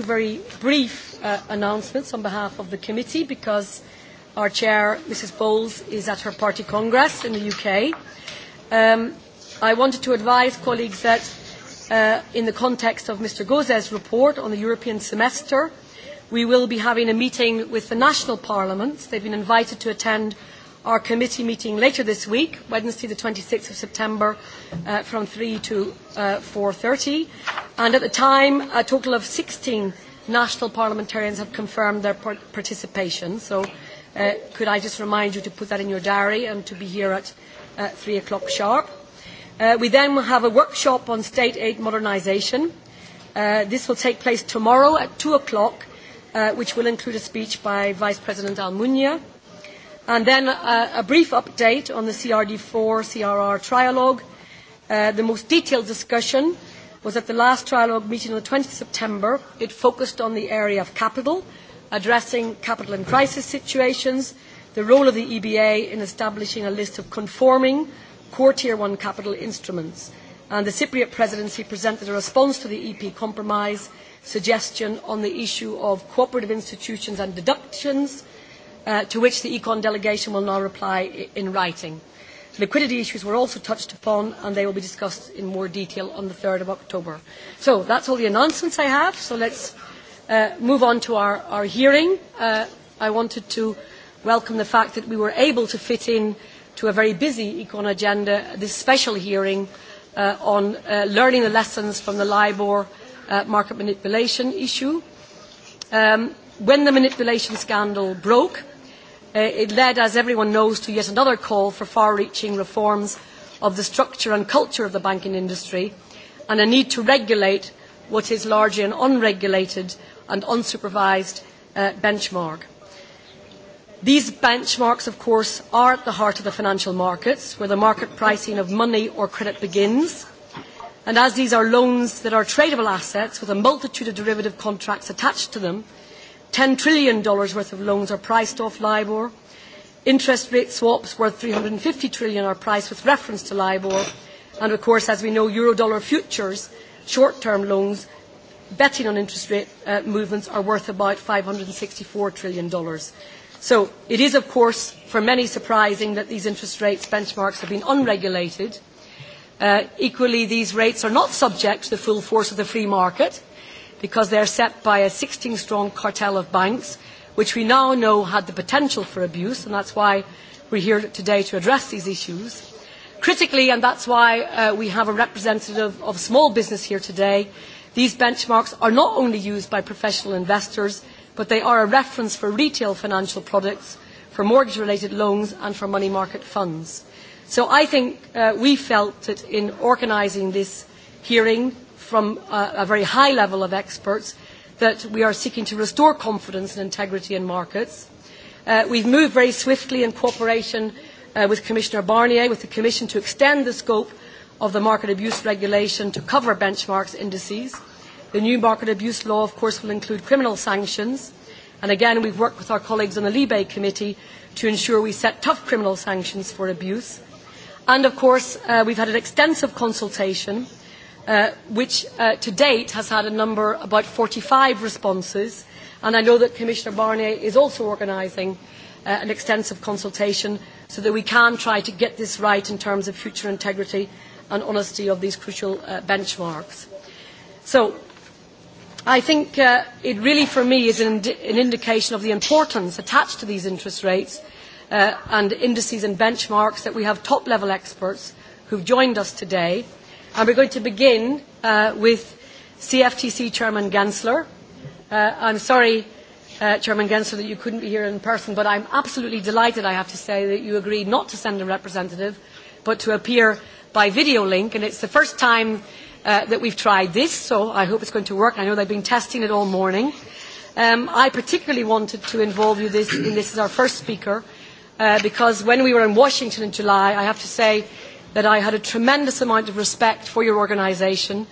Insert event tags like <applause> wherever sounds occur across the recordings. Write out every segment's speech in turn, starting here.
very brief uh, announcements on behalf of the committee because our chair, Mrs. Bowles, is at her party congress in the UK. Um, I wanted to advise colleagues that uh, in the context of Mr. Gozes' report on the European semester, we will be having a meeting with the national parliaments. They've been invited to attend our committee meeting later this week, Wednesday the 26th of September, uh, from 3 to uh, 4.30. And at the time, a total of 16 national parliamentarians have confirmed their participation. So uh, could I just remind you to put that in your diary and to be here at uh, 3 o'clock sharp. Uh, we then will have a workshop on state aid modernisation. Uh, this will take place tomorrow at 2 o'clock, uh, which will include a speech by Vice President Almunia. And then uh, a brief update on the CRD4 CRR trialogue. Uh, the most detailed discussion was at the last trialogue meeting on the 20th September. It focused on the area of capital, addressing capital and crisis situations, the role of the EBA in establishing a list of conforming core tier one capital instruments. And the Cypriot presidency presented a response to the EP compromise suggestion on the issue of cooperative institutions and deductions uh, to which the Econ delegation will now reply in writing. liquidity issues were also touched upon and they will be discussed in more detail on the 3rd of October. So that's all the announcements I have. So let's uh, move on to our, our hearing. Uh, I wanted to welcome the fact that we were able to fit in to a very busy Econ agenda this special hearing uh, on uh, learning the lessons from the LIBOR uh, market manipulation issue. Um, when the manipulation scandal broke, uh, it led, as everyone knows, to yet another call for far-reaching reforms of the structure and culture of the banking industry and a need to regulate what is largely an unregulated and unsupervised uh, benchmark. These benchmarks, of course, are at the heart of the financial markets, where the market pricing of money or credit begins. And as these are loans that are tradable assets with a multitude of derivative contracts attached to them, $10 trillion worth of loans are priced off LIBOR. Interest rate swaps worth $350 trillion are priced with reference to LIBOR. And of course, as we know, euro dollar futures, short-term loans, betting on interest rate uh, movements are worth about $564 trillion. So it is, of course, for many surprising that these interest rates benchmarks have been unregulated. Uh, equally, these rates are not subject to the full force of the free market because they are set by a 16-strong cartel of banks, which we now know had the potential for abuse, and that's why we're here today to address these issues. Critically, and that's why uh, we have a representative of small business here today, these benchmarks are not only used by professional investors, but they are a reference for retail financial products, for mortgage-related loans, and for money market funds. So I think uh, we felt that in organising this hearing, from a, a very high level of experts that we are seeking to restore confidence and integrity in markets. Uh, we've moved very swiftly in cooperation uh, with Commissioner Barnier, with the Commission, to extend the scope of the Market Abuse Regulation to cover benchmarks indices. The new market abuse law, of course, will include criminal sanctions. And again, we've worked with our colleagues on the Libe Committee to ensure we set tough criminal sanctions for abuse. And of course, uh, we've had an extensive consultation uh, uh, which uh, to date has had a number, about 45 responses, and I know that Commissioner Barnier is also organising uh, an extensive consultation so that we can try to get this right in terms of future integrity and honesty of these crucial uh, benchmarks. So I think uh, it really for me is an, an indication of the importance attached to these interest rates uh, and indices and benchmarks that we have top level experts who've joined us today And we're going to begin uh, with CFTC Chairman Gensler. Uh, I'm sorry, uh, Chairman Gensler, that you couldn't be here in person, but I'm absolutely delighted, I have to say, that you agreed not to send a representative, but to appear by video link. And it's the first time uh, that we've tried this, so I hope it's going to work. I know they've been testing it all morning. Um, I particularly wanted to involve you this, in this as our first speaker, uh, because when we were in Washington in July, I have to say, that I had a tremendous amount of respect for your organisation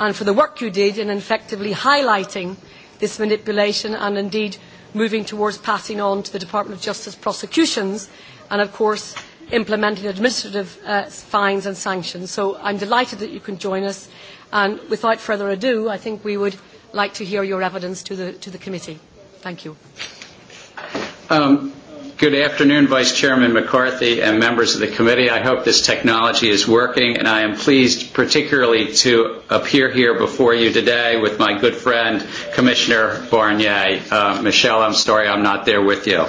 and for the work you did in effectively highlighting this manipulation and indeed moving towards passing on to the Department of Justice prosecutions and of course implementing administrative uh, fines and sanctions. So I'm delighted that you can join us and without further ado I think we would like to hear your evidence to the, to the committee. Thank you. Um, Good afternoon, Vice Chairman McCarthy and members of the committee. I hope this technology is working, and I am pleased particularly to appear here before you today with my good friend, Commissioner Barnier. Uh, Michelle, I'm sorry I'm not there with you.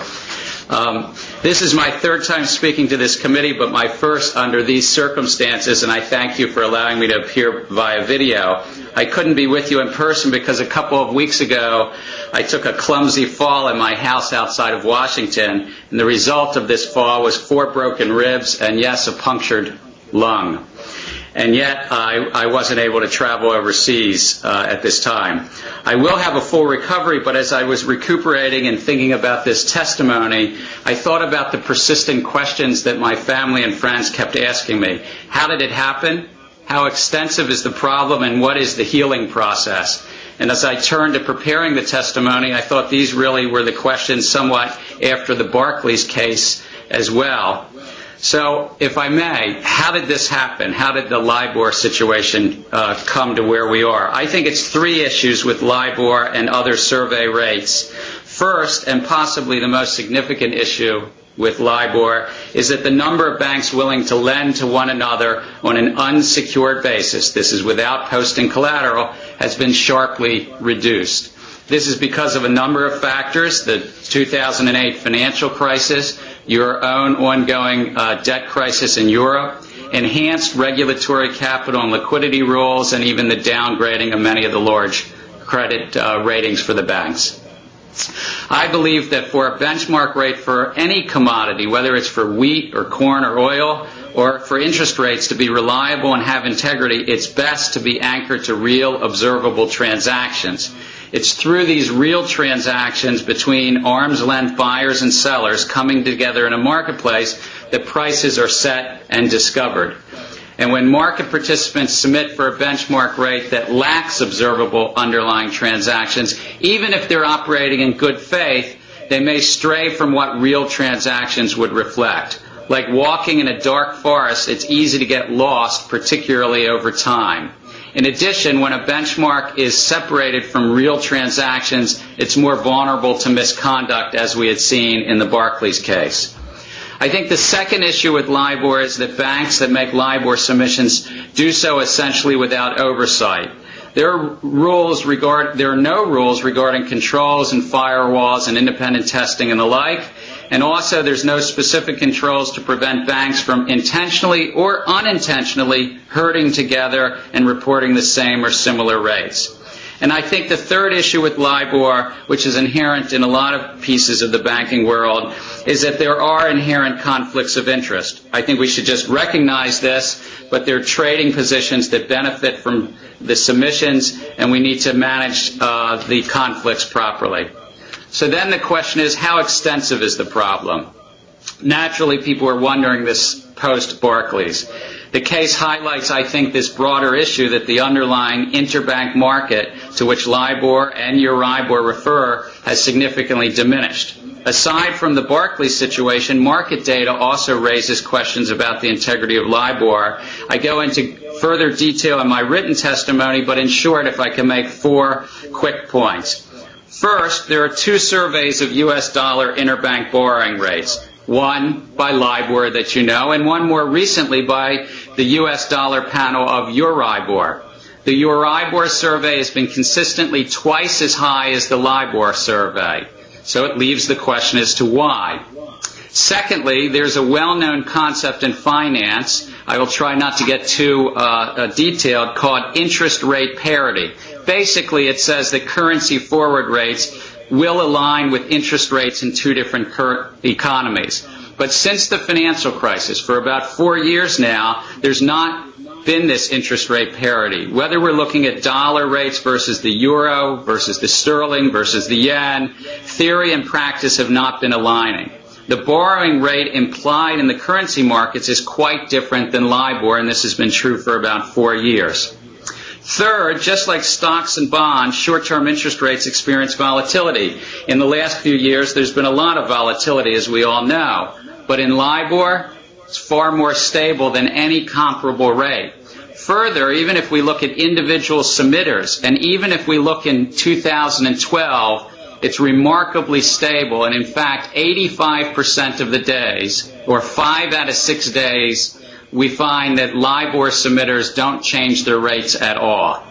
Um, This is my third time speaking to this committee, but my first under these circumstances, and I thank you for allowing me to appear via video. I couldn't be with you in person because a couple of weeks ago I took a clumsy fall in my house outside of Washington, and the result of this fall was four broken ribs and, yes, a punctured lung and yet I, I wasn't able to travel overseas uh, at this time. I will have a full recovery, but as I was recuperating and thinking about this testimony, I thought about the persistent questions that my family and friends kept asking me. How did it happen? How extensive is the problem and what is the healing process? And as I turned to preparing the testimony, I thought these really were the questions somewhat after the Barclays case as well. So, if I may, how did this happen? How did the LIBOR situation uh, come to where we are? I think it's three issues with LIBOR and other survey rates. First, and possibly the most significant issue with LIBOR, is that the number of banks willing to lend to one another on an unsecured basis, this is without posting collateral, has been sharply reduced. This is because of a number of factors, the 2008 financial crisis, your own ongoing uh, debt crisis in Europe, enhanced regulatory capital and liquidity rules, and even the downgrading of many of the large credit uh, ratings for the banks. I believe that for a benchmark rate for any commodity, whether it's for wheat or corn or oil, or for interest rates to be reliable and have integrity, it's best to be anchored to real observable transactions It's through these real transactions between arm's length buyers and sellers coming together in a marketplace that prices are set and discovered. And when market participants submit for a benchmark rate that lacks observable underlying transactions, even if they're operating in good faith, they may stray from what real transactions would reflect. Like walking in a dark forest, it's easy to get lost, particularly over time. In addition, when a benchmark is separated from real transactions, it's more vulnerable to misconduct, as we had seen in the Barclays case. I think the second issue with LIBOR is that banks that make LIBOR submissions do so essentially without oversight. There are rules regard there are no rules regarding controls and firewalls and independent testing and the like. And also, there's no specific controls to prevent banks from intentionally or unintentionally herding together and reporting the same or similar rates. And I think the third issue with LIBOR, which is inherent in a lot of pieces of the banking world, is that there are inherent conflicts of interest. I think we should just recognize this, but there are trading positions that benefit from the submissions, and we need to manage uh, the conflicts properly. So then the question is, how extensive is the problem? Naturally, people are wondering this post Barclays. The case highlights, I think, this broader issue that the underlying interbank market to which LIBOR and Euribor refer has significantly diminished. Aside from the Barclays situation, market data also raises questions about the integrity of LIBOR. I go into further detail in my written testimony, but in short, if I can make four quick points. First, there are two surveys of U.S. dollar interbank borrowing rates. One by LIBOR that you know, and one more recently by the U.S. dollar panel of Euribor. The Euribor survey has been consistently twice as high as the LIBOR survey. So it leaves the question as to why. Secondly, there's a well-known concept in finance, I will try not to get too uh, uh detailed, called interest rate parity basically it says that currency forward rates will align with interest rates in two different current economies. But since the financial crisis, for about four years now, there's not been this interest rate parity. Whether we're looking at dollar rates versus the euro, versus the sterling, versus the yen, theory and practice have not been aligning. The borrowing rate implied in the currency markets is quite different than LIBOR, and this has been true for about four years. Third, just like stocks and bonds, short-term interest rates experience volatility. In the last few years, there's been a lot of volatility, as we all know. But in LIBOR, it's far more stable than any comparable rate. Further, even if we look at individual submitters, and even if we look in 2012, it's remarkably stable, and in fact, 85% of the days, or five out of six days, we find that LIBOR submitters don't change their rates at all.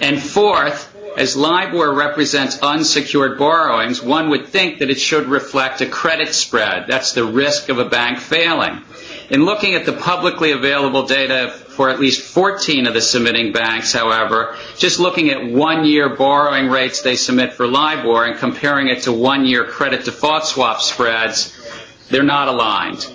And fourth, as LIBOR represents unsecured borrowings, one would think that it should reflect a credit spread. That's the risk of a bank failing. In looking at the publicly available data for at least 14 of the submitting banks, however, just looking at one-year borrowing rates they submit for LIBOR and comparing it to one-year credit default swap spreads, they're not aligned.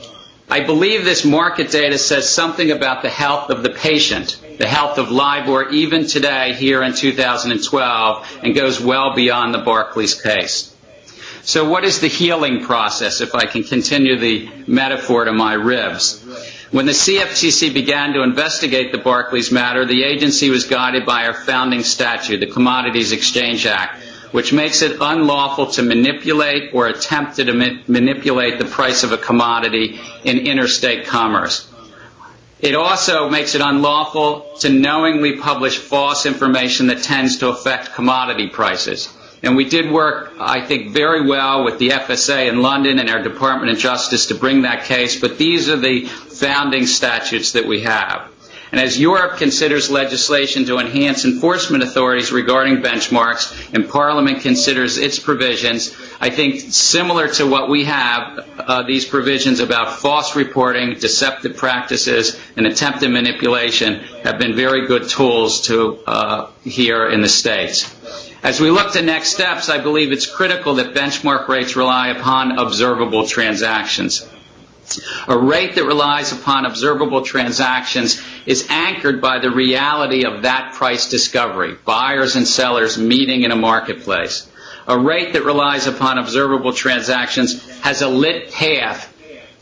I believe this market data says something about the health of the patient, the health of LIBOR even today here in 2012 and goes well beyond the Barclays case. So what is the healing process, if I can continue the metaphor to my ribs? When the CFTC began to investigate the Barclays matter, the agency was guided by our founding statute, the Commodities Exchange Act, which makes it unlawful to manipulate or attempt to manipulate the price of a commodity in interstate commerce. It also makes it unlawful to knowingly publish false information that tends to affect commodity prices. And we did work, I think, very well with the FSA in London and our Department of Justice to bring that case, but these are the founding statutes that we have. And as Europe considers legislation to enhance enforcement authorities regarding benchmarks and Parliament considers its provisions, I think similar to what we have, uh, these provisions about false reporting, deceptive practices, and attempted manipulation have been very good tools to uh, here in the States. As we look to next steps, I believe it's critical that benchmark rates rely upon observable transactions. A rate that relies upon observable transactions is anchored by the reality of that price discovery, buyers and sellers meeting in a marketplace. A rate that relies upon observable transactions has a lit path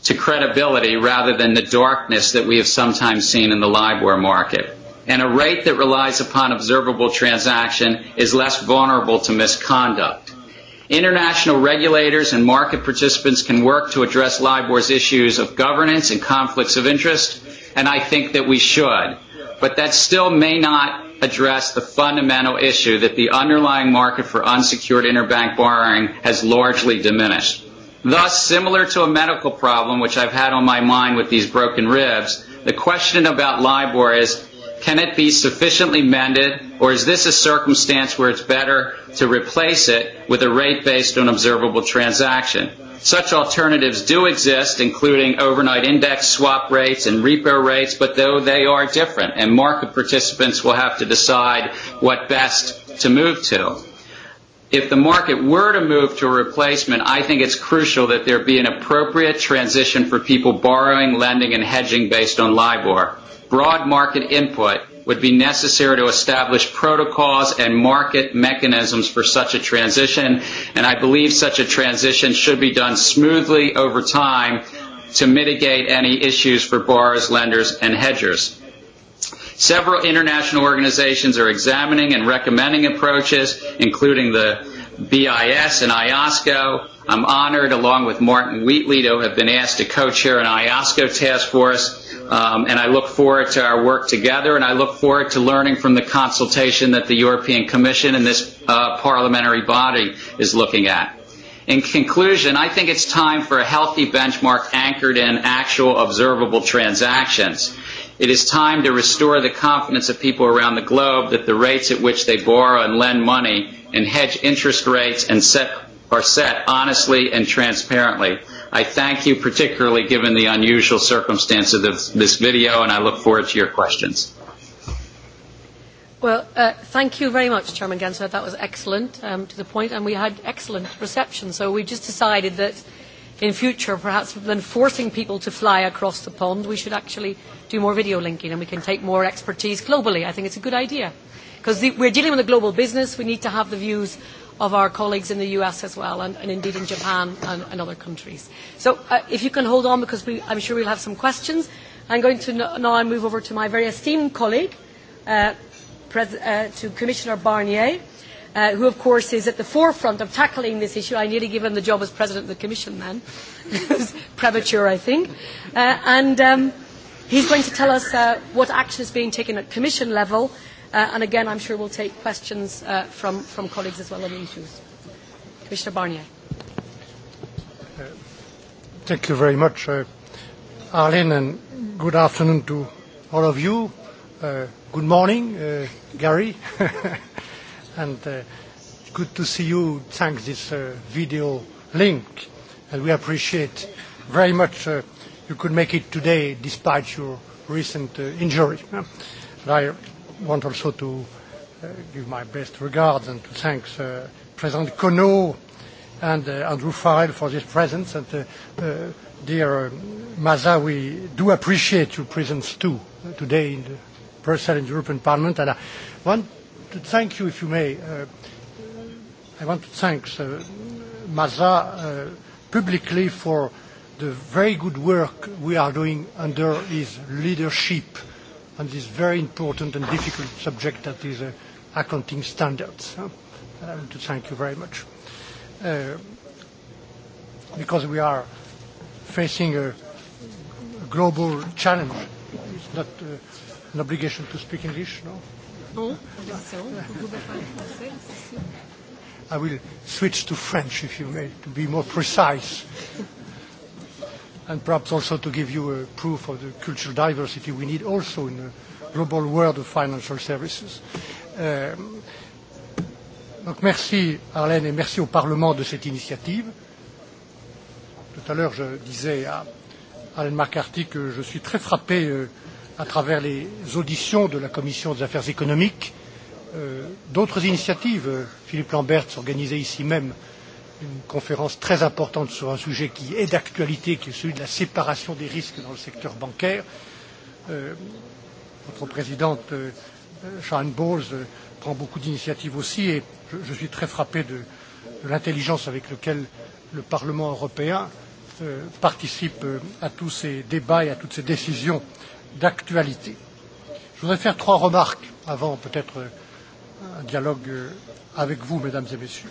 to credibility rather than the darkness that we have sometimes seen in the LIBOR market. And a rate that relies upon observable transaction is less vulnerable to misconduct. International regulators and market participants can work to address LIBOR's issues of governance and conflicts of interest, and I think that we should. But that still may not address the fundamental issue that the underlying market for unsecured interbank borrowing has largely diminished. Thus, similar to a medical problem, which I've had on my mind with these broken ribs, the question about LIBOR is, Can it be sufficiently mended, or is this a circumstance where it's better to replace it with a rate based on observable transaction? Such alternatives do exist, including overnight index swap rates and repo rates, but though they are different, and market participants will have to decide what best to move to. If the market were to move to a replacement, I think it's crucial that there be an appropriate transition for people borrowing, lending, and hedging based on LIBOR broad market input would be necessary to establish protocols and market mechanisms for such a transition, and I believe such a transition should be done smoothly over time to mitigate any issues for borrowers, lenders, and hedgers. Several international organizations are examining and recommending approaches, including the BIS and IOSCO. I'm honored, along with Martin Wheatley, to have been asked to co-chair an IOSCO task force Um, and I look forward to our work together, and I look forward to learning from the consultation that the European Commission and this uh, parliamentary body is looking at. In conclusion, I think it's time for a healthy benchmark anchored in actual observable transactions. It is time to restore the confidence of people around the globe that the rates at which they borrow and lend money and hedge interest rates and set, are set honestly and transparently. I thank you particularly given the unusual circumstance of this, video and I look forward to your questions. Well, uh, thank you very much, Chairman Ganser. That was excellent, um, to the point, and we had excellent reception. So we just decided that in future, perhaps than forcing people to fly across the pond, we should actually do more video linking and we can take more expertise globally. I think it's a good idea. Because we're dealing with a global business, we need to have the views of our colleagues in the US as well, and, and indeed in Japan and, and other countries. So uh, if you can hold on, because we, I'm sure we'll have some questions. I'm going to now move over to my very esteemed colleague, uh, Pres uh, to Commissioner Barnier, uh, who of course is at the forefront of tackling this issue. I nearly give him the job as President of the Commission then. it was premature, I think. Uh, and um, he's going to tell us uh, what action is being taken at Commission level Uh, and again, I'm sure we'll take questions uh, from, from colleagues as well on the issues. Commissioner Barnier. Uh, thank you very much, uh, Arlene, and good afternoon to all of you. Uh, good morning, uh, Gary. <laughs> and uh, good to see you. Thanks this uh, video link. And we appreciate very much uh, you could make it today despite your recent uh, injury. Uh, <laughs> I want also to uh, give my best regards and to thank uh, President Kono and uh, Andrew Farrell for this presence. And uh, uh, dear uh, um, Maza, we do appreciate your presence too uh, today in the Brussels and European Parliament. And I want to thank you, if you may. Uh, I want to thank uh, Maza uh, publicly for the very good work we are doing under his leadership. Uh, on this very important and difficult subject that is uh, accounting standards. Huh? I want to thank you very much. Uh, because we are facing a global challenge. It's not uh, an obligation to speak English, no? Non, I will switch to French, if you may, to be more precise and perhaps also to give you a proof of the cultural diversity we need also in the global world of financial services. Euh, donc merci Arlène et merci au Parlement de cette initiative. Tout à l'heure, je disais à Arlène McCarthy que je suis très frappé euh, à travers les auditions de la Commission des affaires économiques, euh, d'autres initiatives, euh, Philippe Lambert organisait ici même une conférence très importante sur un sujet qui est d'actualité, qui est celui de la séparation des risques dans le secteur bancaire. Euh, votre présidente euh, Sharon Bowles euh, prend beaucoup d'initiatives aussi et je, je suis très frappé de, de l'intelligence avec laquelle le Parlement européen euh, participe euh, à tous ces débats et à toutes ces décisions d'actualité. Je voudrais faire trois remarques avant peut-être euh, un dialogue euh, avec vous, mesdames et messieurs.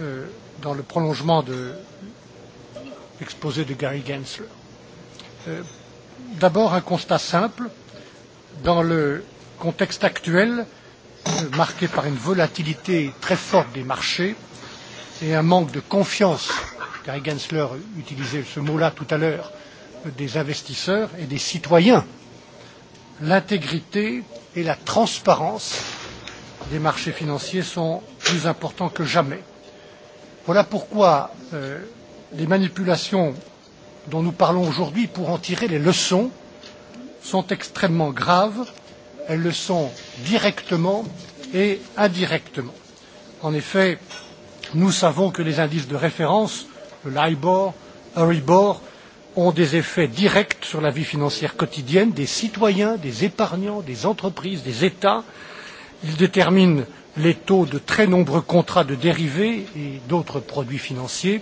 Euh, dans le prolongement de l'exposé de Gary Gensler. Euh, D'abord, un constat simple. Dans le contexte actuel, euh, marqué par une volatilité très forte des marchés et un manque de confiance, Gary Gensler utilisait ce mot-là tout à l'heure, euh, des investisseurs et des citoyens, l'intégrité et la transparence des marchés financiers sont plus importants que jamais Voilà pourquoi euh, les manipulations dont nous parlons aujourd'hui, pour en tirer les leçons, sont extrêmement graves. Elles le sont directement et indirectement. En effet, nous savons que les indices de référence, le LIBOR, Euribor, ont des effets directs sur la vie financière quotidienne des citoyens, des épargnants, des entreprises, des États, Il détermine les taux de très nombreux contrats de dérivés et d'autres produits financiers,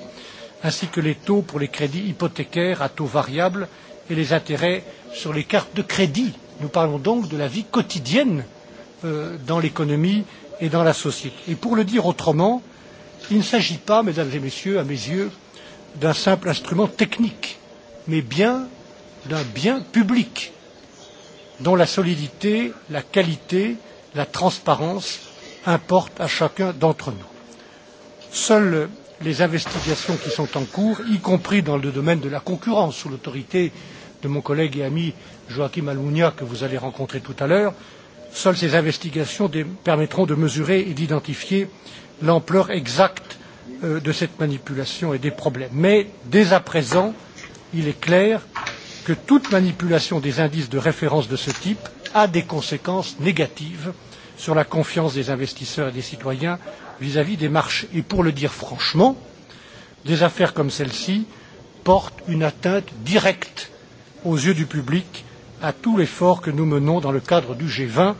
ainsi que les taux pour les crédits hypothécaires à taux variable et les intérêts sur les cartes de crédit. Nous parlons donc de la vie quotidienne euh, dans l'économie et dans la société. Et pour le dire autrement, il ne s'agit pas, mesdames et messieurs, à mes yeux, d'un simple instrument technique, mais bien d'un bien public dont la solidité, la qualité la transparence importe à chacun d'entre nous. Seules les investigations qui sont en cours, y compris dans le domaine de la concurrence, sous l'autorité de mon collègue et ami Joachim Almunia, que vous allez rencontrer tout à l'heure, seules ces investigations permettront de mesurer et d'identifier l'ampleur exacte euh, de cette manipulation et des problèmes. Mais dès à présent, il est clair que toute manipulation des indices de référence de ce type a des conséquences négatives sur la confiance des investisseurs et des citoyens vis-à-vis -vis des marchés. Et pour le dire franchement, des affaires comme celle-ci portent une atteinte directe aux yeux du public à tout l'effort que nous menons dans le cadre du G20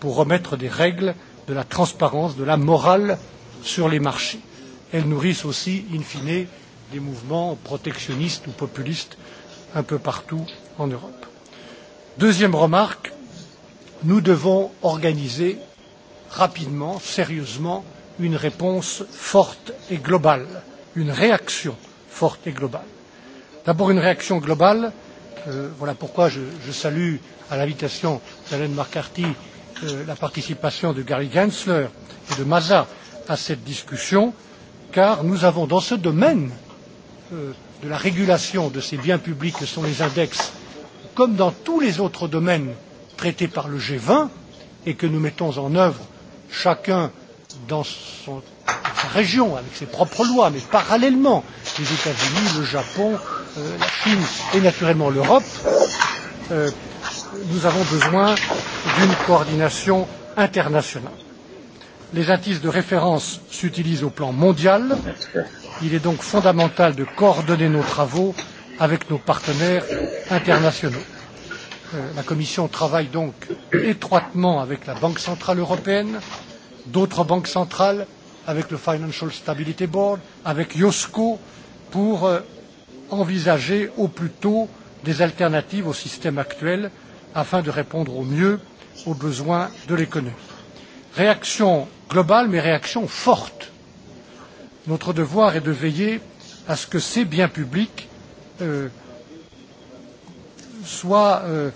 pour remettre des règles de la transparence, de la morale sur les marchés. Elles nourrissent aussi, in fine, des mouvements protectionnistes ou populistes un peu partout en Europe. Deuxième remarque, nous devons organiser rapidement, sérieusement, une réponse forte et globale, une réaction forte et globale. D'abord une réaction globale, euh, voilà pourquoi je, je salue à l'invitation d'Alain McCarthy euh, la participation de Gary Gensler et de Maza à cette discussion, car nous avons dans ce domaine euh, de la régulation de ces biens publics que sont les index, comme dans tous les autres domaines traités par le G20 et que nous mettons en œuvre chacun dans son, sa région avec ses propres lois, mais parallèlement les États-Unis, le Japon, euh, la Chine et naturellement l'Europe, euh, nous avons besoin d'une coordination internationale. Les indices de référence s'utilisent au plan mondial Il est donc fondamental de coordonner nos travaux avec nos partenaires internationaux. Euh, la Commission travaille donc étroitement avec la Banque centrale européenne, d'autres banques centrales, avec le Financial Stability Board, avec IOSCO, pour euh, envisager au plus tôt des alternatives au système actuel afin de répondre au mieux aux besoins de l'économie. Réaction globale, mais réaction forte Notre devoir est de veiller à ce que ces biens publics euh, soient euh,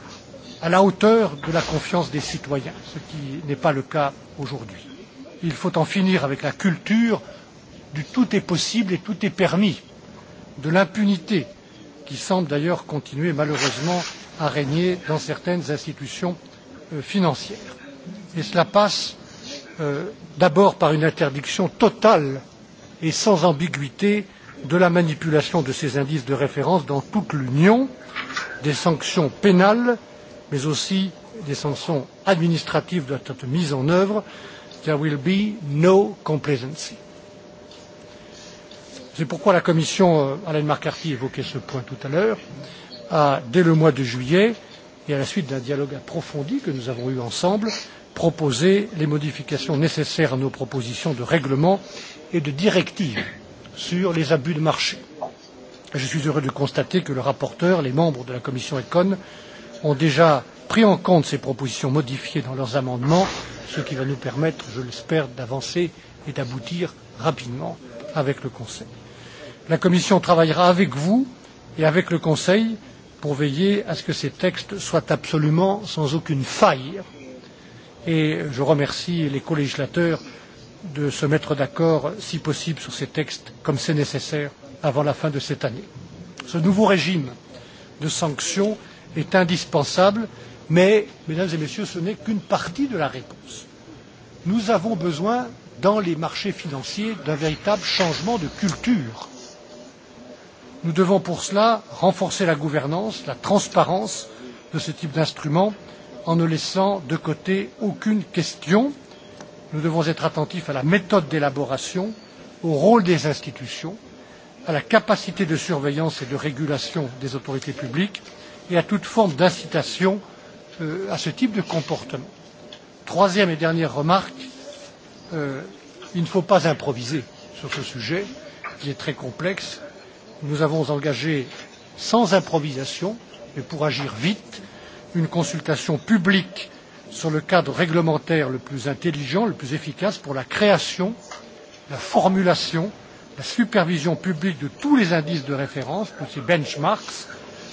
à la hauteur de la confiance des citoyens, ce qui n'est pas le cas aujourd'hui. Il faut en finir avec la culture du tout est possible et tout est permis, de l'impunité qui semble d'ailleurs continuer malheureusement à régner dans certaines institutions euh, financières. Et cela passe euh, d'abord par une interdiction totale et sans ambiguïté de la manipulation de ces indices de référence dans toute l'Union, des sanctions pénales, mais aussi des sanctions administratives doivent être mises en œuvre. There will be no complacency. C'est pourquoi la Commission, euh, Alain McCarthy évoquait ce point tout à l'heure, a, dès le mois de juillet, et à la suite d'un dialogue approfondi que nous avons eu ensemble, proposer les modifications nécessaires à nos propositions de règlement et de directive sur les abus de marché. Je suis heureux de constater que le rapporteur, les membres de la commission ECON ont déjà pris en compte ces propositions modifiées dans leurs amendements, ce qui va nous permettre, je l'espère, d'avancer et d'aboutir rapidement avec le Conseil. La Commission travaillera avec vous et avec le Conseil pour veiller à ce que ces textes soient absolument sans aucune faille et je remercie les colégislateurs de se mettre d'accord, si possible, sur ces textes, comme c'est nécessaire, avant la fin de cette année. Ce nouveau régime de sanctions est indispensable, mais, mesdames et messieurs, ce n'est qu'une partie de la réponse. Nous avons besoin, dans les marchés financiers, d'un véritable changement de culture. Nous devons pour cela renforcer la gouvernance, la transparence de ce type d'instruments en ne laissant de côté aucune question. Nous devons être attentifs à la méthode d'élaboration, au rôle des institutions, à la capacité de surveillance et de régulation des autorités publiques et à toute forme d'incitation euh, à ce type de comportement. Troisième et dernière remarque, euh, il ne faut pas improviser sur ce sujet qui est très complexe. Nous avons engagé sans improvisation, mais pour agir vite, une consultation publique sur le cadre réglementaire le plus intelligent, le plus efficace pour la création, la formulation, la supervision publique de tous les indices de référence, tous ces benchmarks.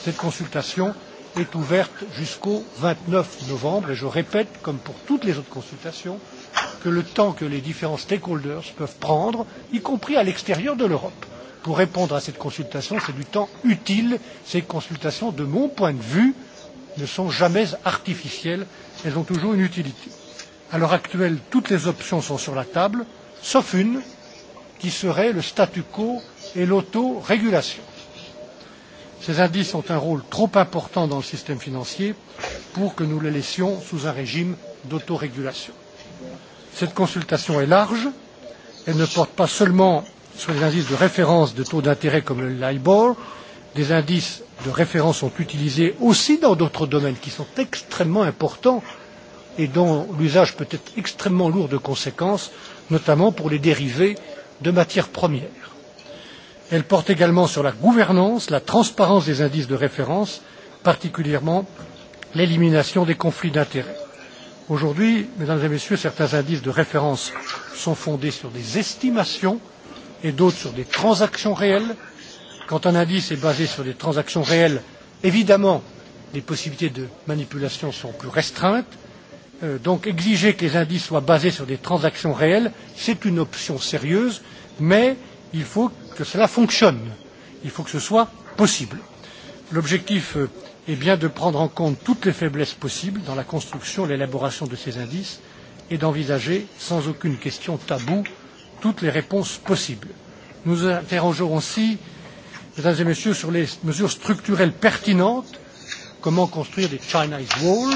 Cette consultation est ouverte jusqu'au 29 novembre et je répète, comme pour toutes les autres consultations, que le temps que les différents stakeholders peuvent prendre, y compris à l'extérieur de l'Europe, pour répondre à cette consultation, c'est du temps utile. Ces consultations, de mon point de vue, ne sont jamais artificielles, elles ont toujours une utilité. À l'heure actuelle, toutes les options sont sur la table, sauf une qui serait le statu quo et l'autorégulation. Ces indices ont un rôle trop important dans le système financier pour que nous les laissions sous un régime d'autorégulation. Cette consultation est large, elle ne porte pas seulement sur les indices de référence de taux d'intérêt comme le LIBOR, des indices de référence sont utilisés aussi dans d'autres domaines qui sont extrêmement importants et dont l'usage peut être extrêmement lourd de conséquences, notamment pour les dérivés de matières premières. Elle porte également sur la gouvernance, la transparence des indices de référence, particulièrement l'élimination des conflits d'intérêts. Aujourd'hui, mesdames et messieurs, certains indices de référence sont fondés sur des estimations et d'autres sur des transactions réelles, Quand un indice est basé sur des transactions réelles, évidemment, les possibilités de manipulation sont plus restreintes. Euh, donc exiger que les indices soient basés sur des transactions réelles, c'est une option sérieuse, mais il faut que cela fonctionne. Il faut que ce soit possible. L'objectif euh, est bien de prendre en compte toutes les faiblesses possibles dans la construction et l'élaboration de ces indices et d'envisager, sans aucune question taboue, toutes les réponses possibles. Nous interrogeons aussi euh, mesdames et messieurs, sur les mesures structurelles pertinentes, comment construire des Chinese Wall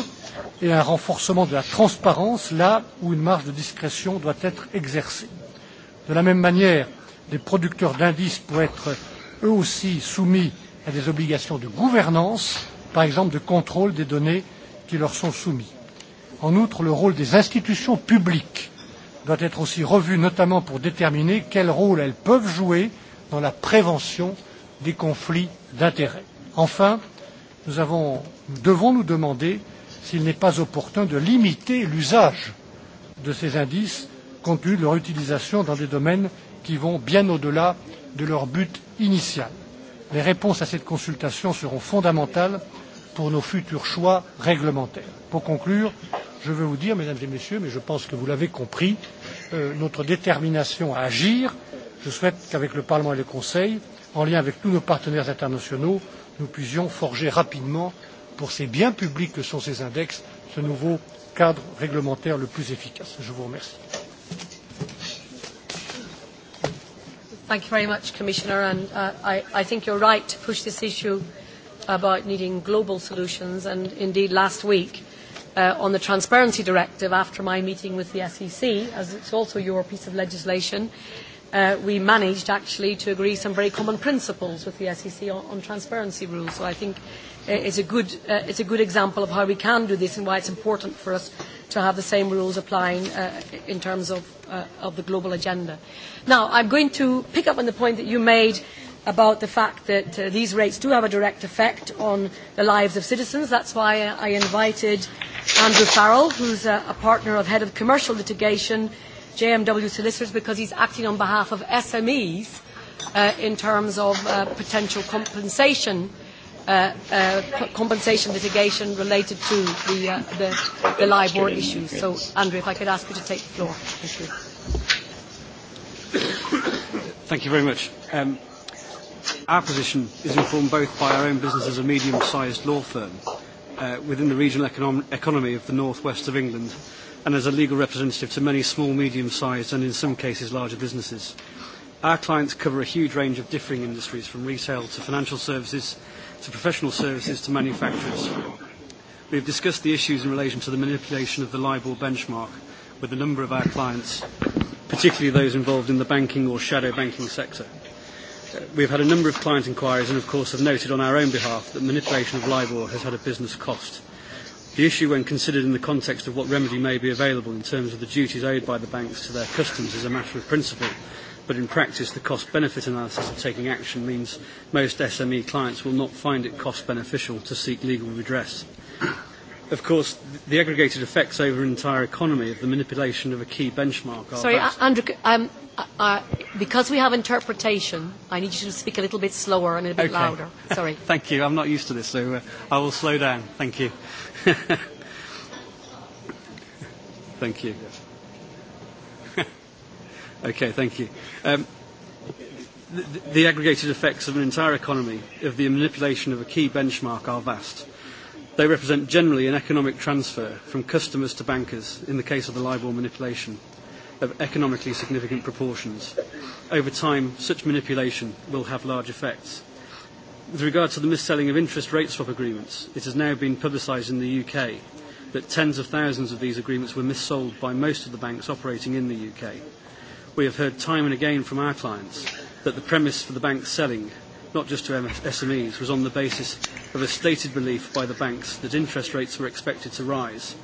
et un renforcement de la transparence là où une marge de discrétion doit être exercée. De la même manière, les producteurs d'indices pourraient être eux aussi soumis à des obligations de gouvernance, par exemple de contrôle des données qui leur sont soumises. En outre, le rôle des institutions publiques doit être aussi revu, notamment pour déterminer quel rôle elles peuvent jouer dans la prévention des conflits d'intérêts. Enfin, nous, avons, nous devons nous demander s'il n'est pas opportun de limiter l'usage de ces indices compte tenu de leur utilisation dans des domaines qui vont bien au-delà de leur but initial. Les réponses à cette consultation seront fondamentales pour nos futurs choix réglementaires. Pour conclure, je veux vous dire, mesdames et messieurs, mais je pense que vous l'avez compris, euh, notre détermination à agir. Je souhaite qu'avec le Parlement et le Conseil, en lien avec tous nos partenaires internationaux, nous puissions forger rapidement, pour ces biens publics que sont ces index, ce nouveau cadre réglementaire le plus efficace. Je vous remercie. Thank you very much, Commissioner. And uh, I, I think you're right to push this issue about needing global solutions. And indeed, last week uh, on the Transparency Directive, after my meeting with the SEC, as it's also your piece of legislation, uh, we managed actually to agree some very common principles with the SEC on, on transparency rules. So I think uh, it's a, good, uh, it's a good example of how we can do this and why it's important for us to have the same rules applying uh, in terms of, uh, of the global agenda. Now, I'm going to pick up on the point that you made about the fact that uh, these rates do have a direct effect on the lives of citizens. That's why I invited Andrew Farrell, who's a, a partner of Head of Commercial Litigation JMW solicitors because he's acting on behalf of SMEs uh, in terms of uh, potential compensation, uh, uh, compensation litigation related to the, uh, the, the LIBOR issues. So, Andrew, if I could ask you to take the floor. Thank you. Thank you very much. Um, our position is informed both by our own business as a medium-sized law firm uh, within the regional econom economy of the northwest of England and as a legal representative to many small, medium-sized and in some cases larger businesses. Our clients cover a huge range of differing industries from retail to financial services to professional services to manufacturers. We have discussed the issues in relation to the manipulation of the LIBOR benchmark with a number of our clients, particularly those involved in the banking or shadow banking sector. We have had a number of client inquiries and of course have noted on our own behalf that manipulation of LIBOR has had a business cost. The issue, when considered in the context of what remedy may be available in terms of the duties owed by the banks to their customers, is a matter of principle. But in practice, the cost-benefit analysis of taking action means most SME clients will not find it cost-beneficial to seek legal redress of course, the aggregated effects over an entire economy of the manipulation of a key benchmark are. Sorry, uh, Andrew, um, uh, uh, because we have interpretation, I need you to speak a little bit slower and a bit okay. louder. Sorry. <laughs> Thank you. I'm not used to this, so uh, I will slow down. Thank you. <laughs> thank you. <laughs> okay, thank you. Um, the, the aggregated effects of an entire economy of the manipulation of a key benchmark are vast They represent generally an economic transfer from customers to bankers in the case of the LIBOR manipulation of economically significant proportions. Over time, such manipulation will have large effects. With regard to the mis-selling of interest rate swap agreements, it has now been publicised in the UK that tens of thousands of these agreements were missold by most of the banks operating in the UK. We have heard time and again from our clients that the premise for the banks selling not just to SMEs, was on the basis of a stated belief by the banks that interest rates were expected to rise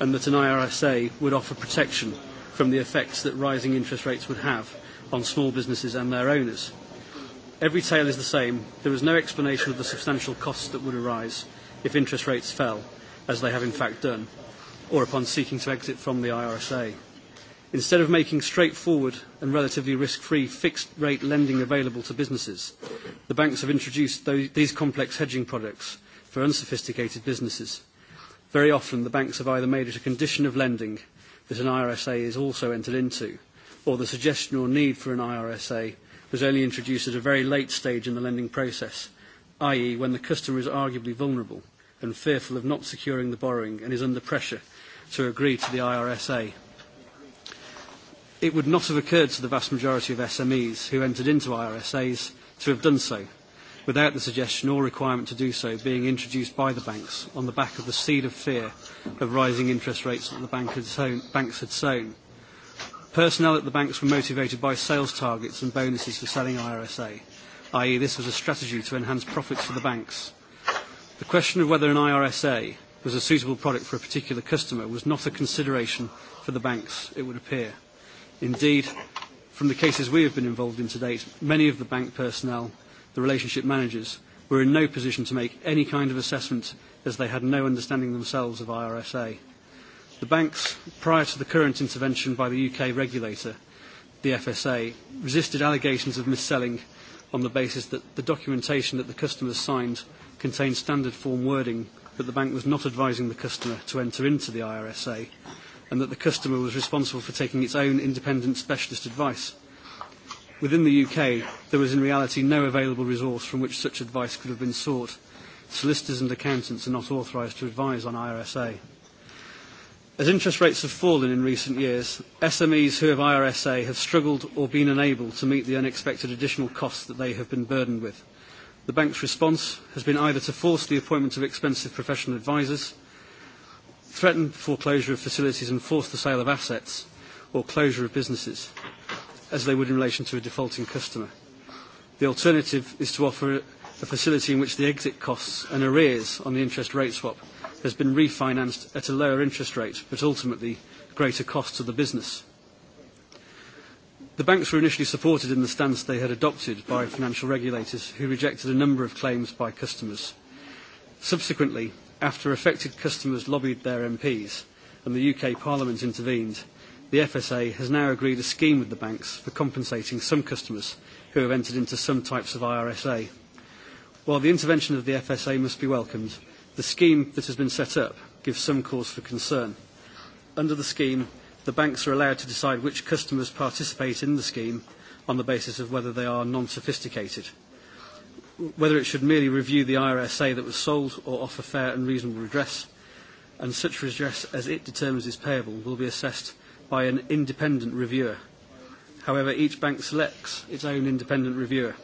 and that an IRSA would offer protection from the effects that rising interest rates would have on small businesses and their owners. Every tale is the same. There was no explanation of the substantial costs that would arise if interest rates fell, as they have in fact done, or upon seeking to exit from the IRSA instead of making straightforward and relatively risk-free fixed-rate lending available to businesses, the banks have introduced those, these complex hedging products for unsophisticated businesses. Very often, the banks have either made it a condition of lending that an IRSA is also entered into, or the suggestion or need for an IRSA was only introduced at a very late stage in the lending process, i.e. when the customer is arguably vulnerable and fearful of not securing the borrowing and is under pressure to agree to the IRSA it would not have occurred to the vast majority of SMEs who entered into IRSAs to have done so, without the suggestion or requirement to do so being introduced by the banks on the back of the seed of fear of rising interest rates that the bank had sown, banks had sown. Personnel at the banks were motivated by sales targets and bonuses for selling IRSA, i.e. this was a strategy to enhance profits for the banks. The question of whether an IRSA was a suitable product for a particular customer was not a consideration for the banks, it would appear. Indeed, from the cases we have been involved in to date, many of the bank personnel, the relationship managers, were in no position to make any kind of assessment as they had no understanding themselves of IRSA. The banks, prior to the current intervention by the UK regulator, the FSA, resisted allegations of mis-selling on the basis that the documentation that the customers signed contained standard form wording that the bank was not advising the customer to enter into the IRSA and that the customer was responsible for taking its own independent specialist advice. Within the UK, there was in reality no available resource from which such advice could have been sought. Solicitors and accountants are not authorised to advise on IRSA. As interest rates have fallen in recent years, SMEs who have IRSA have struggled or been unable to meet the unexpected additional costs that they have been burdened with. The bank's response has been either to force the appointment of expensive professional advisers threaten foreclosure of facilities and force the sale of assets or closure of businesses, as they would in relation to a defaulting customer. The alternative is to offer a facility in which the exit costs and arrears on the interest rate swap has been refinanced at a lower interest rate, but ultimately greater cost to the business. The banks were initially supported in the stance they had adopted by financial regulators who rejected a number of claims by customers. Subsequently, after affected customers lobbied their MPs and the UK Parliament intervened, the FSA has now agreed a scheme with the banks for compensating some customers who have entered into some types of IRSA. While the intervention of the FSA must be welcomed, the scheme that has been set up gives some cause for concern. Under the scheme, the banks are allowed to decide which customers participate in the scheme on the basis of whether they are non-sophisticated – whether it should merely review the IRSA that was sold or offer fair and reasonable redress, and such redress as it determines is payable will be assessed by an independent reviewer. However, each bank selects its own independent reviewer.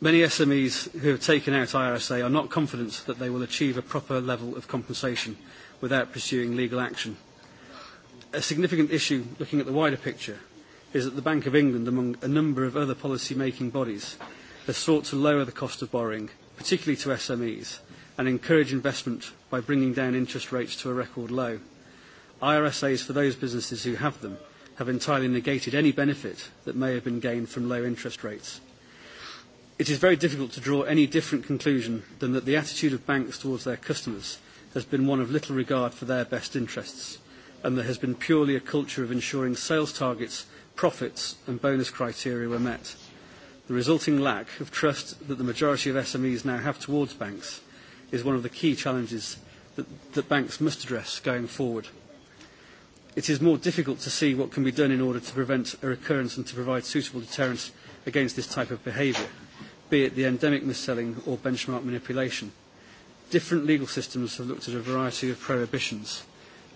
Many SMEs who have taken out IRSA are not confident that they will achieve a proper level of compensation without pursuing legal action. A significant issue, looking at the wider picture, is that the Bank of England, among a number of other policy-making bodies, has sought to lower the cost of borrowing, particularly to SMEs, and encourage investment by bringing down interest rates to a record low. IRSAs for those businesses who have them have entirely negated any benefit that may have been gained from low interest rates. It is very difficult to draw any different conclusion than that the attitude of banks towards their customers has been one of little regard for their best interests, and there has been purely a culture of ensuring sales targets, profits and bonus criteria were met. The resulting lack of trust that the majority of SMEs now have towards banks is one of the key challenges that, that banks must address going forward. It is more difficult to see what can be done in order to prevent a recurrence and to provide suitable deterrence against this type of behaviour, be it the endemic mis-selling or benchmark manipulation. Different legal systems have looked at a variety of prohibitions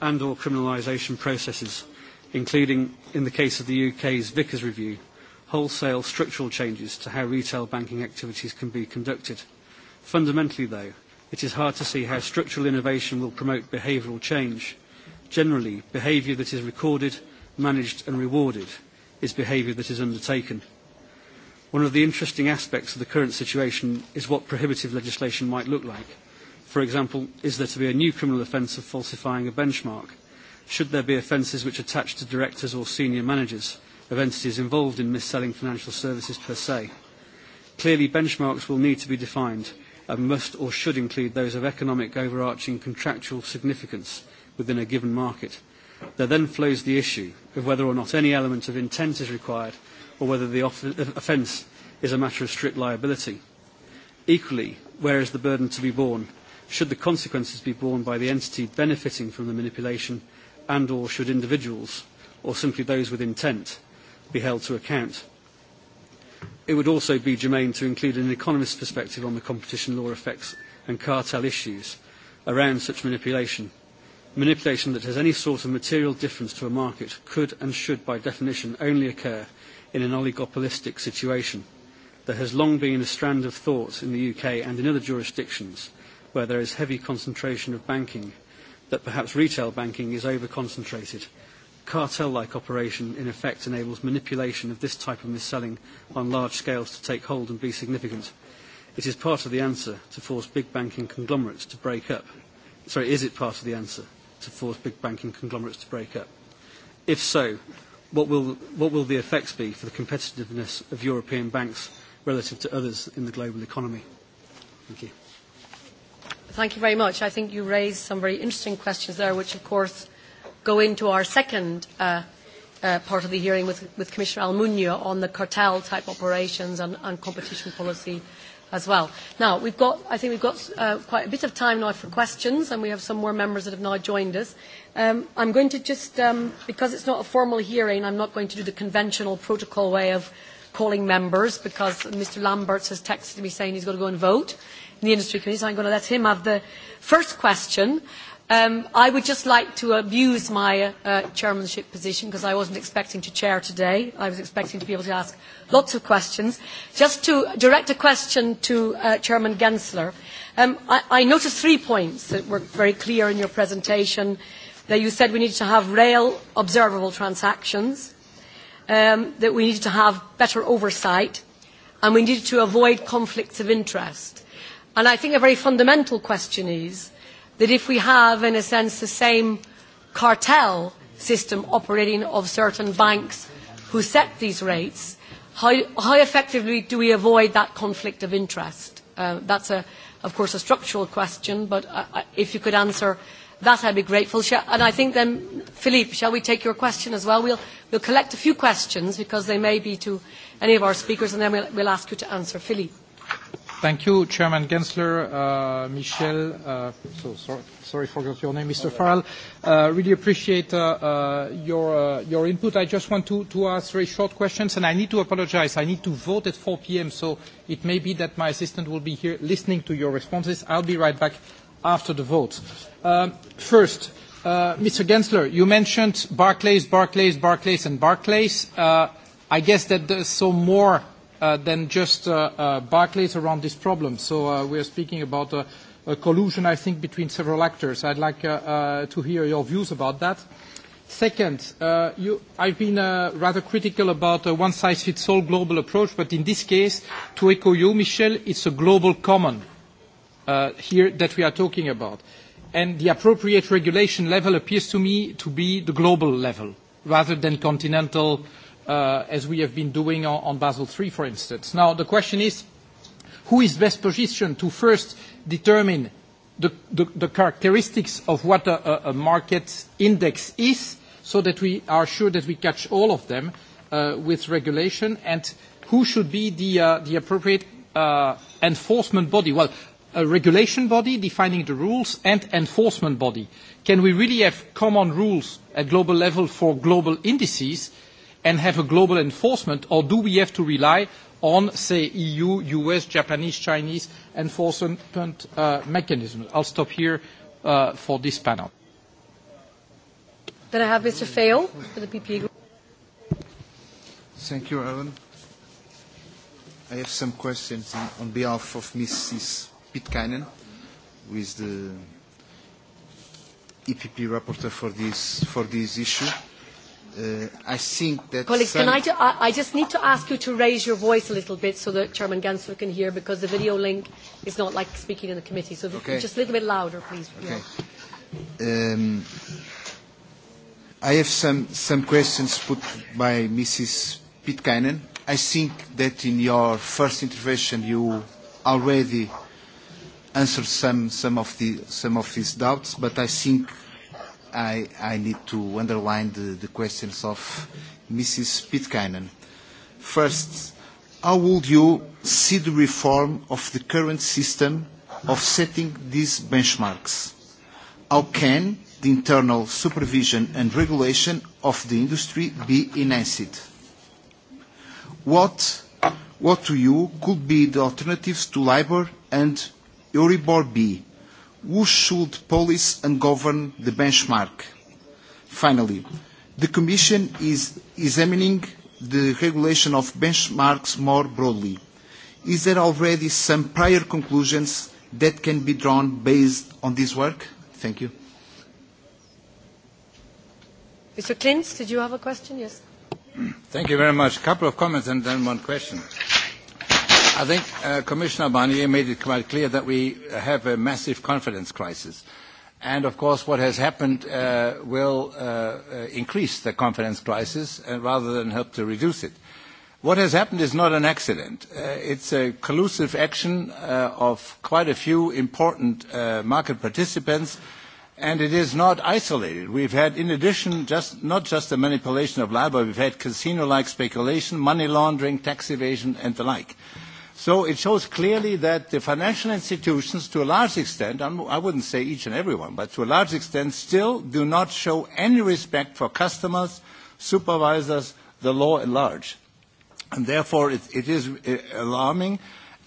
and or criminalisation processes, including in the case of the UK's Vickers Review, wholesale structural changes to how retail banking activities can be conducted. Fundamentally, though, it is hard to see how structural innovation will promote behavioural change. Generally, behaviour that is recorded, managed and rewarded is behaviour that is undertaken. One of the interesting aspects of the current situation is what prohibitive legislation might look like. For example, is there to be a new criminal offence of falsifying a benchmark? Should there be offences which attach to directors or senior managers? of entities involved in mis-selling financial services per se. Clearly, benchmarks will need to be defined and must or should include those of economic overarching contractual significance within a given market. There then flows the issue of whether or not any element of intent is required or whether the uh, offence is a matter of strict liability. Equally, where is the burden to be borne? Should the consequences be borne by the entity benefiting from the manipulation and or should individuals, or simply those with intent, be held to account. It would also be germane to include an economist's perspective on the competition law effects and cartel issues around such manipulation. Manipulation that has any sort of material difference to a market could and should by definition only occur in an oligopolistic situation. There has long been a strand of thought in the UK and in other jurisdictions where there is heavy concentration of banking that perhaps retail banking is over-concentrated cartel-like operation in effect enables manipulation of this type of mis-selling on large scales to take hold and be significant. It is part of the answer to force big banking conglomerates to break up. Sorry, is it part of the answer to force big banking conglomerates to break up? If so, what will, what will the effects be for the competitiveness of European banks relative to others in the global economy? Thank you. Thank you very much. I think you raised some very interesting questions there, which of course go into our second uh, uh, part of the hearing with, with Commissioner Almunia on the cartel type operations and, and competition policy as well. Now, we've got, I think we've got uh, quite a bit of time now for questions, and we have some more members that have now joined us. Um, I'm going to just, um, because it's not a formal hearing, I'm not going to do the conventional protocol way of calling members, because Mr. Lamberts has texted me saying he's going to go and vote in the industry committee, so I'm going to let him have the first question. Um, I would just like to abuse my uh, chairmanship position because I wasn't expecting to chair today. I was expecting to be able to ask lots of questions. Just to direct a question to uh, Chairman Gensler. Um, I, I noticed three points that were very clear in your presentation. That you said we needed to have rail observable transactions, um, that we needed to have better oversight, and we needed to avoid conflicts of interest. And I think a very fundamental question is, that if we have, in a sense, the same cartel system operating of certain banks who set these rates, how, how effectively do we avoid that conflict of interest? Uh, that's, a, of course, a structural question, but uh, uh, if you could answer that, I'd be grateful. Shall, and I think then, Philippe, shall we take your question as well? We'll, we'll collect a few questions because they may be to any of our speakers, and then we'll, we'll ask you to answer. Philippe. Thank you, Chairman Gensler, uh, Michel, uh, so, sorry, sorry forgot your name, Mr. Farrell. Uh, really appreciate uh, uh, your, uh, your input. I just want to, to ask very short questions, and I need to apologize. I need to vote at 4 p.m., so it may be that my assistant will be here listening to your responses. I'll be right back after the vote. Uh, first, uh, Mr. Gensler, you mentioned Barclays, Barclays, Barclays, and Barclays. Uh, I guess that there's some more Uh, than just uh, uh, Barclays around this problem. So uh, we are speaking about a collusion, I think, between several actors. I'd like uh, uh, to hear your views about that. Second, uh, you, I've been uh, rather critical about a one-size-fits-all global approach, but in this case, to echo you, Michel, it's a global common uh, here that we are talking about. And the appropriate regulation level appears to me to be the global level rather than continental uh, Uh, as we have been doing on, Basel III, for instance. Now, the question is, who is best positioned to first determine the, characteristics of what a, market index is so that we are sure that we catch all of them uh, with regulation and who should be the, uh, appropriate enforcement body? Well, a regulation body defining the rules and enforcement body. Can we really have common rules at global level for global indices and have a global enforcement, or do we have to rely on, say, EU, US, Japanese, Chinese enforcement uh, mechanisms? I'll stop here uh, for this panel. Then I have Mr. Fayol for the PPA e group. Thank you, Alan. I have some questions on, on behalf of Mrs. Pitkainen, who is the EPP rapporteur for this, for this issue uh, I think that... Colleagues, can I, ju I, I just need to ask you to raise your voice a little bit so that Chairman Gansler can hear because the video link is not like speaking in the committee. So okay. just a little bit louder, please. Okay. Yeah. Um, I have some, some questions put by Mrs. Pitkainen. I think that in your first intervention you already answered some, some, of, the, some of these doubts, but I think I, I need to underline the, the questions of Mrs. Pitkainen. First, how would you see the reform of the current system of setting these benchmarks? How can the internal supervision and regulation of the industry be enhanced? What, what to you could be the alternatives to LIBOR and Euribor B who should police and govern the benchmark? Finally, the Commission is examining the regulation of benchmarks more broadly. Is there already some prior conclusions that can be drawn based on this work? Thank you. Mr. Klintz, did you have a question? Yes. Thank you very much. A couple of comments and then one question. I think uh, Commissioner Barnier made it quite clear that we have a massive confidence crisis. And of course, what has happened uh, will uh, uh, increase the confidence crisis uh, rather than help to reduce it. What has happened is not an accident. Uh, it's a collusive action uh, of quite a few important uh, market participants, and it is not isolated. We've had, in addition, just, not just the manipulation of LIBOR, we've had casino-like speculation, money laundering, tax evasion, and the like. Uh, So it shows clearly that the financial institutions, to a large extent, I wouldn't say each and every one, but to a large extent, still do not show any respect for customers, supervisors, the law at large. And therefore, it, it is uh, alarming,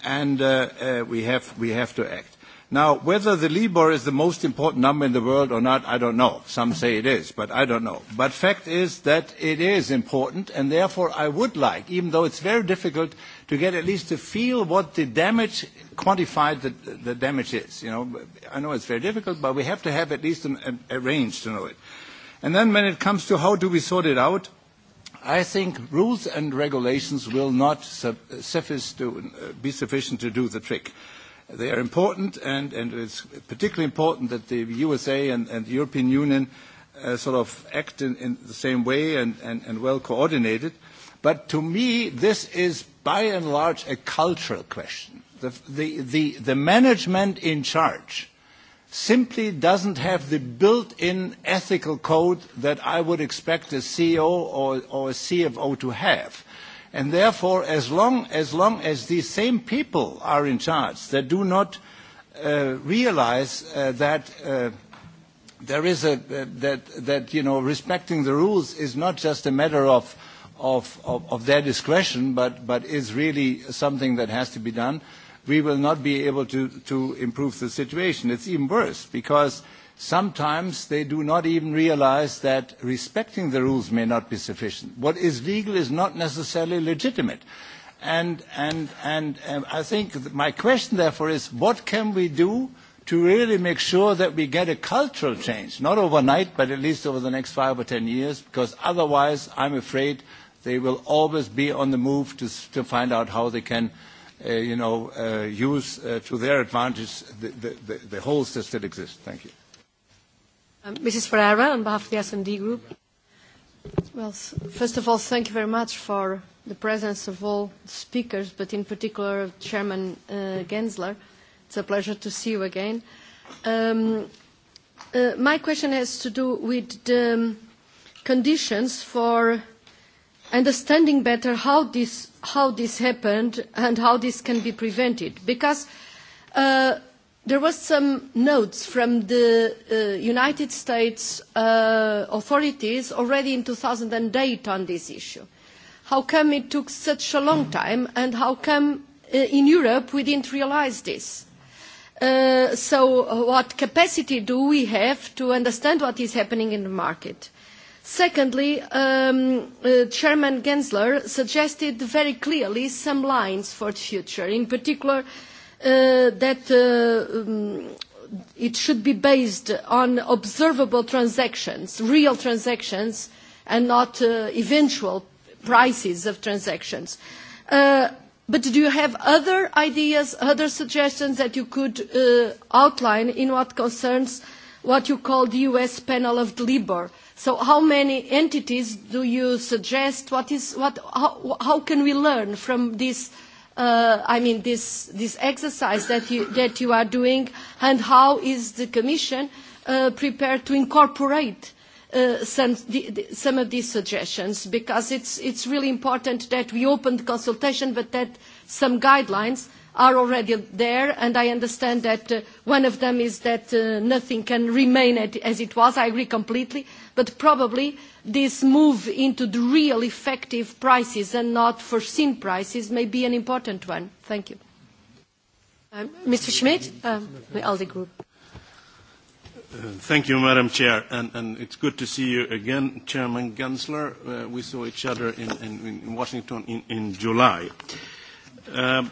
and uh, uh, we, have, we have to act. Now, whether the LIBOR is the most important number in the world or not, I don't know. Some say it is, but I don't know. But fact is that it is important, and therefore I would like, even though it's very difficult to get at least to feel what the damage, quantified the, the damage is. You know, I know it's very difficult, but we have to have at least an, a, a range to know it. And then when it comes to how do we sort it out, I think rules and regulations will not su suffice to, uh, be sufficient to do the trick. They are important, and, and it's particularly important that the USA and, and the European Union uh, sort of act in, in the same way and, and, and well coordinated. But to me, this is by and large a cultural question. The, the, the, the management in charge simply doesn't have the built-in ethical code that I would expect a CEO or, or a CFO to have. And therefore, as long, as long as these same people are in charge that do not uh, realize uh, that uh, there is a, uh, that, that, you know, respecting the rules is not just a matter of of, of, of their discretion, but, but is really something that has to be done, we will not be able to, to improve the situation. It's even worse because sometimes they do not even realize that respecting the rules may not be sufficient. What is legal is not necessarily legitimate. And, and, and, and I think my question, therefore, is what can we do to really make sure that we get a cultural change, not overnight, but at least over the next five or ten years, because otherwise I'm afraid They will always be on the move to, to find out how they can uh, you know, uh, use uh, to their advantage the, the, the, the holes that still exist. Thank you. Um, Mrs. Ferreira, on behalf of the S&D Group. Well, first of all, thank you very much for the presence of all speakers, but in particular Chairman uh, Gensler. It's a pleasure to see you again. Um, uh, my question has to do with the um, conditions for understanding better how this, how this happened and how this can be prevented. Because uh, there were some notes from the uh, United States uh, authorities already in 2008 on this issue. How come it took such a long time and how come uh, in Europe we didn't realize this? Uh, so uh, what capacity do we have to understand what is happening in the market? Secondly, um, uh, Chairman Gensler suggested very clearly some lines for the future, in particular uh, that uh, um, it should be based on observable transactions, real transactions, and not uh, eventual prices of transactions. Uh, but do you have other ideas, other suggestions that you could uh, outline in what concerns uh, what you call the US panel of LIBOR. So how many entities do you suggest? What is, what, how, how can we learn from this, uh, I mean, this, this exercise that you, that you are doing and how is the Commission uh, prepared to incorporate uh, some, the, the, some of these suggestions because it's, it's really important that we open the consultation but that some guidelines are already there, and I understand that uh, one of them is that uh, nothing can remain at, as it was. I agree completely, but probably this move into the real effective prices and not foreseen prices may be an important one. Thank you. Um, Mr. Schmidt, um, the ALDE Group. Uh, thank you, Madam Chair, and, and it's good to see you again, Chairman Gensler. Uh, we saw each other in, in, in Washington in, in July. Um,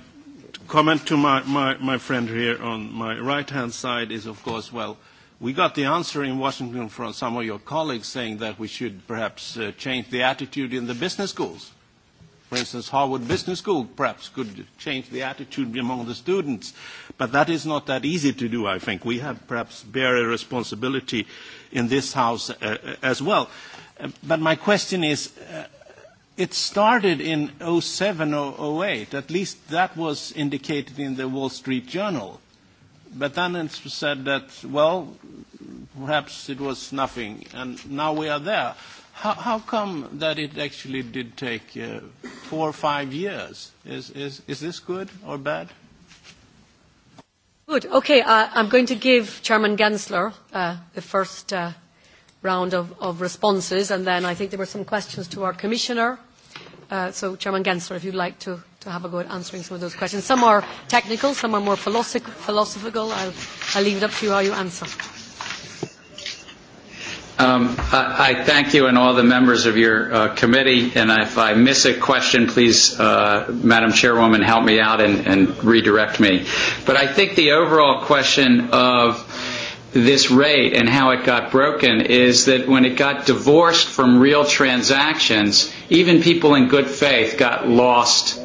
comment to my, my, my friend here on my right-hand side is, of course, well, we got the answer in Washington from some of your colleagues saying that we should perhaps uh, change the attitude in the business schools. For instance, Harvard Business School perhaps could change the attitude among the students. But that is not that easy to do, I think. We have perhaps bear a responsibility in this House uh, as well. Uh, but my question is, uh, It started in 07 or 08, at least that was indicated in the Wall Street Journal. But then it said that, well, perhaps it was nothing, and now we are there. How, how come that it actually did take uh, four or five years? Is, is, is this good or bad? Good. Okay, uh, I'm going to give Chairman Gensler uh, the first uh, round of, of responses, and then I think there were some questions to our Commissioner Uh, so, Chairman Gensler, if you'd like to, to have a go at answering some of those questions. Some are technical, some are more philosoph philosophical. I'll, I'll leave it up to you how you answer. Um, I, I thank you and all the members of your uh, committee. And if I miss a question, please, uh, Madam Chairwoman, help me out and, and redirect me. But I think the overall question of this rate and how it got broken is that when it got divorced from real transactions, even people in good faith got lost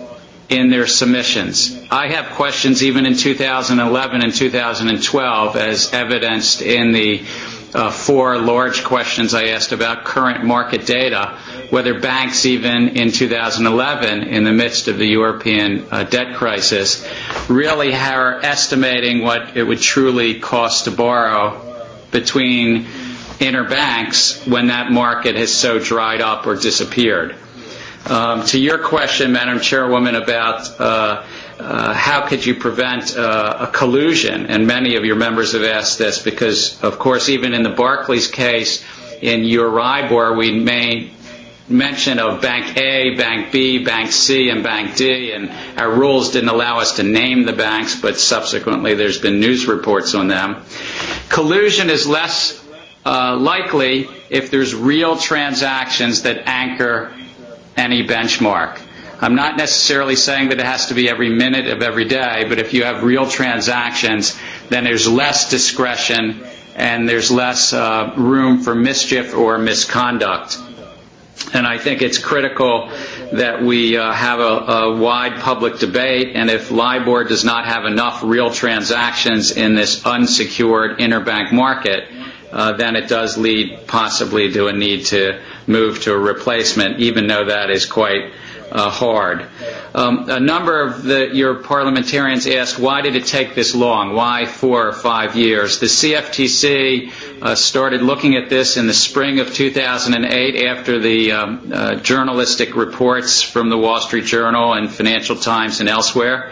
in their submissions. I have questions even in 2011 and 2012 as evidenced in the uh, four large questions I asked about current market data, whether banks even in 2011, in the midst of the European uh, debt crisis, really are estimating what it would truly cost to borrow between inner banks when that market has so dried up or disappeared. Um, to your question, Madam Chairwoman, about uh, uh, how could you prevent uh, a collusion? And many of your members have asked this because, of course, even in the Barclays case, in Euribor, we made mention of Bank A, Bank B, Bank C, and Bank D, and our rules didn't allow us to name the banks, but subsequently there's been news reports on them. Collusion is less uh, likely if there's real transactions that anchor any benchmark. I'm not necessarily saying that it has to be every minute of every day, but if you have real transactions, then there's less discretion and there's less uh, room for mischief or misconduct. And I think it's critical that we uh, have a, a wide public debate, and if LIBOR does not have enough real transactions in this unsecured interbank market, uh, then it does lead possibly to a need to move to a replacement, even though that is quite uh, hard. Um, a number of the, your parliamentarians asked, why did it take this long? Why four or five years? The CFTC uh, started looking at this in the spring of 2008 after the um, uh, journalistic reports from the Wall Street Journal and Financial Times and elsewhere.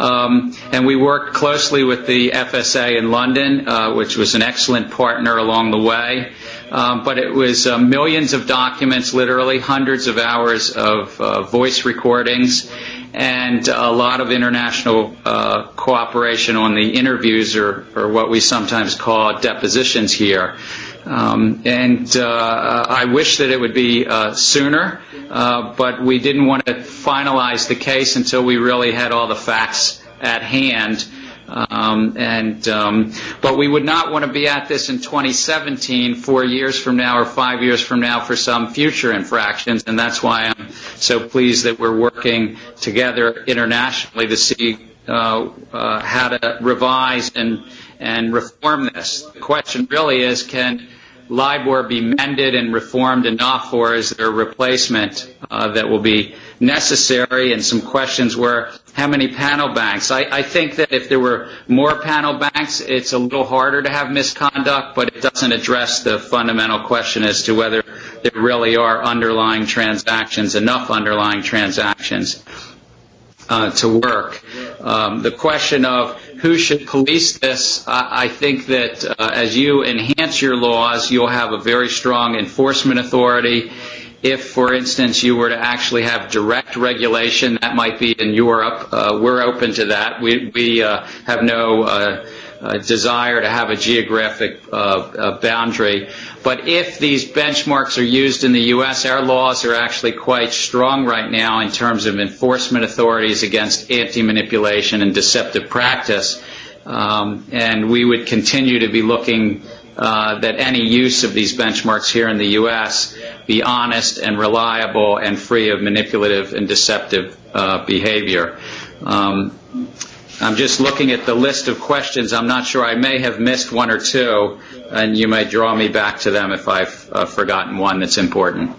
Um, and we worked closely with the FSA in London, uh, which was an excellent partner along the way um, but it was uh, millions of documents, literally hundreds of hours of uh, voice recordings, and a lot of international uh, cooperation on the interviews, or, or what we sometimes call depositions here. Um, and uh, uh I wish that it would be uh, sooner, uh, but we didn't want to finalize the case until we really had all the facts at hand Um, and um, but we would not want to be at this in 2017, four years from now or five years from now, for some future infractions. And that's why I'm so pleased that we're working together internationally to see uh, uh, how to revise and and reform this. The question really is, can LIBOR be mended and reformed enough, or is there a replacement uh, that will be necessary? And some questions were how many panel banks. I, I think that if there were more panel banks, it's a little harder to have misconduct, but it doesn't address the fundamental question as to whether there really are underlying transactions, enough underlying transactions uh, to work. Um, the question of who should police this, I, I think that uh, as you enhance your laws, you'll have a very strong enforcement authority if, for instance, you were to actually have direct regulation, that might be in Europe. Uh, we're open to that. We, we uh, have no uh, uh, desire to have a geographic uh, uh, boundary. But if these benchmarks are used in the U.S., our laws are actually quite strong right now in terms of enforcement authorities against anti-manipulation and deceptive practice. Um, and we would continue to be looking uh, that any use of these benchmarks here in the U.S. be honest and reliable and free of manipulative and deceptive uh, behavior. Um, I'm just looking at the list of questions. I'm not sure. I may have missed one or two, and you may draw me back to them if I've uh, forgotten one that's important.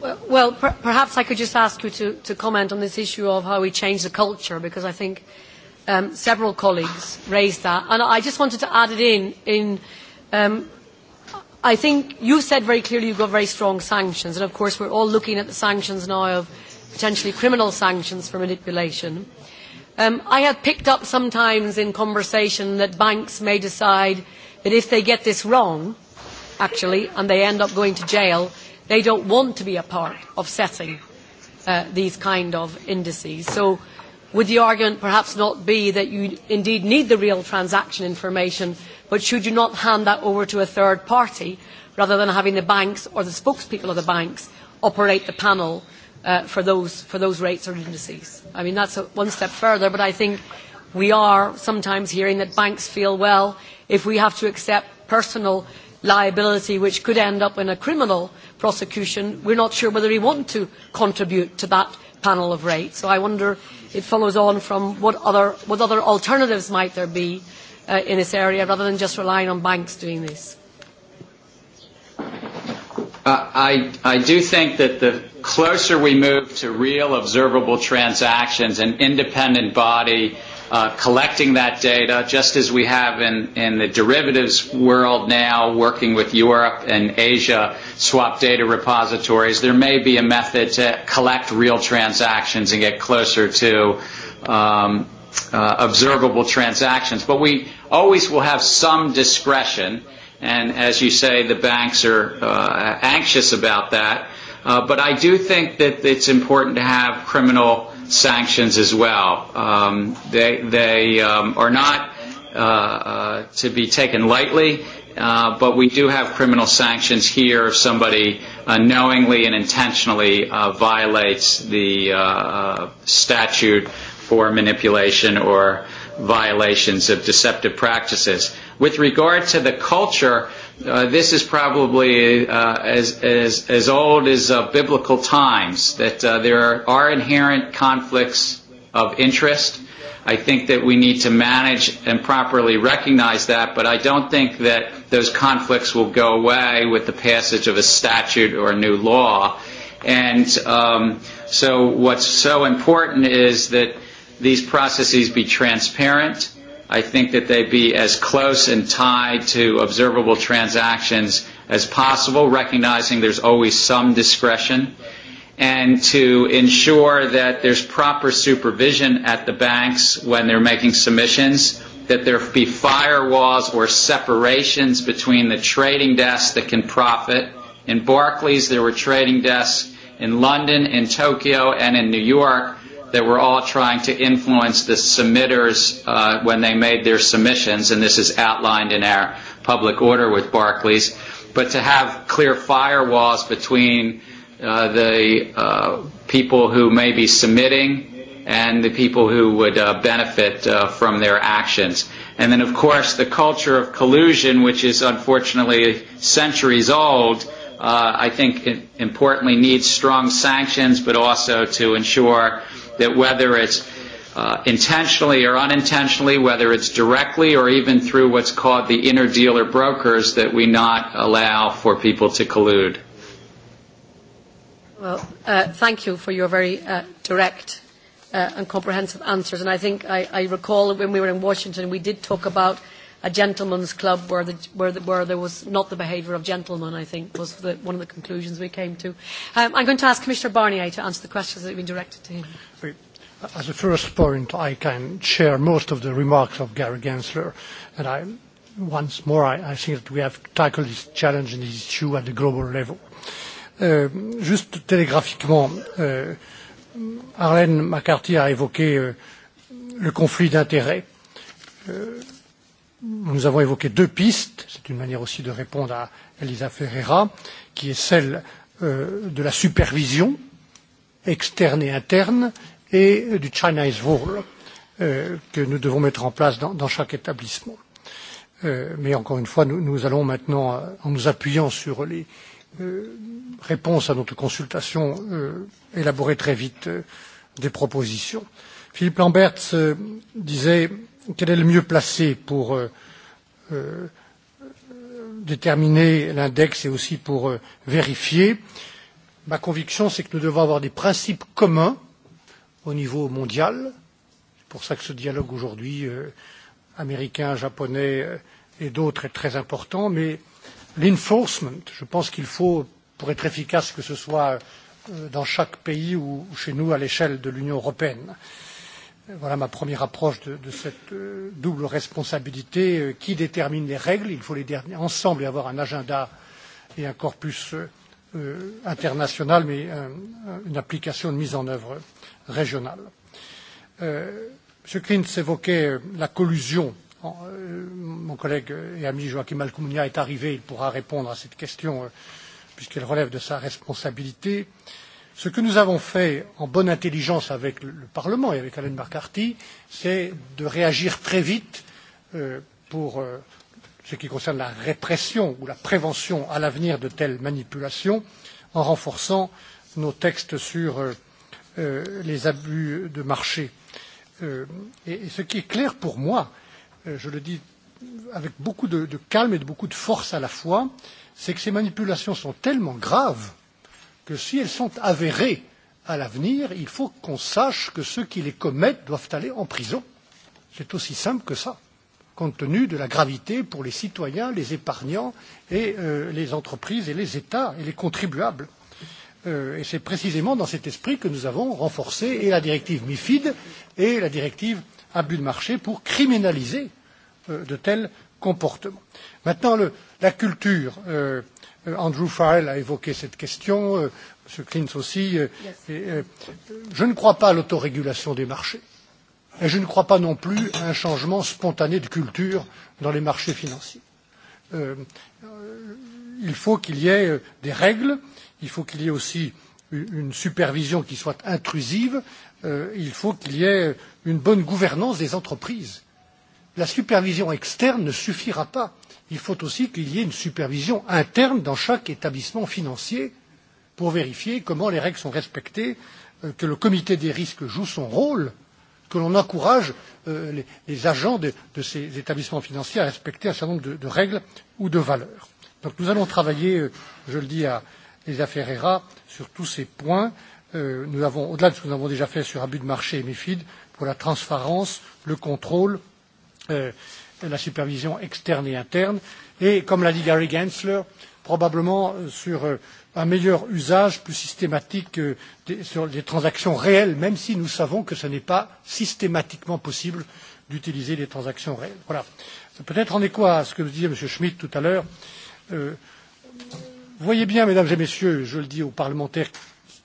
Well, well per perhaps I could just ask you to, to comment on this issue of how we change the culture, because I think – Um, several colleagues raised that, and I just wanted to add it in. in um, I think you said very clearly you've got very strong sanctions, and of course we're all looking at the sanctions now of potentially criminal sanctions for manipulation. Um, I have picked up sometimes in conversation that banks may decide that if they get this wrong, actually, and they end up going to jail, they don't want to be a part of setting uh, these kind of indices. So Would the argument perhaps not be that you indeed need the real transaction information, but should you not hand that over to a third party rather than having the banks or the spokespeople of the banks operate the panel uh, for, those, for those rates or indices? I mean, that's a, one step further, but I think we are sometimes hearing that banks feel, well, if we have to accept personal liability which could end up in a criminal prosecution, we're not sure whether we want to contribute to that panel of rates. So I wonder it follows on from what other, what other alternatives might there be uh, in this area rather than just relying on banks doing this. Uh, I, I do think that the closer we move to real observable transactions, an independent body uh, collecting that data, just as we have in, in the derivatives world now, working with Europe and Asia, swap data repositories. There may be a method to collect real transactions and get closer to um, uh, observable transactions. But we always will have some discretion. And as you say, the banks are uh, anxious about that. Uh, but I do think that it's important to have criminal sanctions as well. Um, they they um, are not uh, uh, to be taken lightly, uh, but we do have criminal sanctions here if somebody uh, knowingly and intentionally uh, violates the uh, uh, statute for manipulation or violations of deceptive practices. With regard to the culture, Uh, this is probably uh, as, as, as old as uh, biblical times, that uh, there are inherent conflicts of interest. I think that we need to manage and properly recognize that, but I don't think that those conflicts will go away with the passage of a statute or a new law. And um, so what's so important is that these processes be transparent, I think that they be as close and tied to observable transactions as possible, recognizing there's always some discretion, and to ensure that there's proper supervision at the banks when they're making submissions, that there be firewalls or separations between the trading desks that can profit. In Barclays, there were trading desks in London, in Tokyo, and in New York that we're all trying to influence the submitters uh, when they made their submissions, and this is outlined in our public order with Barclays, but to have clear firewalls between uh, the uh, people who may be submitting and the people who would uh, benefit uh, from their actions. And then, of course, the culture of collusion, which is unfortunately centuries old, uh, I think it importantly needs strong sanctions, but also to ensure that whether it's uh, intentionally or unintentionally, whether it's directly or even through what's called the inner dealer brokers, that we not allow for people to collude. Well, uh, thank you for your very uh, direct uh, and comprehensive answers. And I think I, I recall that when we were in Washington, we did talk about a gentleman's club where, the, where, the, where there was not the behaviour of gentlemen, I think, was the, one of the conclusions we came to. Um, I'm going to ask Commissioner Barnier to answer the questions that have been directed to him. As a first point, I can share most of the remarks of Gary Gensler, and I, once more, I, I think that we have tackled this challenge and this issue at the global level. Euh, um, juste télégraphiquement, euh, Arlene McCarthy a évoqué euh, le conflit d'intérêts. Euh, nous avons évoqué deux pistes, c'est une manière aussi de répondre à Elisa Ferreira, qui est celle euh, de la supervision externe et interne et euh, du China is Wall euh, que nous devons mettre en place dans, dans chaque établissement. Euh, mais encore une fois, nous, nous allons maintenant, euh, en nous appuyant sur les euh, réponses à notre consultation, euh, élaborer très vite euh, des propositions. Philippe Lambert euh, disait quel est le mieux placé pour euh, euh, déterminer l'index et aussi pour euh, vérifier Ma conviction, c'est que nous devons avoir des principes communs au niveau mondial. C'est pour ça que ce dialogue aujourd'hui euh, américain, japonais euh, et d'autres est très important. Mais l'enforcement, je pense qu'il faut, pour être efficace, que ce soit euh, dans chaque pays ou, ou chez nous à l'échelle de l'Union européenne. Euh, Voilà ma première approche de, de cette euh, double responsabilité euh, qui détermine les règles. Il faut les derniers ensemble et avoir un agenda et un corpus euh, euh international, mais un, une application de mise en œuvre régionale. Euh, M. Klintz évoquait euh, la collusion. En, euh, mon collègue et ami Joachim Alcumnia est arrivé, il pourra répondre à cette question euh, puisqu'elle relève de sa responsabilité. Euh, Ce que nous avons fait en bonne intelligence avec le Parlement et avec Alain McCarthy, c'est de réagir très vite euh, pour euh, ce qui concerne la répression ou la prévention à l'avenir de telles manipulations en renforçant nos textes sur euh, les abus de marché. et, ce qui est clair pour moi, je le dis avec beaucoup de, de calme et de beaucoup de force à la fois, c'est que ces manipulations sont tellement graves que si elles sont avérées à l'avenir, il faut qu'on sache que ceux qui les commettent doivent aller en prison. C'est aussi simple que ça, compte tenu de la gravité pour les citoyens, les épargnants et euh, les entreprises et les États et les contribuables. Euh, et c'est précisément dans cet esprit que nous avons renforcé et la directive MIFID et la directive abus de marché pour criminaliser euh, Euh, de tels comportements. Maintenant, le, la culture. Euh, euh Andrew Farrell a évoqué cette question, euh, M. Klintz aussi. Euh, yes. et, euh, je ne crois pas à l'autorégulation des marchés. Et je ne crois pas non plus à un changement spontané de culture dans les marchés financiers. Euh, euh il faut qu'il y ait des règles, il faut qu'il y ait aussi une supervision qui soit intrusive, euh, il faut qu'il y ait une bonne gouvernance des entreprises la supervision externe ne suffira pas. Il faut aussi qu'il y ait une supervision interne dans chaque établissement financier pour vérifier comment les règles sont respectées, euh, que le comité des risques joue son rôle, que l'on encourage euh, les, agents de, ces établissements financiers à respecter un certain nombre de, de règles ou de valeurs. Donc nous allons travailler, euh, je le dis à Elisa Ferreira, sur tous ces points. Nous avons, au-delà de ce que nous avons déjà fait sur abus de marché et MIFID, pour la transparence, le contrôle, euh, la supervision externe et interne, et comme l'a dit Gary Gensler, probablement sur euh, un meilleur usage plus systématique euh, des, sur les transactions réelles, même si nous savons que ce n'est pas systématiquement possible d'utiliser les transactions réelles. Voilà. Peut-être en écho à ce que disait M. Schmidt tout à l'heure, euh, voyez bien, mesdames et messieurs, je le dis aux parlementaires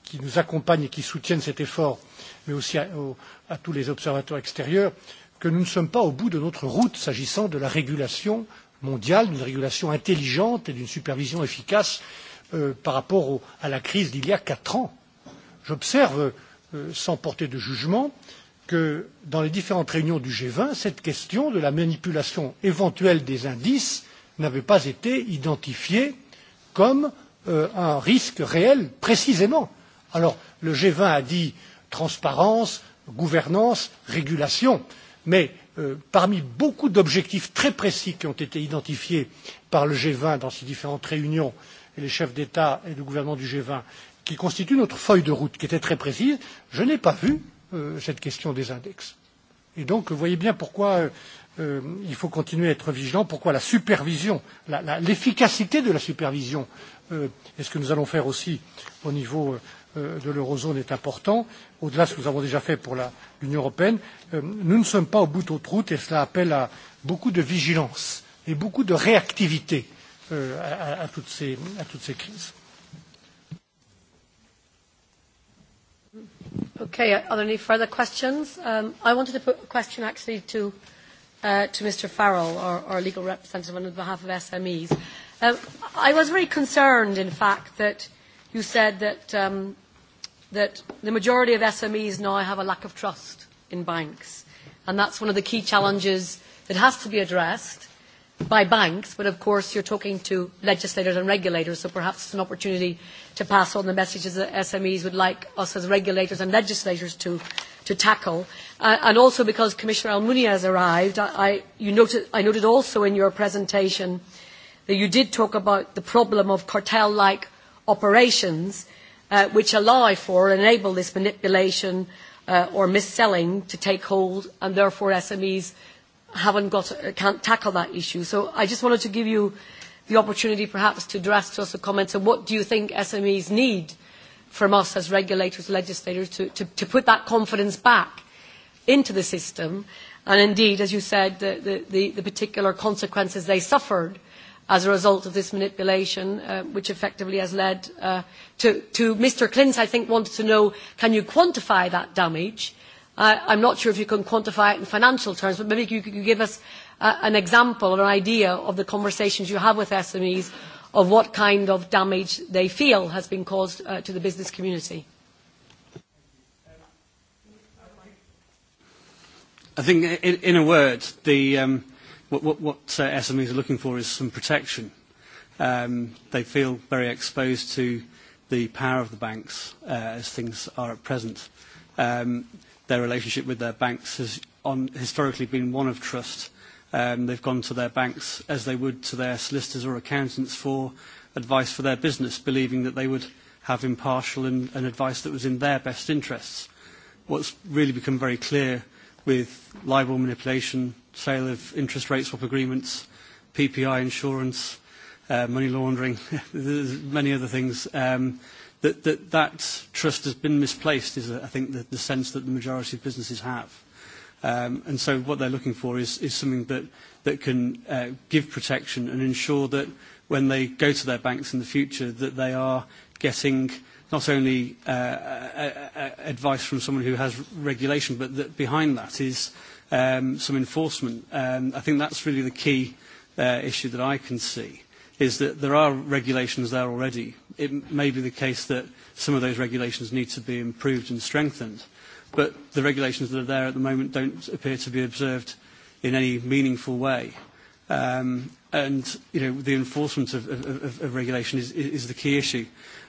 qui nous accompagnent et qui soutiennent cet effort, mais aussi à, aux, à tous les observateurs extérieurs, que nous ne sommes pas au bout de notre route s'agissant de la régulation mondiale, d'une régulation intelligente et d'une supervision efficace euh, par rapport au, à la crise d'il y a quatre ans. J'observe, euh, sans porter de jugement, que dans les différentes réunions du g vingt, cette question de la manipulation éventuelle des indices n'avait pas été identifiée comme euh, un risque réel précisément. Alors le g vingt a dit transparence, gouvernance, régulation. Euh, Mais euh, parmi beaucoup d'objectifs très précis qui ont été identifiés par le g vingt dans ses différentes réunions et les chefs d'État et de gouvernement du g vingt, qui constituent notre feuille de route, qui était très précise, je n'ai pas vu euh, cette question des index. Et donc, vous voyez bien pourquoi euh, euh il faut continuer à être vigilant, pourquoi la supervision, l'efficacité de la supervision, euh, ce que nous allons faire aussi au niveau euh, Euh, de l'eurozone est important, au-delà de ce que nous avons déjà fait pour l'Union européenne, euh, nous ne sommes pas au bout notre route et cela appelle à beaucoup de vigilance et beaucoup de réactivité euh, à, toutes, ces, à toutes ces crises. Okay, are there any further questions? Um, I wanted to put a question actually to, uh, to Mr. Farrell, our, our legal representative on behalf of SMEs. Um, I was very concerned, in fact, that you said that um, that the majority of SMEs now have a lack of trust in banks. And that's one of the key challenges that has to be addressed by banks, but of course you're talking to legislators and regulators, so perhaps it's an opportunity to pass on the messages that SMEs would like us as regulators and legislators to, to tackle. Uh, and also because Commissioner Almunia has arrived, I, I, you noted, I noted also in your presentation that you did talk about the problem of cartel-like operations uh, which allow for and enable this manipulation uh, or mis-selling to take hold and therefore SMEs haven't got, uh, can't tackle that issue. So I just wanted to give you the opportunity perhaps to address to us a comment on what do you think SMEs need from us as regulators, legislators, to, to, to put that confidence back into the system. And indeed, as you said, the, the, the, the particular consequences they suffered as a result of this manipulation, uh, which effectively has led uh, to, to Mr. Klinz I think, wanted to know, can you quantify that damage? Uh, I'm not sure if you can quantify it in financial terms, but maybe you could give us uh, an example or an idea of the conversations you have with SMEs of what kind of damage they feel has been caused uh, to the business community. I think, in, in a word, the, um, what, what, what uh, SMEs are looking for is some protection. Um, they feel very exposed to the power of the banks uh, as things are at present. Um, their relationship with their banks has on, historically been one of trust. Um, they've gone to their banks as they would to their solicitors or accountants for advice for their business, believing that they would have impartial and, and advice that was in their best interests. What's really become very clear with libel manipulation, sale of interest rate swap agreements, PPI insurance, uh, money laundering, <laughs> there's many other things. Um, that, that that trust has been misplaced is, I think, the, the sense that the majority of businesses have. Um, and so what they're looking for is, is something that, that can uh, give protection and ensure that when they go to their banks in the future that they are getting not only uh, a, a advice from someone who has regulation, but that behind that is um, some enforcement. Um, I think that's really the key uh, issue that I can see is that there are regulations there already. It may be the case that some of those regulations need to be improved and strengthened, but the regulations that are there at the moment don't appear to be observed in any meaningful way. Um, and you know, the enforcement of, of, of regulation is, is the key issue.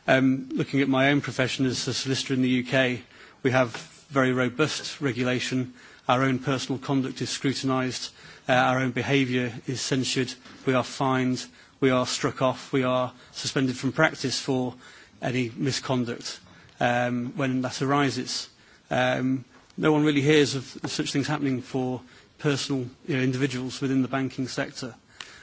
Um, looking at my own profession as a solicitor in the UK, we have very robust regulation. Our own personal conduct is scrutinised. Uh, our own behaviour is censured. We are fined we are struck off, we are suspended from practice for any misconduct um, when that arises. Um, no one really hears of such things happening for personal you know, individuals within the banking sector.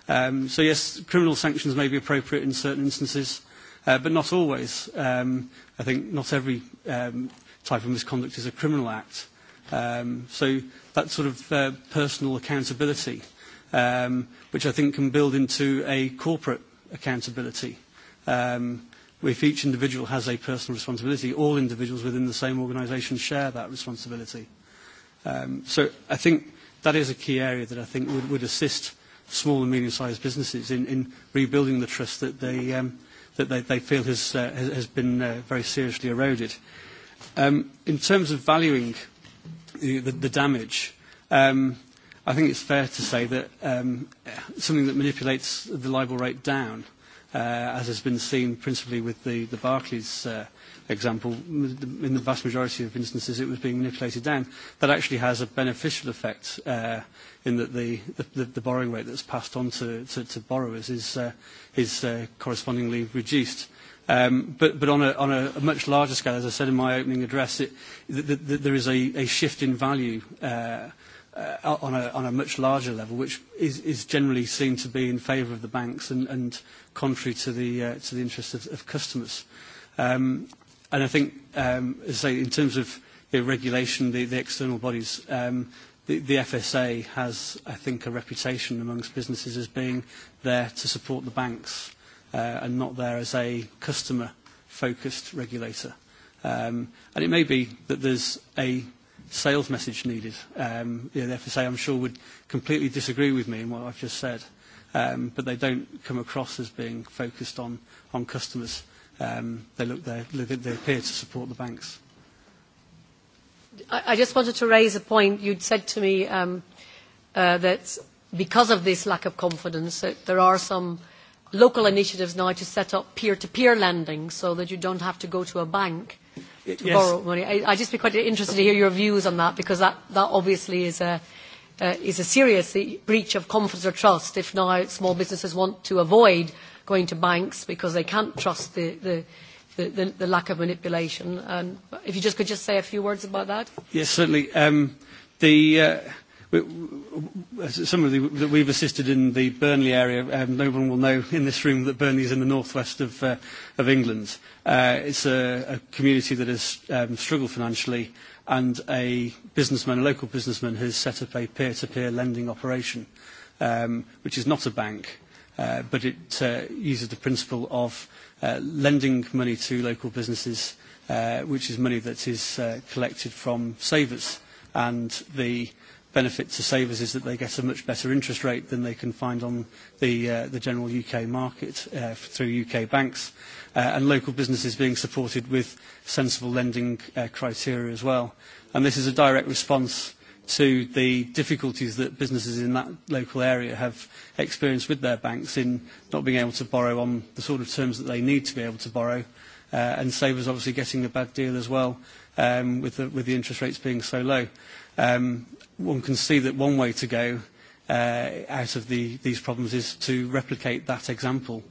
Um, so yes, criminal sanctions may be appropriate in certain instances, uh, but not always. Um, I think not every um, type of misconduct is a criminal act. Um, so that sort of uh, personal accountability um, which I think can build into a corporate accountability. Um, if each individual has a personal responsibility, all individuals within the same organisation share that responsibility. Um, so I think that is a key area that I think would, would assist small and medium-sized businesses in, in rebuilding the trust that they, um, that they, they feel has, uh, has, has been uh, very seriously eroded. Um, in terms of valuing the, the, the damage, um, I think it's fair to say that um, something that manipulates the LIBOR rate down, uh, as has been seen principally with the, the Barclays uh, example, in the vast majority of instances it was being manipulated down, that actually has a beneficial effect uh, in that the, the, the borrowing rate that's passed on to, to, to borrowers is, uh, is uh, correspondingly reduced. Um, but but on, a, on a, a much larger scale, as I said in my opening address, it, th th th there is a, a shift in value uh, uh, on, a, on a much larger level, which is, is generally seen to be in favour of the banks and, and contrary to the, uh, to the interests of, of customers. Um, and I think, um, as I say, in terms of the regulation, the, the external bodies, um, the, the FSA has, I think, a reputation amongst businesses as being there to support the banks uh, and not there as a customer-focused regulator. Um, and it may be that there's a sales message needed. Um, the FSA, I'm sure, would completely disagree with me in what I've just said, um, but they don't come across as being focused on, on customers. Um, they, look, they, they appear to support the banks. I, I just wanted to raise a point. You'd said to me um, uh, that because of this lack of confidence, that there are some local initiatives now to set up peer-to-peer -peer lending so that you don't have to go to a bank to yes. borrow money. I, I'd just be quite interested to hear your views on that because that, that obviously is a, uh, is a serious breach of confidence or trust if now small businesses want to avoid going to banks because they can't trust the, the, the, the, the lack of manipulation. And um, if you just could just say a few words about that. Yes, certainly. Um, the... Uh, some of the, that we've assisted in the Burnley area, um, no one will know in this room that Burnley is in the northwest of, uh, of England. Uh, it's a, a community that has um, struggled financially and a businessman, a local businessman, has set up a peer-to-peer -peer lending operation, um, which is not a bank, uh, but it uh, uses the principle of uh, lending money to local businesses, uh, which is money that is uh, collected from savers. And the uh, benefit to savers is that they get a much better interest rate than they can find on the, uh, the general UK market uh, through UK banks, uh, and local businesses being supported with sensible lending uh, criteria as well. And this is a direct response to the difficulties that businesses in that local area have experienced with their banks in not being able to borrow on the sort of terms that they need to be able to borrow, uh, and savers obviously getting a bad deal as well um, with, the, with the interest rates being so low. Um, one can see that one way to go uh, out of the, these problems is to replicate that example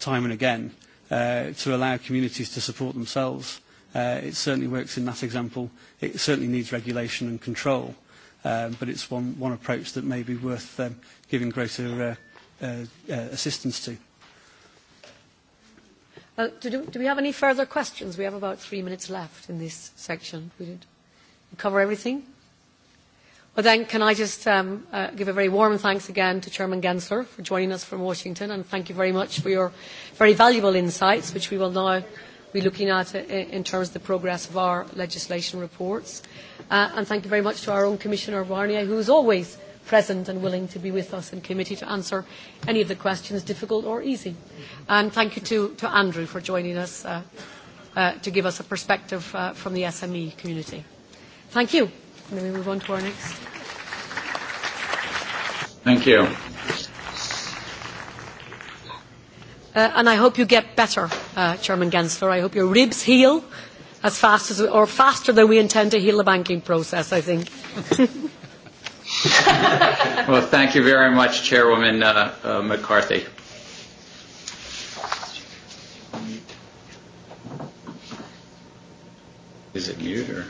time and again uh, to allow communities to support themselves. Uh, it certainly works in that example. It certainly needs regulation and control, um, but it's one, one approach that may be worth um, giving greater uh, uh, uh, assistance to. Uh, do, do we have any further questions? We have about three minutes left in this section. We did cover everything. But then can I just um, uh, give a very warm thanks again to Chairman Gensler for joining us from Washington and thank you very much for your very valuable insights which we will now be looking at in terms of the progress of our legislation reports. Uh, and thank you very much to our own Commissioner Barnier who is always present and willing to be with us in committee to answer any of the questions, difficult or easy. And thank you to, to Andrew for joining us uh, uh, to give us a perspective uh, from the SME community. Thank you and then we move on to our next. Thank you. Uh, and I hope you get better, uh, Chairman Gensler. I hope your ribs heal as fast as, we, or faster than we intend to heal the banking process, I think. <laughs> well, thank you very much, Chairwoman uh, uh, McCarthy. Is it mute or?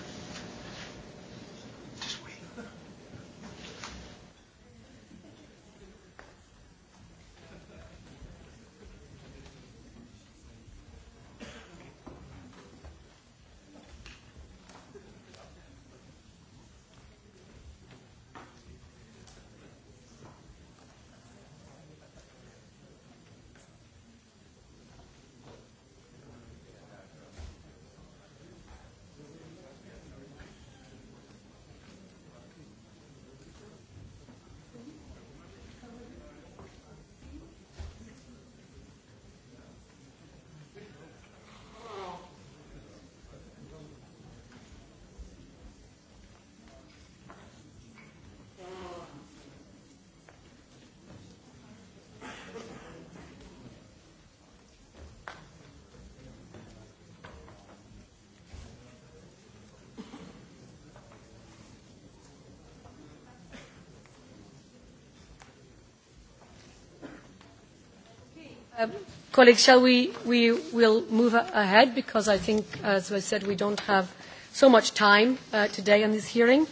Colleagues, shall we, we will move ahead because I think, as I said, we don't have so much time uh, today on this hearing.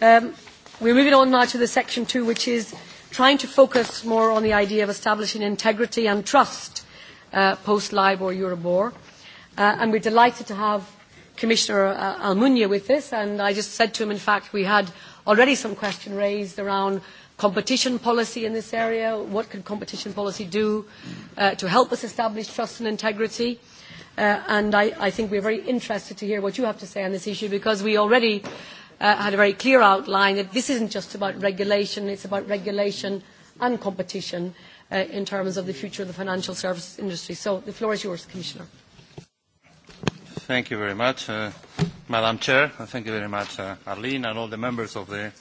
Um, we're moving on now to the section two, which is trying to focus more on the idea of establishing integrity and trust uh, post-LIBOR Eurobor. Uh, and we're delighted to have Commissioner uh, Almunia with this. And I just said to him, in fact, we had already some question raised around competition policy in this area, what can competition policy do uh, to help us establish trust and integrity. Uh, and I, I think we're very interested to hear what you have to say on this issue because we already uh, had a very clear outline that this isn't just about regulation, it's about regulation and competition uh, in terms of the future of the financial services industry. So the floor is yours, Commissioner. Thank you very much, uh, Madam Chair. Thank you very much, uh, Arlene, and all the members of the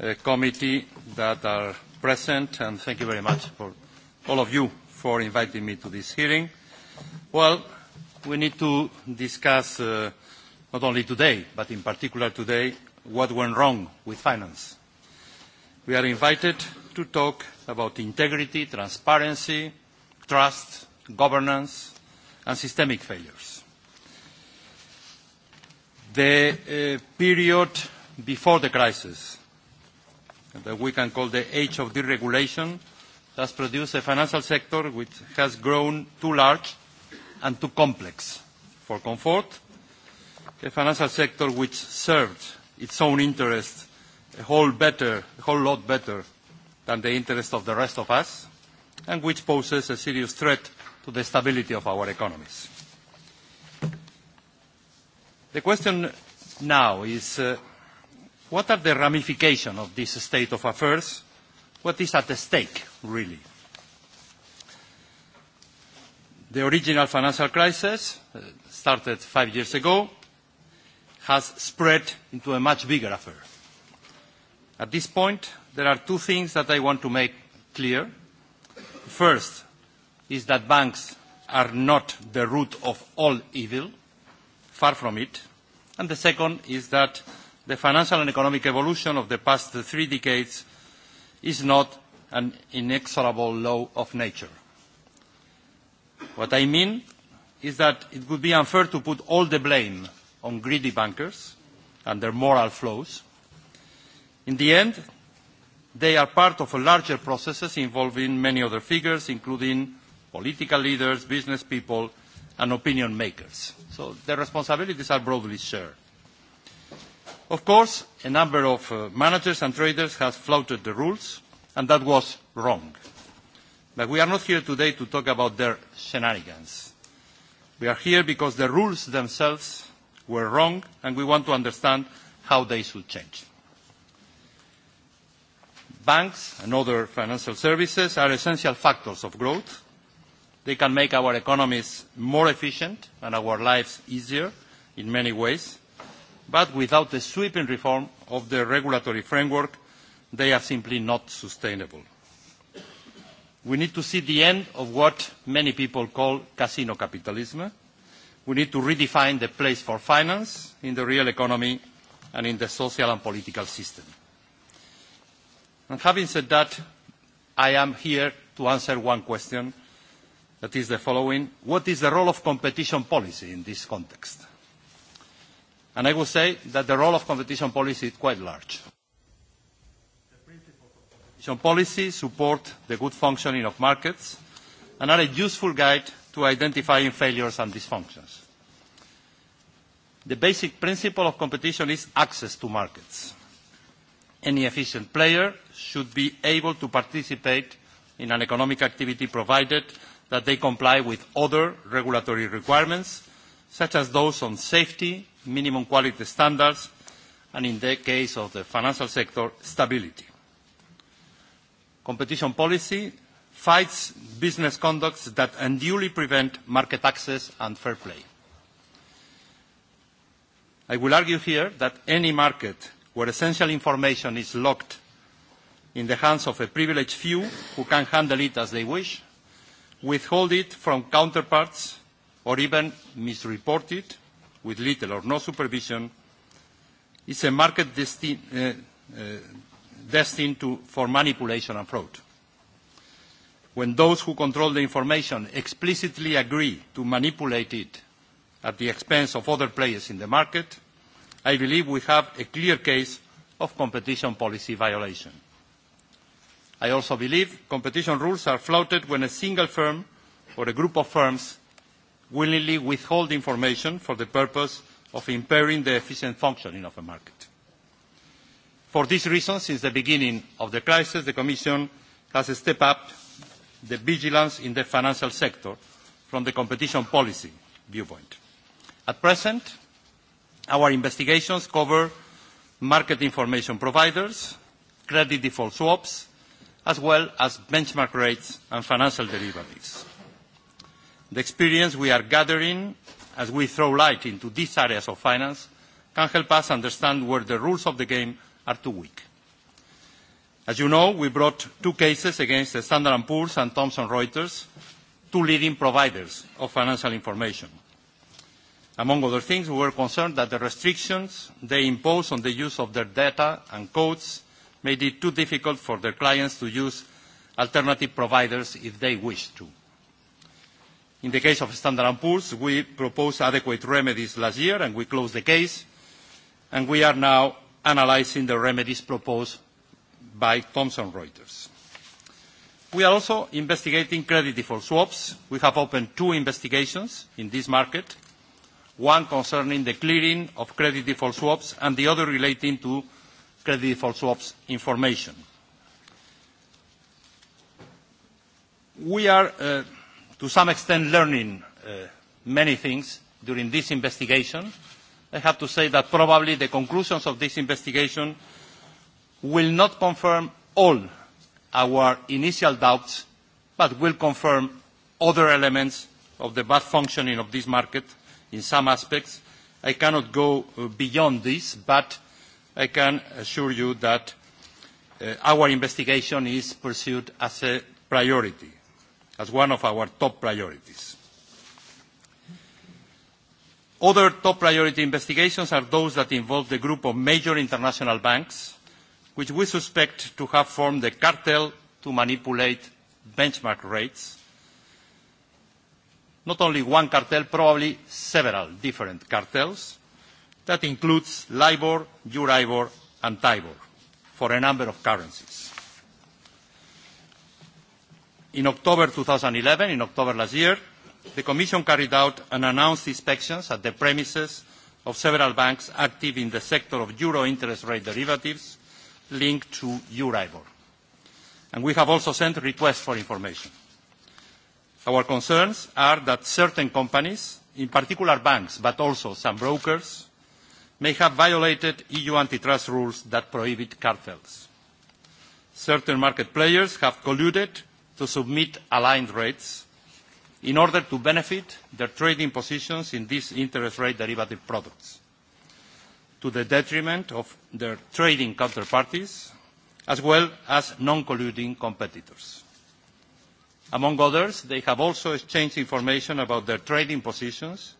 Uh, committee that are present, and thank you very much for all of you for inviting me to this hearing. Well, we need to discuss, uh, not only today, but in particular today, what went wrong with finance. We are invited to talk about integrity, transparency, trust, governance, and systemic failures. The uh, period before the crisis that we can call the age of deregulation, has produced a financial sector which has grown too large and too complex for comfort, a financial sector which served its own interests a whole, better, a whole lot better than the interests of the rest of us, and which poses a serious threat to the stability of our economies. The question now is uh, What are the ramifications of this state of affairs? What is at stake, really? The original financial crisis, uh, started five years ago, has spread into a much bigger affair. At this point, there are two things that I want to make clear. First is that banks are not the root of all evil, far from it. And the second is that the financial and economic evolution of the past three decades is not an inexorable law of nature. What I mean is that it would be unfair to put all the blame on greedy bankers and their moral flows. In the end, they are part of a larger processes involving many other figures, including political leaders, business people, and opinion makers. So their responsibilities are broadly shared. Of course, a number of uh, managers and traders have flouted the rules, and that was wrong. But we are not here today to talk about their shenanigans. We are here because the rules themselves were wrong, and we want to understand how they should change. Banks and other financial services are essential factors of growth. They can make our economies more efficient and our lives easier in many ways but without the sweeping reform of the regulatory framework, they are simply not sustainable. We need to see the end of what many people call casino capitalism. We need to redefine the place for finance in the real economy and in the social and political system. And having said that, I am here to answer one question, that is the following. What is the role of competition policy in this context? And I would say that the role of competition policy is quite large. The of Competition policy support the good functioning of markets and are a useful guide to identifying failures and dysfunctions. The basic principle of competition is access to markets. Any efficient player should be able to participate in an economic activity provided that they comply with other regulatory requirements, such as those on safety, minimum quality standards, and in the case of the financial sector, stability. Competition policy fights business conducts that unduly prevent market access and fair play. I will argue here that any market where essential information is locked in the hands of a privileged few who can handle it as they wish, withhold it from counterparts, or even misreport it, with little or no supervision is a market destined, uh, uh, destined to, for manipulation and fraud. When those who control the information explicitly agree to manipulate it at the expense of other players in the market, I believe we have a clear case of competition policy violation. I also believe competition rules are flouted when a single firm or a group of firms willingly withhold information for the purpose of impairing the efficient functioning of a market. For this reason, since the beginning of the crisis, the Commission has stepped up the vigilance in the financial sector from the competition policy viewpoint. At present, our investigations cover market information providers, credit default swaps, as well as benchmark rates and financial derivatives. The experience we are gathering as we throw light into these areas of finance can help us understand where the rules of the game are too weak. As you know, we brought two cases against the Standard Poor's and Thomson Reuters, two leading providers of financial information. Among other things, we were concerned that the restrictions they impose on the use of their data and codes made it too difficult for their clients to use alternative providers if they wished to. In the case of Standard Poor's, we proposed adequate remedies last year, and we closed the case, and we are now analyzing the remedies proposed by Thomson Reuters. We are also investigating credit default swaps. We have opened two investigations in this market, one concerning the clearing of credit default swaps and the other relating to credit default swaps information. We are uh, to some extent learning uh, many things during this investigation. I have to say that probably the conclusions of this investigation will not confirm all our initial doubts, but will confirm other elements of the bad functioning of this market in some aspects. I cannot go uh, beyond this, but I can assure you that uh, our investigation is pursued as a priority as one of our top priorities. Other top priority investigations are those that involve the group of major international banks, which we suspect to have formed a cartel to manipulate benchmark rates. Not only one cartel, probably several different cartels. That includes LIBOR, Euribor, and TIBOR for a number of currencies. In October 2011, in October last year, the Commission carried out unannounced inspections at the premises of several banks active in the sector of euro interest rate derivatives linked to Euribor. And we have also sent requests for information. Our concerns are that certain companies, in particular banks, but also some brokers, may have violated EU antitrust rules that prohibit cartels. Certain market players have colluded to submit aligned rates in order to benefit their trading positions in these interest rate derivative products to the detriment of their trading counterparties as well as non-colluding competitors. Among others, they have also exchanged information about their trading positions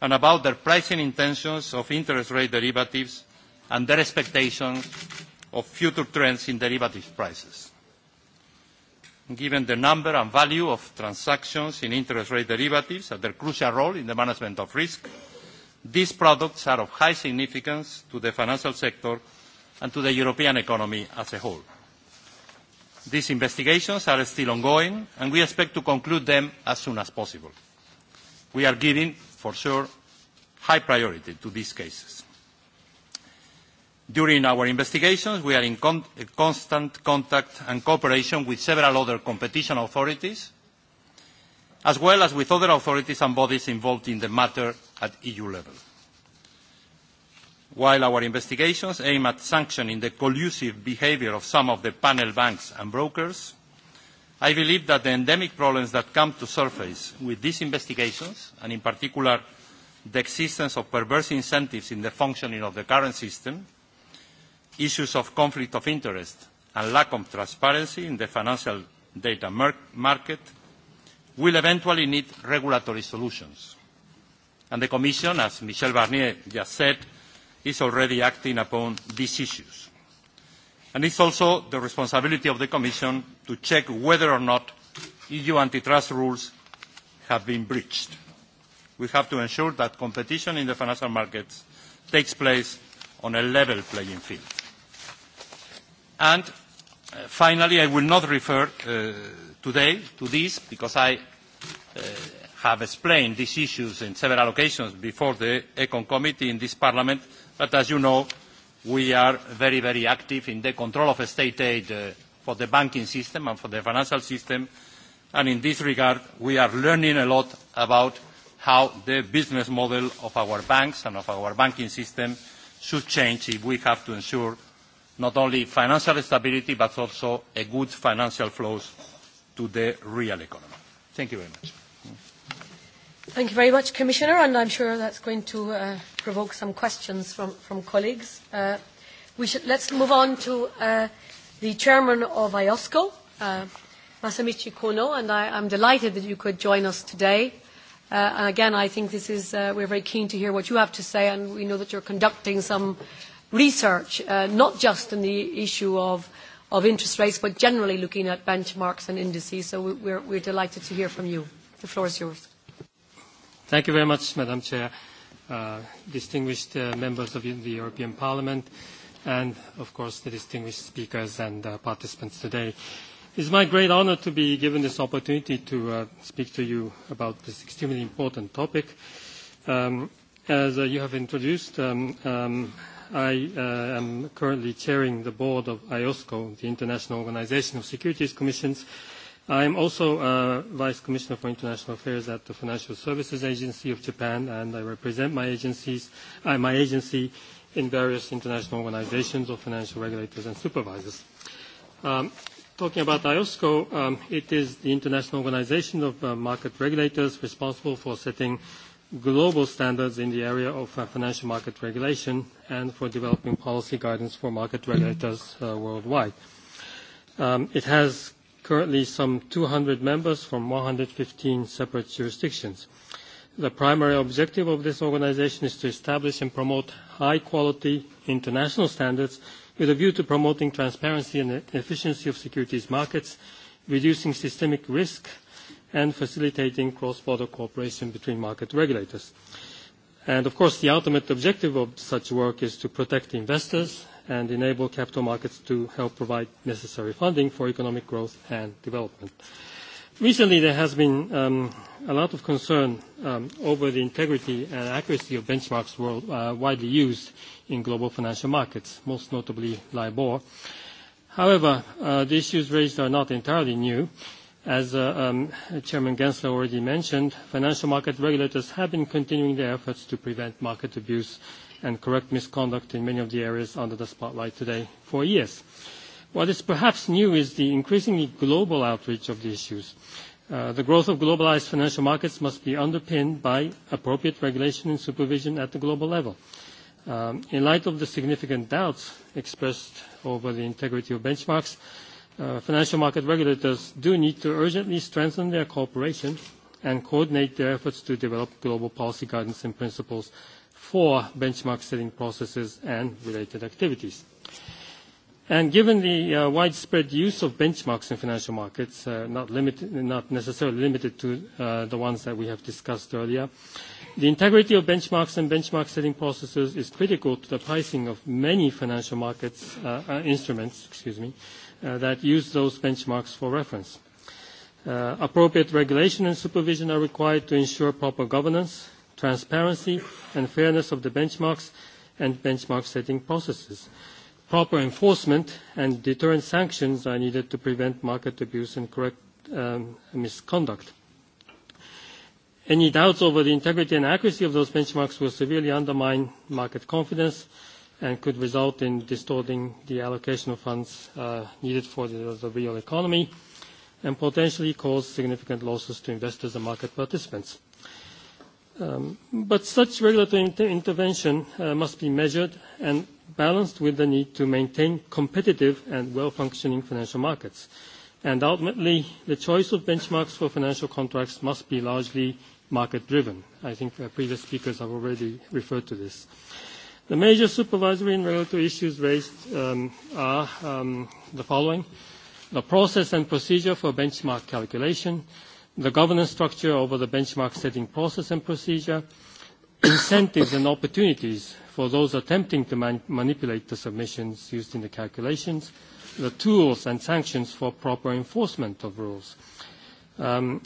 and about their pricing intentions of interest rate derivatives and their expectations of future trends in derivatives prices given the number and value of transactions in interest rate derivatives and their crucial role in the management of risk, these products are of high significance to the financial sector and to the European economy as a whole. These investigations are still ongoing, and we expect to conclude them as soon as possible. We are giving, for sure, high priority to these cases. During our investigations, we are in con constant contact and cooperation with several other competition authorities, as well as with other authorities and bodies involved in the matter at EU level. While our investigations aim at sanctioning the collusive behavior of some of the panel banks and brokers, I believe that the endemic problems that come to surface with these investigations, and in particular the existence of perverse incentives in the functioning of the current system, issues of conflict of interest and lack of transparency in the financial data market will eventually need regulatory solutions. And the Commission, as Michel Barnier just said, is already acting upon these issues. And it's also the responsibility of the Commission to check whether or not EU antitrust rules have been breached. We have to ensure that competition in the financial markets takes place on a level playing field. And uh, finally, I will not refer uh, today to this because I uh, have explained these issues in several occasions before the Econ Committee in this Parliament, but as you know, we are very, very active in the control of state aid uh, for the banking system and for the financial system, and in this regard, we are learning a lot about how the business model of our banks and of our banking system should change if we have to ensure not only financial stability but also a good financial flows to the real economy. Thank you very much. Thank you very much, Commissioner, and I'm sure that's going to uh, provoke some questions from, from colleagues. Uh, we should, let's move on to uh, the chairman of IOSCO, uh, Masamichi Kono, and I, I'm delighted that you could join us today. Uh, and again, I think this is, uh, we're very keen to hear what you have to say, and we know that you're conducting some research, uh, not just on the issue of, of interest rates, but generally looking at benchmarks and indices. So we're, we're delighted to hear from you. The floor is yours. Thank you very much, Madam Chair, uh, distinguished uh, members of the European Parliament, and of course the distinguished speakers and uh, participants today. It's my great honor to be given this opportunity to uh, speak to you about this extremely important topic. Um, as uh, you have introduced, um, um, I uh, am currently chairing the board of IOSCO, the International Organization of Securities Commissions. I am also uh, Vice Commissioner for International Affairs at the Financial Services Agency of Japan, and I represent my, agencies, uh, my agency in various international organizations of financial regulators and supervisors. Um, talking about IOSCO, um, it is the international organization of uh, market regulators responsible for setting global standards in the area of uh, financial market regulation and for developing policy guidance for market regulators uh, worldwide. Um, it has currently some 200 members from 115 separate jurisdictions. The primary objective of this organization is to establish and promote high-quality international standards with a view to promoting transparency and efficiency of securities markets, reducing systemic risk, and facilitating cross-border cooperation between market regulators. And of course, the ultimate objective of such work is to protect investors and enable capital markets to help provide necessary funding for economic growth and development. Recently, there has been um, a lot of concern um, over the integrity and accuracy of benchmarks world, uh, widely used in global financial markets, most notably LIBOR. However, uh, the issues raised are not entirely new. As uh, um, Chairman Gensler already mentioned, financial market regulators have been continuing their efforts to prevent market abuse and correct misconduct in many of the areas under the spotlight today for years. What is perhaps new is the increasingly global outreach of the issues. Uh, the growth of globalized financial markets must be underpinned by appropriate regulation and supervision at the global level. Um, in light of the significant doubts expressed over the integrity of benchmarks, Uh, financial market regulators do need to urgently strengthen their cooperation and coordinate their efforts to develop global policy guidance and principles for benchmark setting processes and related activities. And given the uh, widespread use of benchmarks in financial markets, uh, not, limited, not necessarily limited to uh, the ones that we have discussed earlier, the integrity of benchmarks and benchmark setting processes is critical to the pricing of many financial markets uh, uh, instruments, excuse me, Uh, that use those benchmarks for reference. Uh, appropriate regulation and supervision are required to ensure proper governance, transparency, and fairness of the benchmarks and benchmark setting processes. Proper enforcement and deterrent sanctions are needed to prevent market abuse and correct um, misconduct. Any doubts over the integrity and accuracy of those benchmarks will severely undermine market confidence and could result in distorting the allocation of funds uh, needed for the, the real economy and potentially cause significant losses to investors and market participants. Um, but such regulatory inter intervention uh, must be measured and balanced with the need to maintain competitive and well-functioning financial markets. And ultimately, the choice of benchmarks for financial contracts must be largely market-driven. I think uh, previous speakers have already referred to this. The major supervisory and regulatory issues raised um, are um, the following. The process and procedure for benchmark calculation, the governance structure over the benchmark setting process and procedure, <coughs> incentives and opportunities for those attempting to man manipulate the submissions used in the calculations, the tools and sanctions for proper enforcement of rules. Um,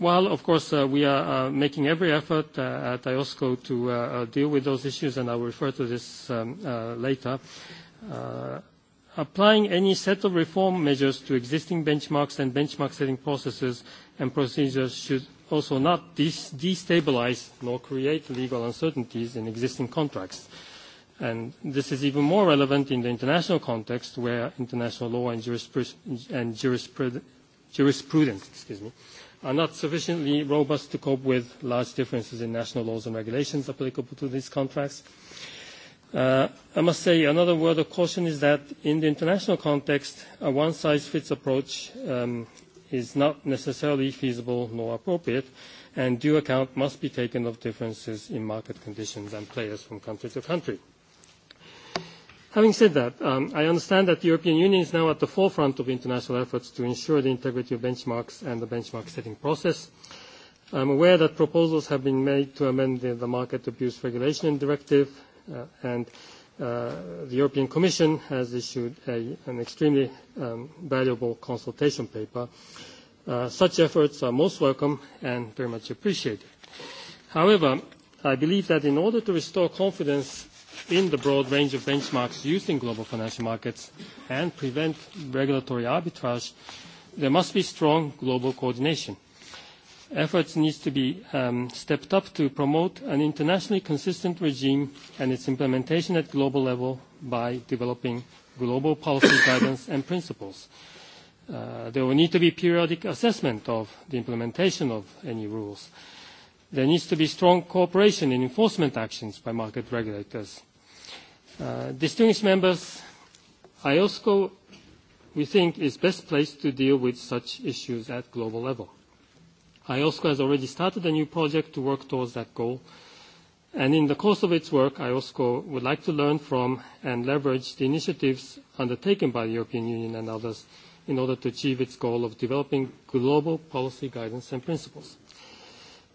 Well, of course, uh, we are uh, making every effort uh, at IOSCO to uh, uh, deal with those issues, and I will refer to this um, uh, later. Uh, applying any set of reform measures to existing benchmarks and benchmark setting processes and procedures should also not des destabilize nor create legal uncertainties in existing contracts. And this is even more relevant in the international context where international law and, jurispr and jurispr jurisprudence excuse me, uh, are not sufficiently robust to cope with large differences in national laws and regulations applicable to these contracts. Uh, I must say another word of caution is that in the international context, a one-size-fits approach um, is not necessarily feasible nor appropriate, and due account must be taken of differences in market conditions and players from country to country. Having said that, um, I understand that the European Union is now at the forefront of international efforts to ensure the integrity of benchmarks and the benchmark setting process. I'm aware that proposals have been made to amend the, the Market Abuse Regulation Directive, uh, and uh, the European Commission has issued a, an extremely um, valuable consultation paper. Uh, such efforts are most welcome and very much appreciated. However, I believe that in order to restore confidence in the broad range of benchmarks used in global financial markets and prevent regulatory arbitrage, there must be strong global coordination. Efforts need to be um, stepped up to promote an internationally consistent regime and its implementation at global level by developing global policy <coughs> guidance and principles. Uh, there will need to be periodic assessment of the implementation of any rules. There needs to be strong cooperation in enforcement actions by market regulators Uh, distinguished members, IOSCO, we think, is best placed to deal with such issues at global level. IOSCO has already started a new project to work towards that goal, and in the course of its work, IOSCO would like to learn from and leverage the initiatives undertaken by the European Union and others in order to achieve its goal of developing global policy guidance and principles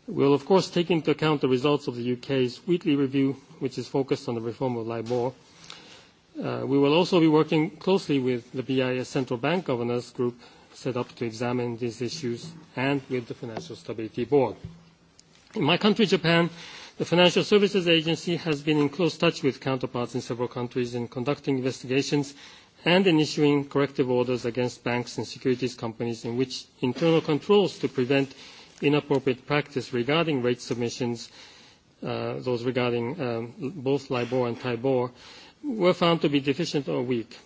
will of course take into account the results of the UK's weekly review, which is focused on the reform of LIBOR. Uh, we will also be working closely with the BIS Central Bank Governance Group set up to examine these issues and with the Financial Stability Board. In my country, Japan, the Financial Services Agency has been in close touch with counterparts in several countries in conducting investigations and in issuing corrective orders against banks and securities companies in which internal controls to prevent inappropriate practice regarding rate submissions, uh, those regarding um, both LIBOR and TIBOR, were found to be deficient or weak.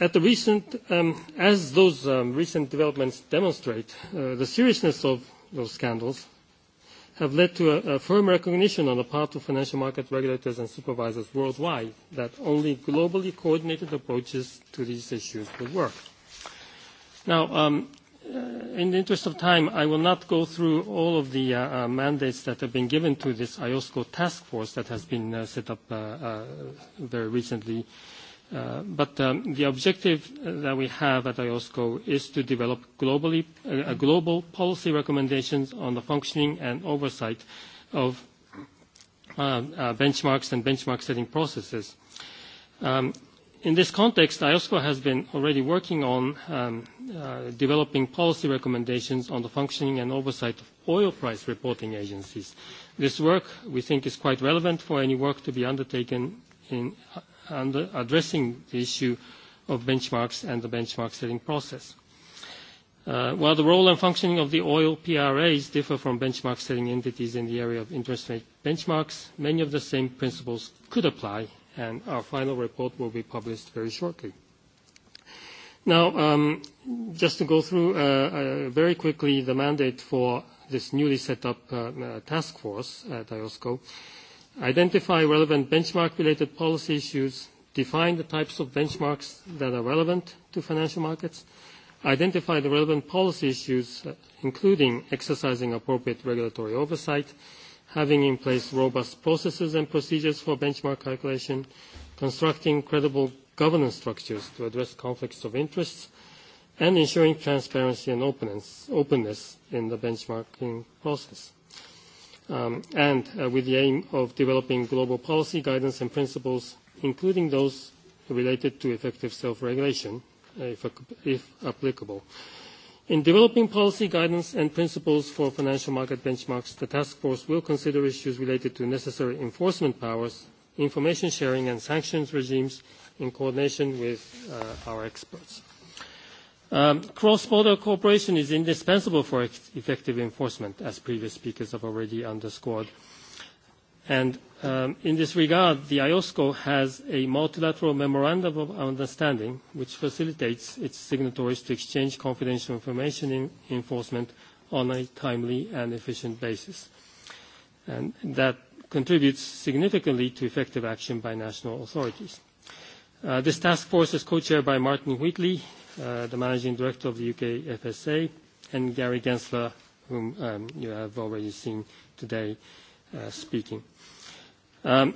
At the recent, um, as those um, recent developments demonstrate, uh, the seriousness of those scandals have led to a, a firm recognition on the part of financial market regulators and supervisors worldwide that only globally coordinated approaches to these issues would work. Now, um, Uh, in the interest of time, I will not go through all of the uh, uh, mandates that have been given to this IOSCO task force that has been uh, set up uh, uh, very recently. Uh, but um, the objective uh, that we have at IOSCO is to develop globally, uh, global policy recommendations on the functioning and oversight of uh, uh, benchmarks and benchmark setting processes. Um, in this context, IOSCO has been already working on um, uh, developing policy recommendations on the functioning and oversight of oil price reporting agencies. This work, we think, is quite relevant for any work to be undertaken in uh, under addressing the issue of benchmarks and the benchmark setting process. Uh, while the role and functioning of the oil PRAs differ from benchmark setting entities in the area of interest rate benchmarks, many of the same principles could apply and our final report will be published very shortly. Now, um, just to go through uh, uh, very quickly the mandate for this newly set up uh, uh, task force at IOSCO, identify relevant benchmark-related policy issues, define the types of benchmarks that are relevant to financial markets, identify the relevant policy issues, uh, including exercising appropriate regulatory oversight, having in place robust processes and procedures for benchmark calculation, constructing credible governance structures to address conflicts of interests, and ensuring transparency and openness, openness in the benchmarking process. Um, and uh, with the aim of developing global policy guidance and principles, including those related to effective self-regulation, uh, if, if applicable. In developing policy guidance and principles for financial market benchmarks, the task force will consider issues related to necessary enforcement powers, information sharing and sanctions regimes in coordination with uh, our experts. Um, Cross-border cooperation is indispensable for effective enforcement, as previous speakers have already underscored. Uh, And um, in this regard, the IOSCO has a multilateral memorandum of understanding which facilitates its signatories to exchange confidential information in enforcement on a timely and efficient basis. And that contributes significantly to effective action by national authorities. Uh, this task force is co-chaired by Martin Wheatley, uh, the managing director of the UK FSA, and Gary Gensler, whom um, you have already seen today uh, speaking. Um,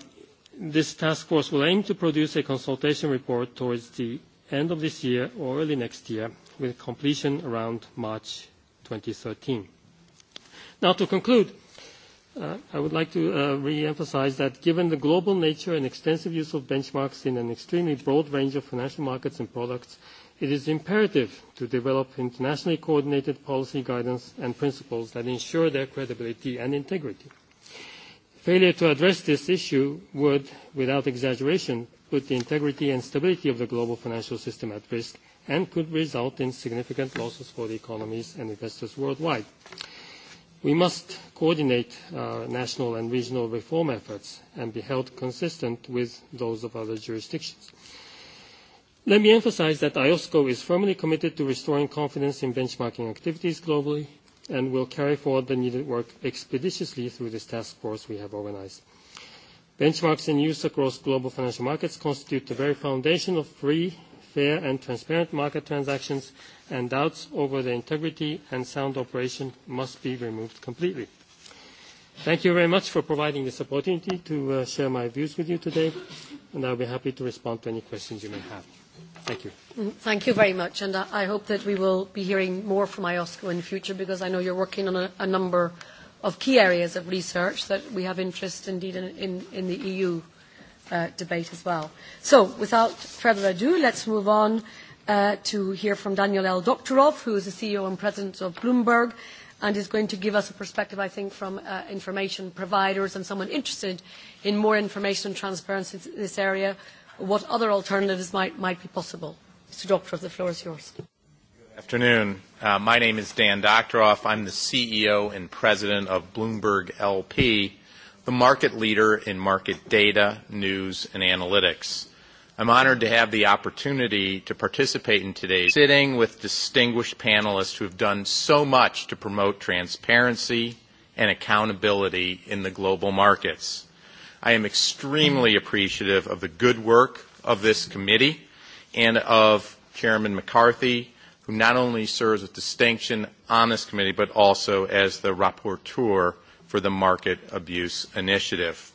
this task force will aim to produce a consultation report towards the end of this year or early next year, with completion around March 2013. Now, to conclude, uh, I would like to uh, re-emphasize that given the global nature and extensive use of benchmarks in an extremely broad range of financial markets and products, it is imperative to develop internationally coordinated policy guidance and principles that ensure their credibility and integrity. Failure to address this issue would, without exaggeration, put the integrity and stability of the global financial system at risk and could result in significant losses for the economies and investors worldwide. We must coordinate our uh, national and regional reform efforts and be held consistent with those of other jurisdictions. Let me emphasize that IOSCO is firmly committed to restoring confidence in benchmarking activities globally and will carry forward the needed work expeditiously through this task force we have organized. Benchmarks in use across global financial markets constitute the very foundation of free, fair, and transparent market transactions, and doubts over their integrity and sound operation must be removed completely. Thank you very much for providing this opportunity to uh, share my views with you today, and I'll be happy to respond to any questions you may have. Thank you. Mm, thank you very much, and I hope that we will be hearing more from IOSCO in the future because I know you're working on a, a number of key areas of research that we have interest indeed in, in, in the EU uh, debate as well. So without further ado, let's move on uh, to hear from Daniel L. Doktorov, who is the CEO and President of Bloomberg, and is going to give us a perspective, I think, from uh, information providers and someone interested in more information and transparency in this area what other alternatives might, might be possible. Mr. Doctor, the floor is yours. Good afternoon. Uh, my name is Dan Doktoroff. I'm the CEO and president of Bloomberg LP, the market leader in market data, news, and analytics. I'm honored to have the opportunity to participate in today's sitting with distinguished panelists who have done so much to promote transparency and accountability in the global markets. I am extremely appreciative of the good work of this committee and of Chairman McCarthy, who not only serves with distinction on this committee, but also as the rapporteur for the Market Abuse Initiative.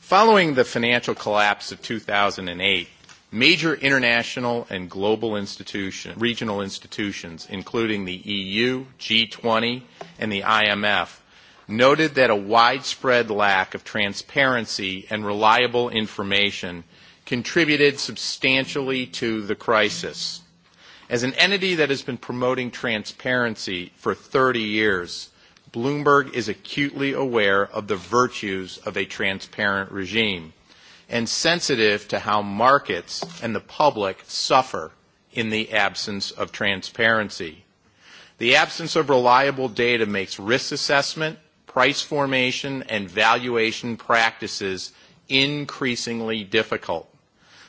Following the financial collapse of 2008, major international and global institutions, regional institutions, including the EU, G20, and the IMF, noted that a widespread lack of transparency and reliable information contributed substantially to the crisis. As an entity that has been promoting transparency for 30 years, Bloomberg is acutely aware of the virtues of a transparent regime and sensitive to how markets and the public suffer in the absence of transparency. The absence of reliable data makes risk assessment price formation and valuation practices increasingly difficult.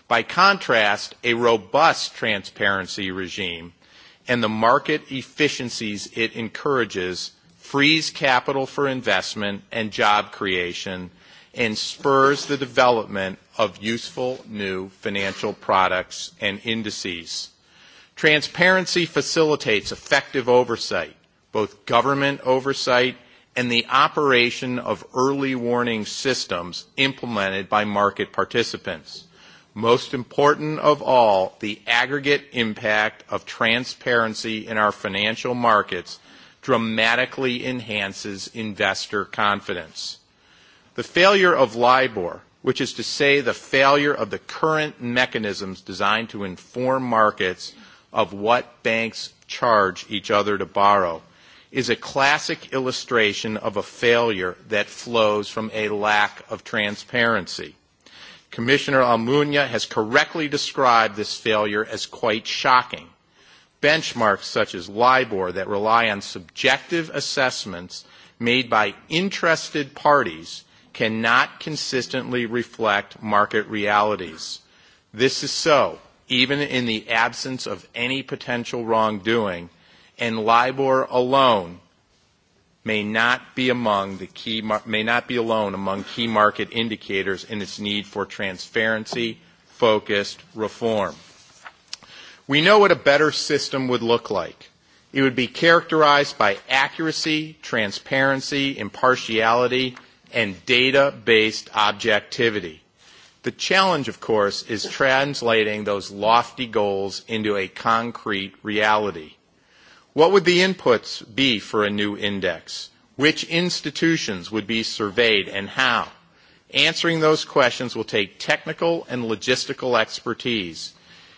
By contrast, a robust transparency regime and the market efficiencies it encourages frees capital for investment and job creation and spurs the development of useful new financial products and indices. Transparency facilitates effective oversight, both government oversight and the operation of early warning systems implemented by market participants. Most important of all, the aggregate impact of transparency in our financial markets dramatically enhances investor confidence. The failure of LIBOR, which is to say the failure of the current mechanisms designed to inform markets of what banks charge each other to borrow, is a classic illustration of a failure that flows from a lack of transparency. Commissioner Almunia has correctly described this failure as quite shocking. Benchmarks such as LIBOR that rely on subjective assessments made by interested parties cannot consistently reflect market realities. This is so, even in the absence of any potential wrongdoing, and LIBOR alone may not be among the key may not be alone among key market indicators in its need for transparency focused reform. We know what a better system would look like. It would be characterized by accuracy, transparency, impartiality, and data-based objectivity. The challenge, of course, is translating those lofty goals into a concrete reality. What would the inputs be for a new index? Which institutions would be surveyed and how? Answering those questions will take technical and logistical expertise.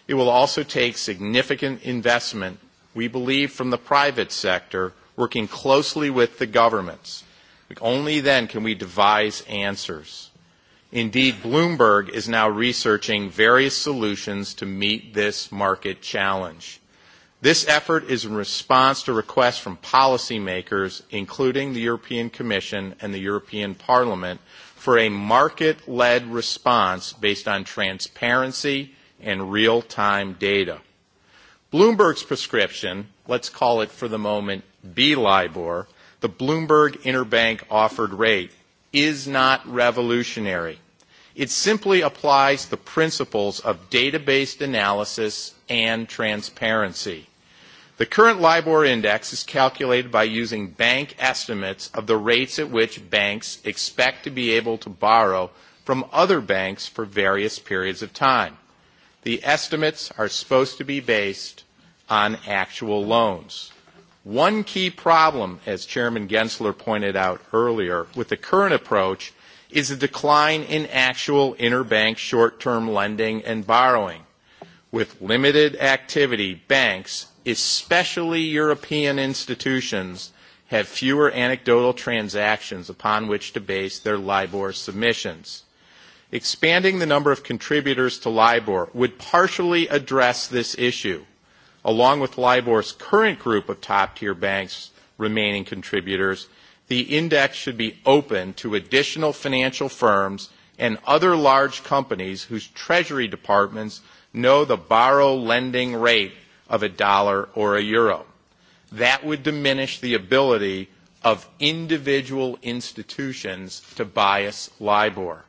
It will also take significant investment, we believe, from the private sector working closely with the governments. Only then can we devise answers. Indeed, Bloomberg is now researching various solutions to meet this market challenge. This effort is in response to requests from policymakers, including the European Commission and the European Parliament, for a market-led response based on transparency and real-time data. Bloomberg's prescription, let's call it for the moment B-LIBOR, the Bloomberg Interbank Offered Rate, is not revolutionary. It simply applies the principles of data-based analysis and transparency. The current LIBOR index is calculated by using bank estimates of the rates at which banks expect to be able to borrow from other banks for various periods of time. The estimates are supposed to be based on actual loans. One key problem, as Chairman Gensler pointed out earlier, with the current approach is a decline in actual interbank short-term lending and borrowing. With limited activity, banks especially European institutions, have fewer anecdotal transactions upon which to base their LIBOR submissions. Expanding the number of contributors to LIBOR would partially address this issue, along with LIBOR's current group of top-tier banks remaining contributors, the index should be open to additional financial firms and other large companies whose treasury departments know the borrow lending rate of a dollar or a euro. That would diminish the ability of individual institutions to bias LIBOR.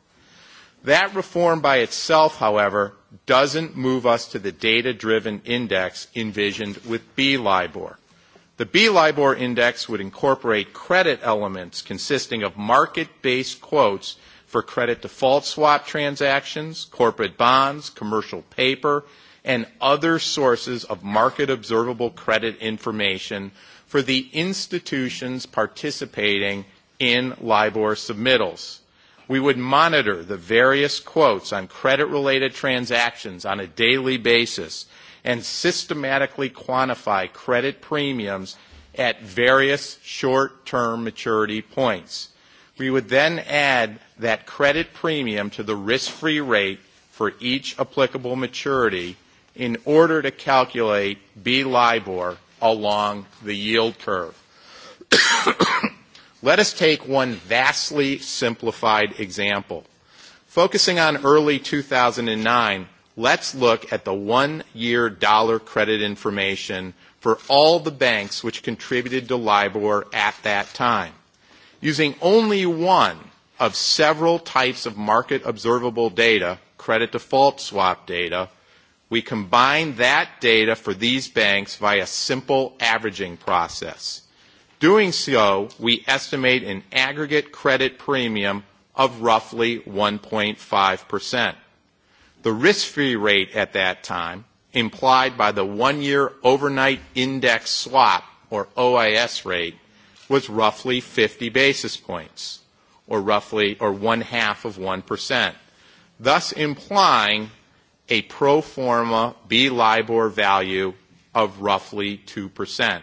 That reform by itself, however, doesn't move us to the data-driven index envisioned with B-LIBOR. The B-LIBOR index would incorporate credit elements consisting of market-based quotes for credit default swap transactions, corporate bonds, commercial paper, and other sources of market observable credit information for the institutions participating in LIBOR submittals. We would monitor the various quotes on credit-related transactions on a daily basis and systematically quantify credit premiums at various short-term maturity points. We would then add that credit premium to the risk-free rate for each applicable maturity in order to calculate B LIBOR along the yield curve. <coughs> Let us take one vastly simplified example. Focusing on early 2009, let's look at the one-year dollar credit information for all the banks which contributed to LIBOR at that time. Using only one of several types of market observable data, credit default swap data, We combine that data for these banks via simple averaging process. Doing so, we estimate an aggregate credit premium of roughly 1.5%. The risk-free rate at that time, implied by the one-year overnight index swap, or OIS rate, was roughly 50 basis points, or roughly, or one half of 1%, thus implying a pro forma B LIBOR value of roughly 2%.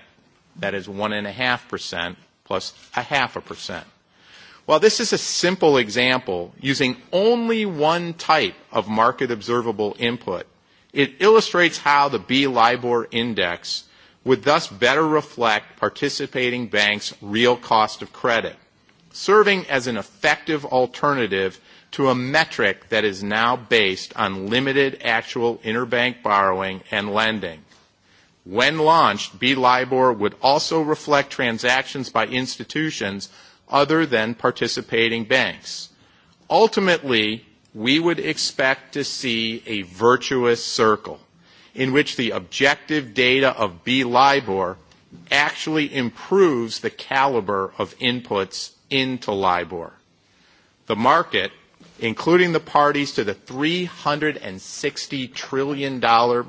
That is 1.5% plus a half a percent. While this is a simple example, using only one type of market observable input, it illustrates how the B LIBOR index would thus better reflect participating banks' real cost of credit, serving as an effective alternative to a metric that is now based on limited actual interbank borrowing and lending. When launched, BLIBOR would also reflect transactions by institutions other than participating banks. Ultimately, we would expect to see a virtuous circle in which the objective data of BLIBOR actually improves the caliber of inputs into LIBOR. The market including the parties to the $360 trillion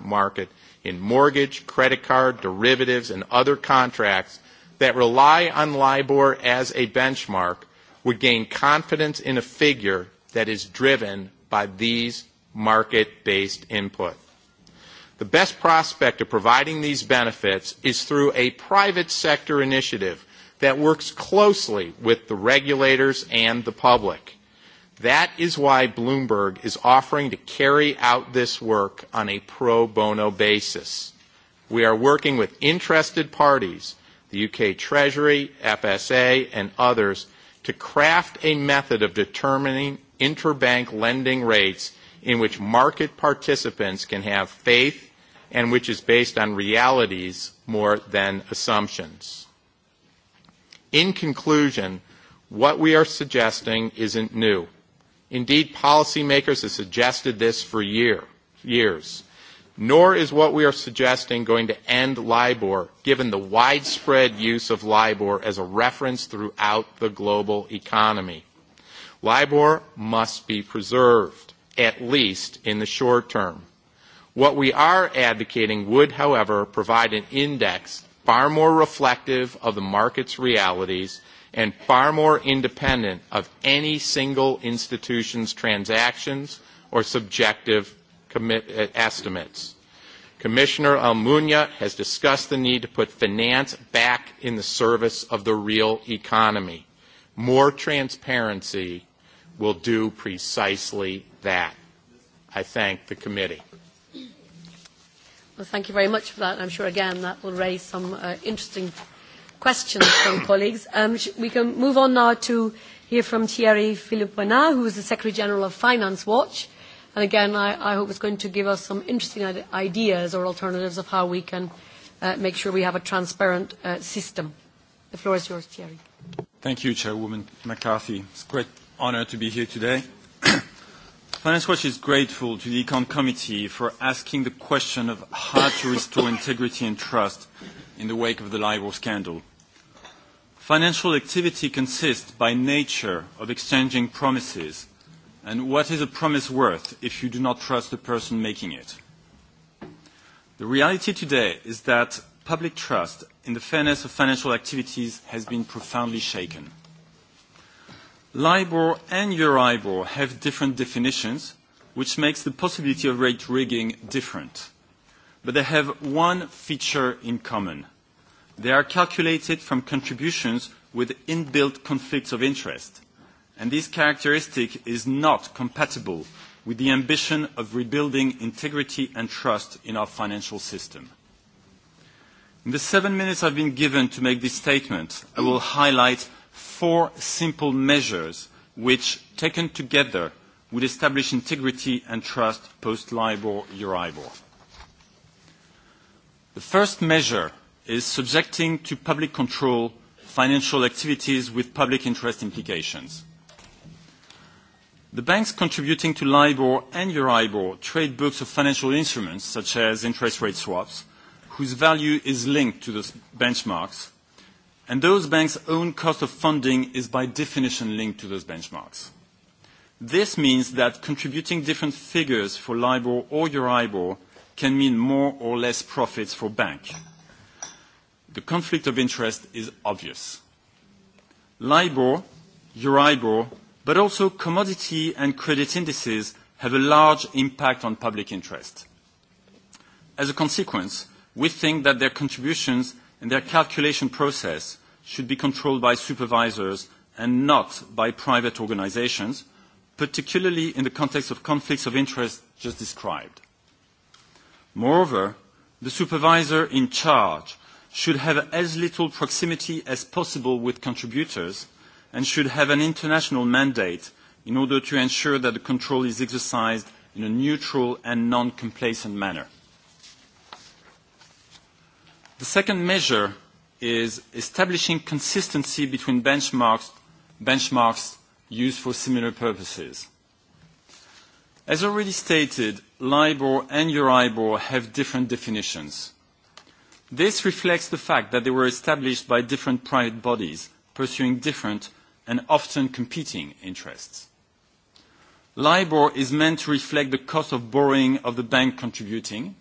market in mortgage, credit card, derivatives, and other contracts that rely on LIBOR as a benchmark would gain confidence in a figure that is driven by these market-based inputs. The best prospect of providing these benefits is through a private sector initiative that works closely with the regulators and the public. That is why Bloomberg is offering to carry out this work on a pro bono basis. We are working with interested parties, the UK Treasury, FSA, and others, to craft a method of determining interbank lending rates in which market participants can have faith and which is based on realities more than assumptions. In conclusion, what we are suggesting isn't new. Indeed, policymakers have suggested this for year, years. Nor is what we are suggesting going to end LIBOR, given the widespread use of LIBOR as a reference throughout the global economy. LIBOR must be preserved, at least in the short term. What we are advocating would, however, provide an index far more reflective of the market's realities and far more independent of any single institution's transactions or subjective commit, uh, estimates. Commissioner Almunia has discussed the need to put finance back in the service of the real economy. More transparency will do precisely that. I thank the committee. Well, thank you very much for that. I'm sure, again, that will raise some uh, interesting questions from <coughs> colleagues. Um, we can move on now to hear from Thierry Philippona, who is the Secretary General of Finance Watch. And again, I, I hope it's going to give us some interesting ideas or alternatives of how we can uh, make sure we have a transparent uh, system. The floor is yours, Thierry. Thank you, Chairwoman McCarthy. It's a great honor to be here today. <coughs> Finance Watch is grateful to the Econ Committee for asking the question of how to restore <coughs> integrity and trust in the wake of the LIBOR scandal. Financial activity consists by nature of exchanging promises. And what is a promise worth if you do not trust the person making it? The reality today is that public trust in the fairness of financial activities has been profoundly shaken. LIBOR and Euribor have different definitions, which makes the possibility of rate rigging different. But they have one feature in common. They are calculated from contributions with inbuilt conflicts of interest. And this characteristic is not compatible with the ambition of rebuilding integrity and trust in our financial system. In the seven minutes I've been given to make this statement, I will highlight four simple measures which, taken together, would establish integrity and trust post-LIBOR-EURIBOR. The first measure is subjecting to public control financial activities with public interest implications. The banks contributing to LIBOR and EURIBOR trade books of financial instruments such as interest rate swaps, whose value is linked to the benchmarks, and those banks' own cost of funding is by definition linked to those benchmarks. This means that contributing different figures for LIBOR or EURIBOR can mean more or less profits for banks the conflict of interest is obvious. LIBOR, Euribor, but also commodity and credit indices have a large impact on public interest. As a consequence, we think that their contributions and their calculation process should be controlled by supervisors and not by private organizations, particularly in the context of conflicts of interest just described. Moreover, the supervisor in charge should have as little proximity as possible with contributors and should have an international mandate in order to ensure that the control is exercised in a neutral and non-complacent manner. The second measure is establishing consistency between benchmarks, benchmarks used for similar purposes. As already stated, LIBOR and Euribor have different definitions. This reflects the fact that they were established by different private bodies pursuing different and often competing interests. LIBOR is meant to reflect the cost of borrowing of the bank contributing,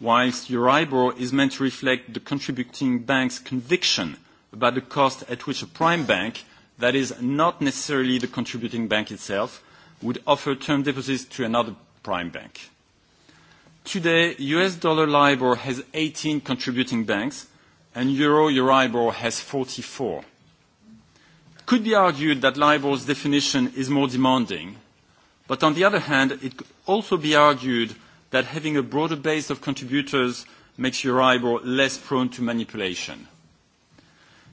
whilst Euribor is meant to reflect the contributing bank's conviction about the cost at which a prime bank, that is not necessarily the contributing bank itself, would offer term deposits to another prime bank. Today, US dollar LIBOR has 18 contributing banks, and euro Euribor has 44. Could be argued that LIBOR's definition is more demanding, but on the other hand, it could also be argued that having a broader base of contributors makes Euribor less prone to manipulation.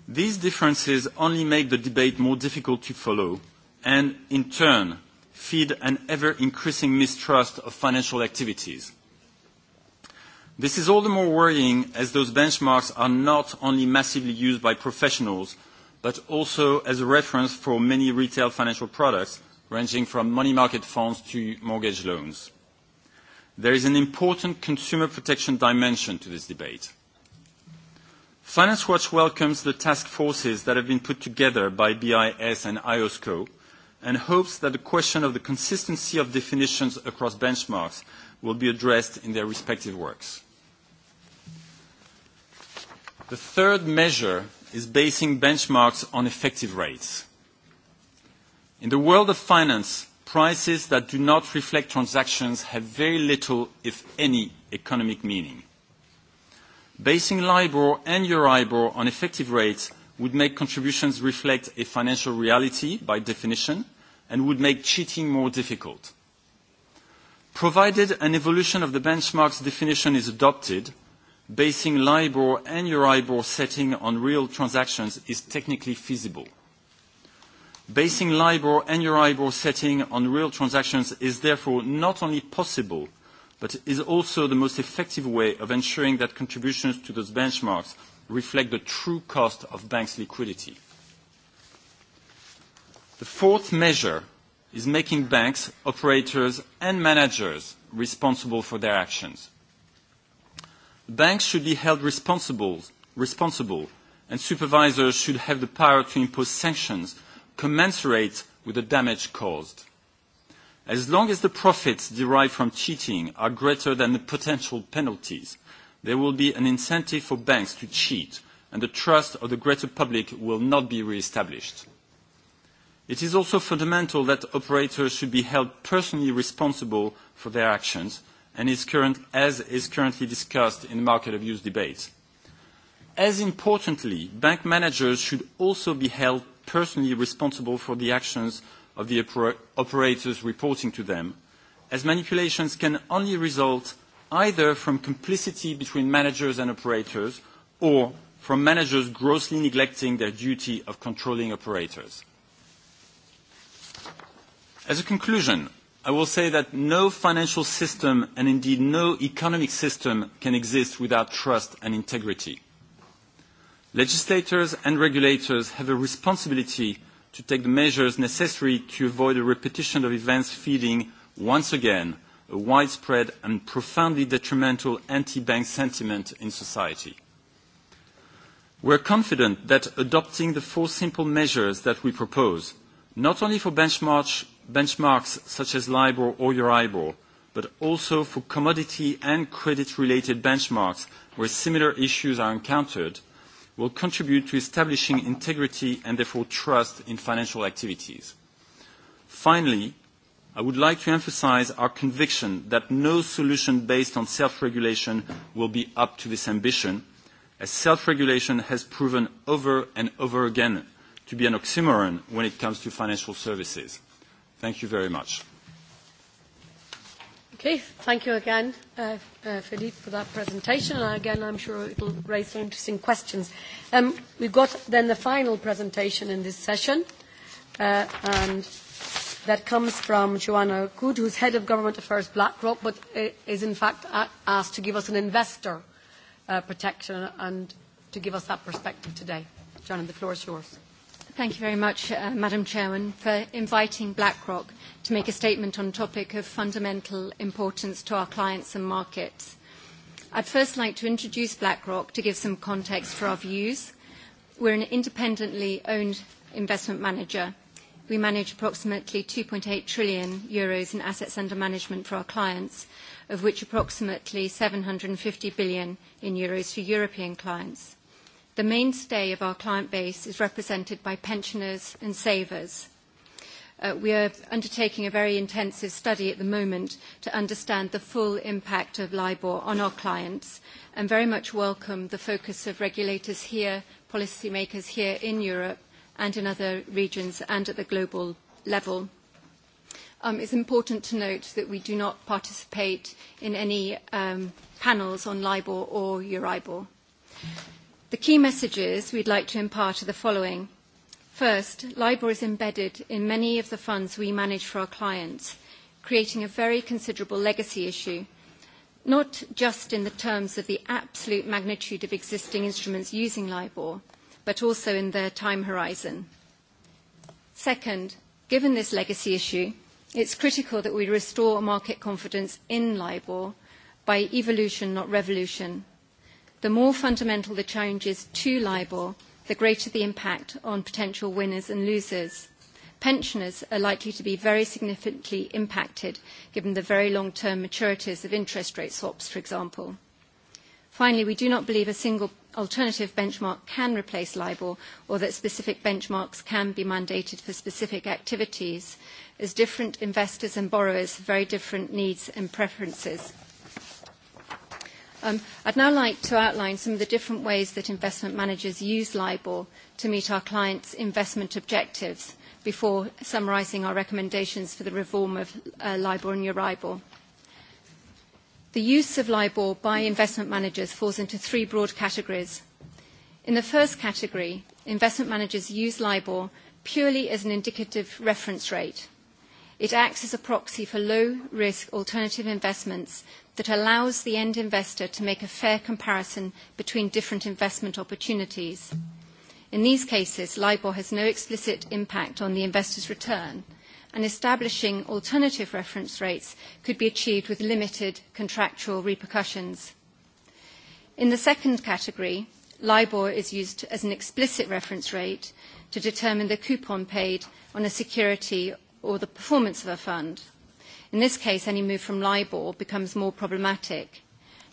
These differences only make the debate more difficult to follow and, in turn, feed an ever-increasing mistrust of financial activities. This is all the more worrying as those benchmarks are not only massively used by professionals, but also as a reference for many retail financial products, ranging from money market funds to mortgage loans. There is an important consumer protection dimension to this debate. Finance Watch welcomes the task forces that have been put together by BIS and IOSCO and hopes that the question of the consistency of definitions across benchmarks will be addressed in their respective works. The third measure is basing benchmarks on effective rates. In the world of finance, prices that do not reflect transactions have very little, if any, economic meaning. Basing LIBOR and EURIBOR on effective rates would make contributions reflect a financial reality by definition and would make cheating more difficult. Provided an evolution of the benchmark's definition is adopted, basing LIBOR and EURIBOR setting on real transactions is technically feasible. Basing LIBOR and EURIBOR setting on real transactions is therefore not only possible, but is also the most effective way of ensuring that contributions to those benchmarks reflect the true cost of banks' liquidity. The fourth measure is making banks, operators and managers responsible for their actions banks should be held responsible, responsible and supervisors should have the power to impose sanctions commensurate with the damage caused. As long as the profits derived from cheating are greater than the potential penalties, there will be an incentive for banks to cheat and the trust of the greater public will not be re-established. It is also fundamental that operators should be held personally responsible for their actions and is current, as is currently discussed in market abuse debates. As importantly, bank managers should also be held personally responsible for the actions of the oper operators reporting to them, as manipulations can only result either from complicity between managers and operators or from managers grossly neglecting their duty of controlling operators. As a conclusion, I will say that no financial system and indeed no economic system can exist without trust and integrity. Legislators and regulators have a responsibility to take the measures necessary to avoid a repetition of events feeding, once again, a widespread and profoundly detrimental anti-bank sentiment in society. We are confident that adopting the four simple measures that we propose, not only for benchmarks benchmarks such as LIBOR or Euribor, but also for commodity and credit-related benchmarks where similar issues are encountered, will contribute to establishing integrity and therefore trust in financial activities. Finally, I would like to emphasize our conviction that no solution based on self-regulation will be up to this ambition, as self-regulation has proven over and over again to be an oxymoron when it comes to financial services. Thank you very much. Okay, thank you again, uh, uh, Philippe, for that presentation. And again, I'm sure it will raise some interesting questions. Um, we've got then the final presentation in this session, uh, and that comes from Joanna Good, who's Head of Government Affairs BlackRock, but is in fact asked to give us an investor uh, protection and to give us that perspective today. Joanna, the floor is yours. Thank you very much, uh, Madam Chairman, for inviting BlackRock to make a statement on a topic of fundamental importance to our clients and markets. I'd first like to introduce BlackRock to give some context for our views. We're an independently owned investment manager. We manage approximately 2.8 trillion euros in assets under management for our clients, of which approximately 750 billion in euros for European clients. The mainstay of our client base is represented by pensioners and savers. Uh, we are undertaking a very intensive study at the moment to understand the full impact of LIBOR on our clients and very much welcome the focus of regulators here, policymakers here in Europe and in other regions and at the global level. Um, it's important to note that we do not participate in any um, panels on LIBOR or Euribor. The key messages we'd like to impart are the following. First, LIBOR is embedded in many of the funds we manage for our clients, creating a very considerable legacy issue, not just in the terms of the absolute magnitude of existing instruments using LIBOR, but also in their time horizon. Second, given this legacy issue, it's critical that we restore market confidence in LIBOR by evolution, not revolution, The more fundamental the changes to LIBOR, the greater the impact on potential winners and losers. Pensioners are likely to be very significantly impacted given the very long-term maturities of interest rate swaps, for example. Finally, we do not believe a single alternative benchmark can replace LIBOR or that specific benchmarks can be mandated for specific activities, as different investors and borrowers have very different needs and preferences. Um, I'd now like to outline some of the different ways that investment managers use LIBOR to meet our clients' investment objectives before summarising our recommendations for the reform of uh, LIBOR and Euribor. The use of LIBOR by investment managers falls into three broad categories. In the first category, investment managers use LIBOR purely as an indicative reference rate. It acts as a proxy for low-risk alternative investments that allows the end investor to make a fair comparison between different investment opportunities. In these cases, LIBOR has no explicit impact on the investor's return, and establishing alternative reference rates could be achieved with limited contractual repercussions. In the second category, LIBOR is used as an explicit reference rate to determine the coupon paid on a security or the performance of a fund. In this case, any move from LIBOR becomes more problematic.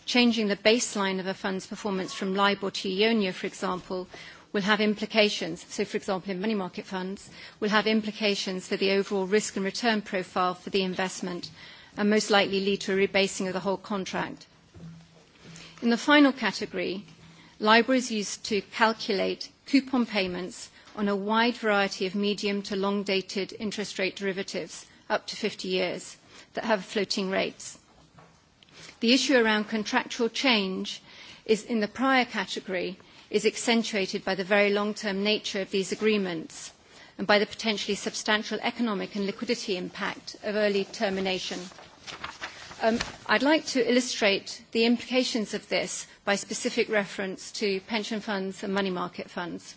Changing the baseline of a fund's performance from LIBOR to Ionia, for example, will have implications, so for example in money market funds, will have implications for the overall risk and return profile for the investment and most likely lead to a rebasing of the whole contract. In the final category, LIBOR is used to calculate coupon payments on a wide variety of medium to long dated interest rate derivatives up to 50 years that have floating rates. The issue around contractual change is in the prior category is accentuated by the very long-term nature of these agreements and by the potentially substantial economic and liquidity impact of early termination. Um, I'd like to illustrate the implications of this by specific reference to pension funds and money market funds.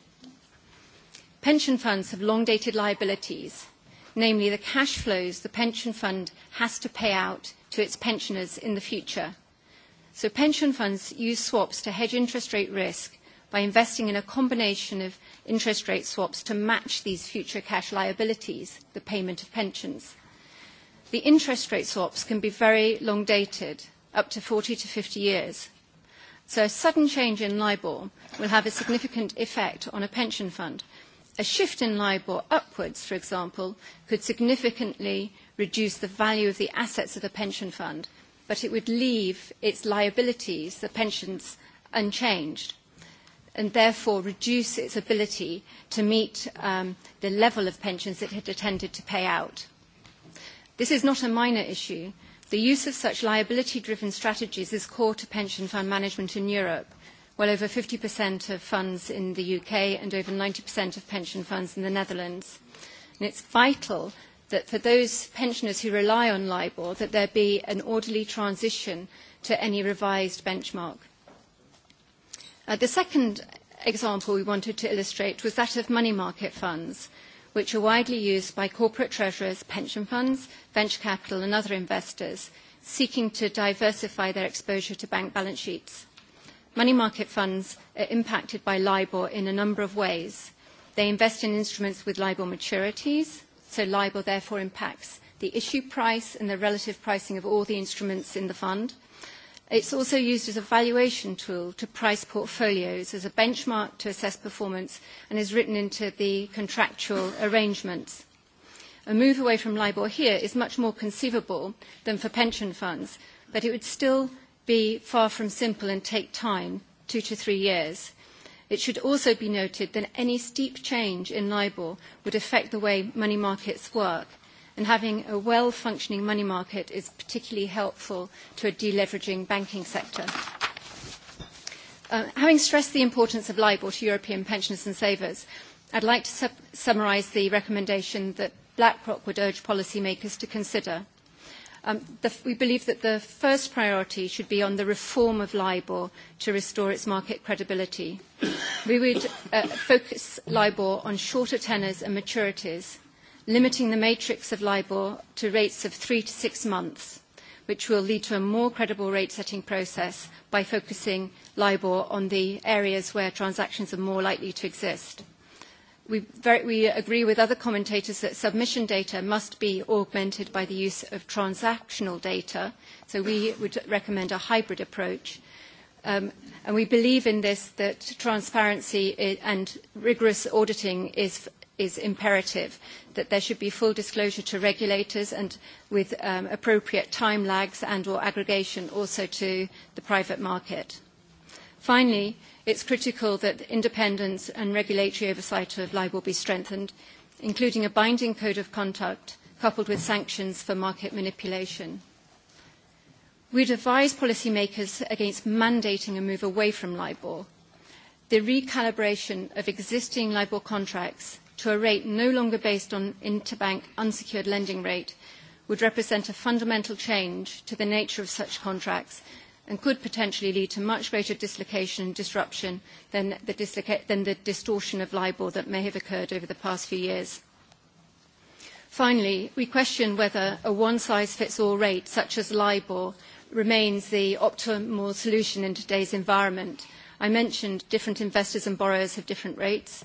Pension funds have long-dated liabilities namely the cash flows the pension fund has to pay out to its pensioners in the future. So pension funds use swaps to hedge interest rate risk by investing in a combination of interest rate swaps to match these future cash liabilities, the payment of pensions. The interest rate swaps can be very long dated, up to 40 to 50 years. So a sudden change in LIBOR will have a significant effect on a pension fund, A shift in LIBOR upwards, for example, could significantly reduce the value of the assets of the pension fund, but it would leave its liabilities, the pensions, unchanged and therefore reduce its ability to meet um, the level of pensions it had intended to pay out. This is not a minor issue. The use of such liability-driven strategies is core to pension fund management in Europe well over 50% of funds in the UK and over 90% of pension funds in the Netherlands. And it's vital that for those pensioners who rely on LIBOR that there be an orderly transition to any revised benchmark. Uh, the second example we wanted to illustrate was that of money market funds, which are widely used by corporate treasurers, pension funds, venture capital and other investors seeking to diversify their exposure to bank balance sheets. Money market funds are impacted by LIBOR in a number of ways. They invest in instruments with LIBOR maturities, so LIBOR therefore impacts the issue price and the relative pricing of all the instruments in the fund. It's also used as a valuation tool to price portfolios as a benchmark to assess performance and is written into the contractual arrangements. A move away from LIBOR here is much more conceivable than for pension funds, but it would still be far from simple and take time, two to three years. It should also be noted that any steep change in LIBOR would affect the way money markets work, and having a well-functioning money market is particularly helpful to a deleveraging banking sector. Uh, having stressed the importance of LIBOR to European pensioners and savers, I'd like to su summarise the recommendation that BlackRock would urge policymakers to consider. Um, the, we believe that the first priority should be on the reform of LIBOR to restore its market credibility. we would uh, focus LIBOR on shorter tenors and maturities, limiting the matrix of LIBOR to rates of three to six months, which will lead to a more credible rate-setting process by focusing LIBOR on the areas where transactions are more likely to exist. We, very, we agree with other commentators that submission data must be augmented by the use of transactional data, so we would recommend a hybrid approach. Um, and we believe in this that transparency and rigorous auditing is, is imperative, that there should be full disclosure to regulators and with um, appropriate time lags and or aggregation also to the private market. Finally, It is critical that independence and regulatory oversight of LIBOR be strengthened, including a binding code of conduct coupled with sanctions for market manipulation. We would advise policymakers against mandating a move away from LIBOR. The recalibration of existing LIBOR contracts to a rate no longer based on interbank unsecured lending rate would represent a fundamental change to the nature of such contracts and could potentially lead to much greater dislocation and disruption than the, than the distortion of LIBOR that may have occurred over the past few years. Finally, we question whether a one-size-fits-all rate such as LIBOR remains the optimal solution in today's environment. I mentioned different investors and borrowers have different rates.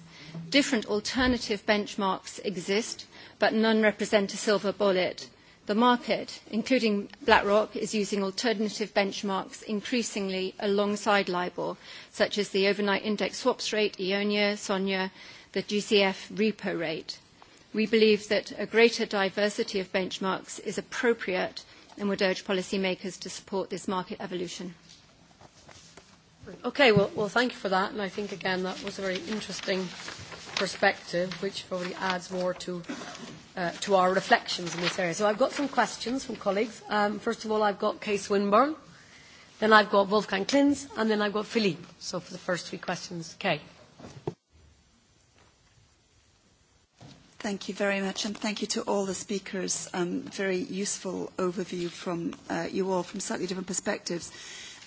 Different alternative benchmarks exist, but none represent a silver bullet. The market, including BlackRock, is using alternative benchmarks increasingly alongside LIBOR, such as the overnight index swaps rate, Ionia, Sonia, the GCF repo rate. We believe that a greater diversity of benchmarks is appropriate and would urge policymakers to support this market evolution. Okay, well, well thank you for that, and I think, again, that was a very interesting perspective, which probably adds more to, uh, to our reflections in this area. So I've got some questions from colleagues. Um, first of all, I've got Kay Swinburne, then I've got Wolfgang Klins, and then I've got Philippe. So for the first three questions, Kay. Thank you very much, and thank you to all the speakers. Um, very useful overview from uh, you all from slightly different perspectives.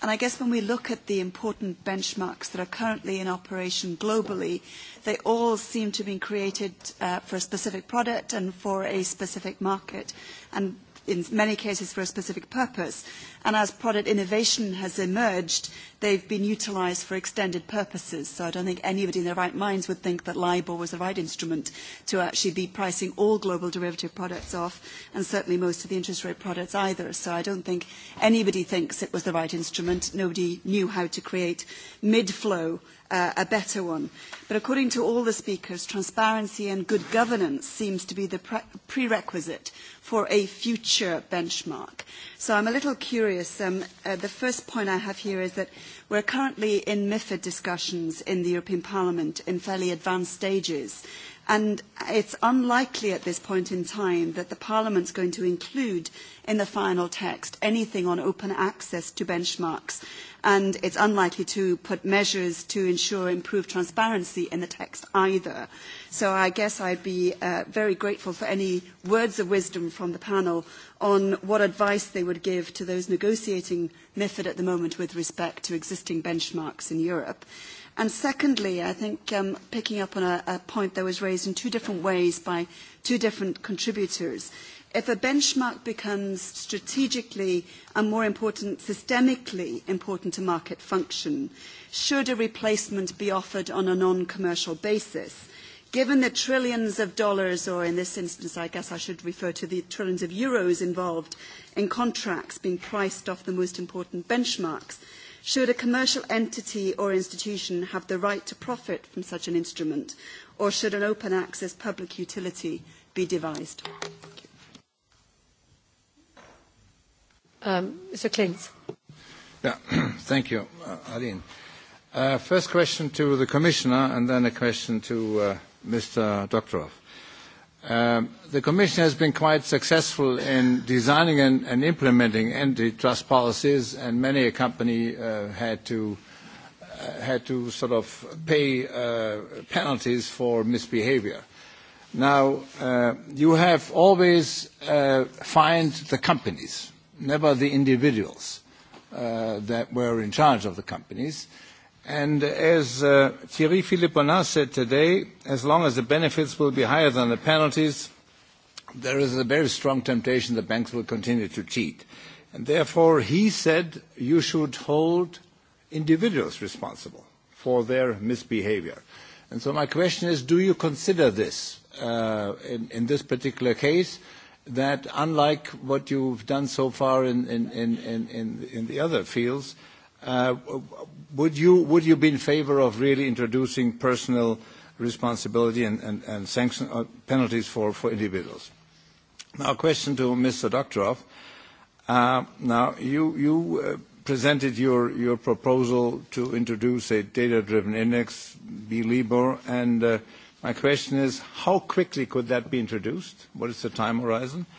And I guess when we look at the important benchmarks that are currently in operation globally, they all seem to have been created uh, for a specific product and for a specific market, and in many cases for a specific purpose and as product innovation has emerged, they've been utilised for extended purposes. So I don't think anybody in their right minds would think that LIBOR was the right instrument to actually be pricing all global derivative products off, and certainly most of the interest rate products either. So I don't think anybody thinks it was the right instrument. Nobody knew how to create mid-flow uh, a better one. But according to all the speakers, transparency and good governance seems to be the pre prerequisite for a future benchmark. So I'm a little curious. Um, uh, the first point I have here is that we're currently in MIFID discussions in the European Parliament in fairly advanced stages. And it's unlikely at this point in time that the Parliament's going to include in the final text anything on open access to benchmarks. And it's unlikely to put measures to ensure improved transparency in the text either. So I guess I'd be uh, very grateful for any words of wisdom from the panel on what advice they would give to those negotiating MIFID at the moment with respect to existing benchmarks in Europe. And secondly, I think um, picking up on a, a point that was raised in two different ways by two different contributors, if a benchmark becomes strategically and more important, systemically important to market function, should a replacement be offered on a non-commercial basis? Given the trillions of dollars, or in this instance, I guess I should refer to the trillions of euros involved in contracts being priced off the most important benchmarks, Should a commercial entity or institution have the right to profit from such an instrument, or should an open access public utility be devised? Um, Mr. Klintz. Yeah, <clears throat> thank you, uh, Aline. Uh, first question to the Commissioner and then a question to uh, Mr. Doktorov. Um, the Commission has been quite successful in designing and, and implementing antitrust policies, and many a company uh, had to uh, had to sort of pay uh, penalties for misbehavior. Now, uh, you have always uh, fined the companies, never the individuals uh, that were in charge of the companies. Uh, And as uh, Thierry Philippon said today, as long as the benefits will be higher than the penalties, there is a very strong temptation that banks will continue to cheat. And therefore, he said you should hold individuals responsible for their misbehavior. And so my question is, do you consider this uh, in, in this particular case that unlike what you've done so far in, in, in, in, in the other fields, uh, would you would you be in favor of really introducing personal responsibility and, and, and sanction uh, penalties for, for individuals? Now, a question to Mr. Doktorov. Uh, now, you, you uh, presented your, your proposal to introduce a data-driven index, B-LIBOR, and uh, my question is, how quickly could that be introduced? What is the time horizon? Uh,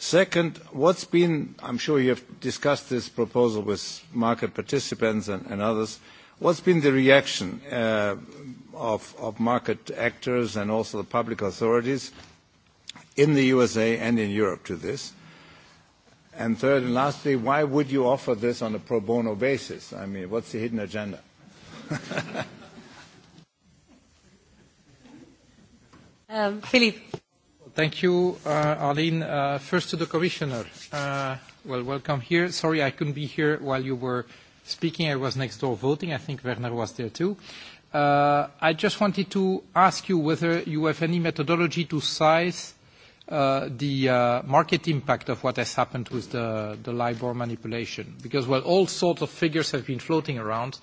Second, what's been, I'm sure you have discussed this proposal with market participants and, and others, what's been the reaction uh, of, of market actors and also the public authorities in the USA and in Europe to this? And third and lastly, why would you offer this on a pro bono basis? I mean, what's the hidden agenda? <laughs> um, Philippe. Thank you, uh, Arlene. Uh, first to the Commissioner. Uh, well, welcome here. Sorry I couldn't be here while you were speaking. I was next door voting. I think Werner was there too. Uh, I just wanted to ask you whether you have any methodology to size uh, the uh, market impact of what has happened with the, the LIBOR manipulation. Because, well, all sorts of figures have been floating around.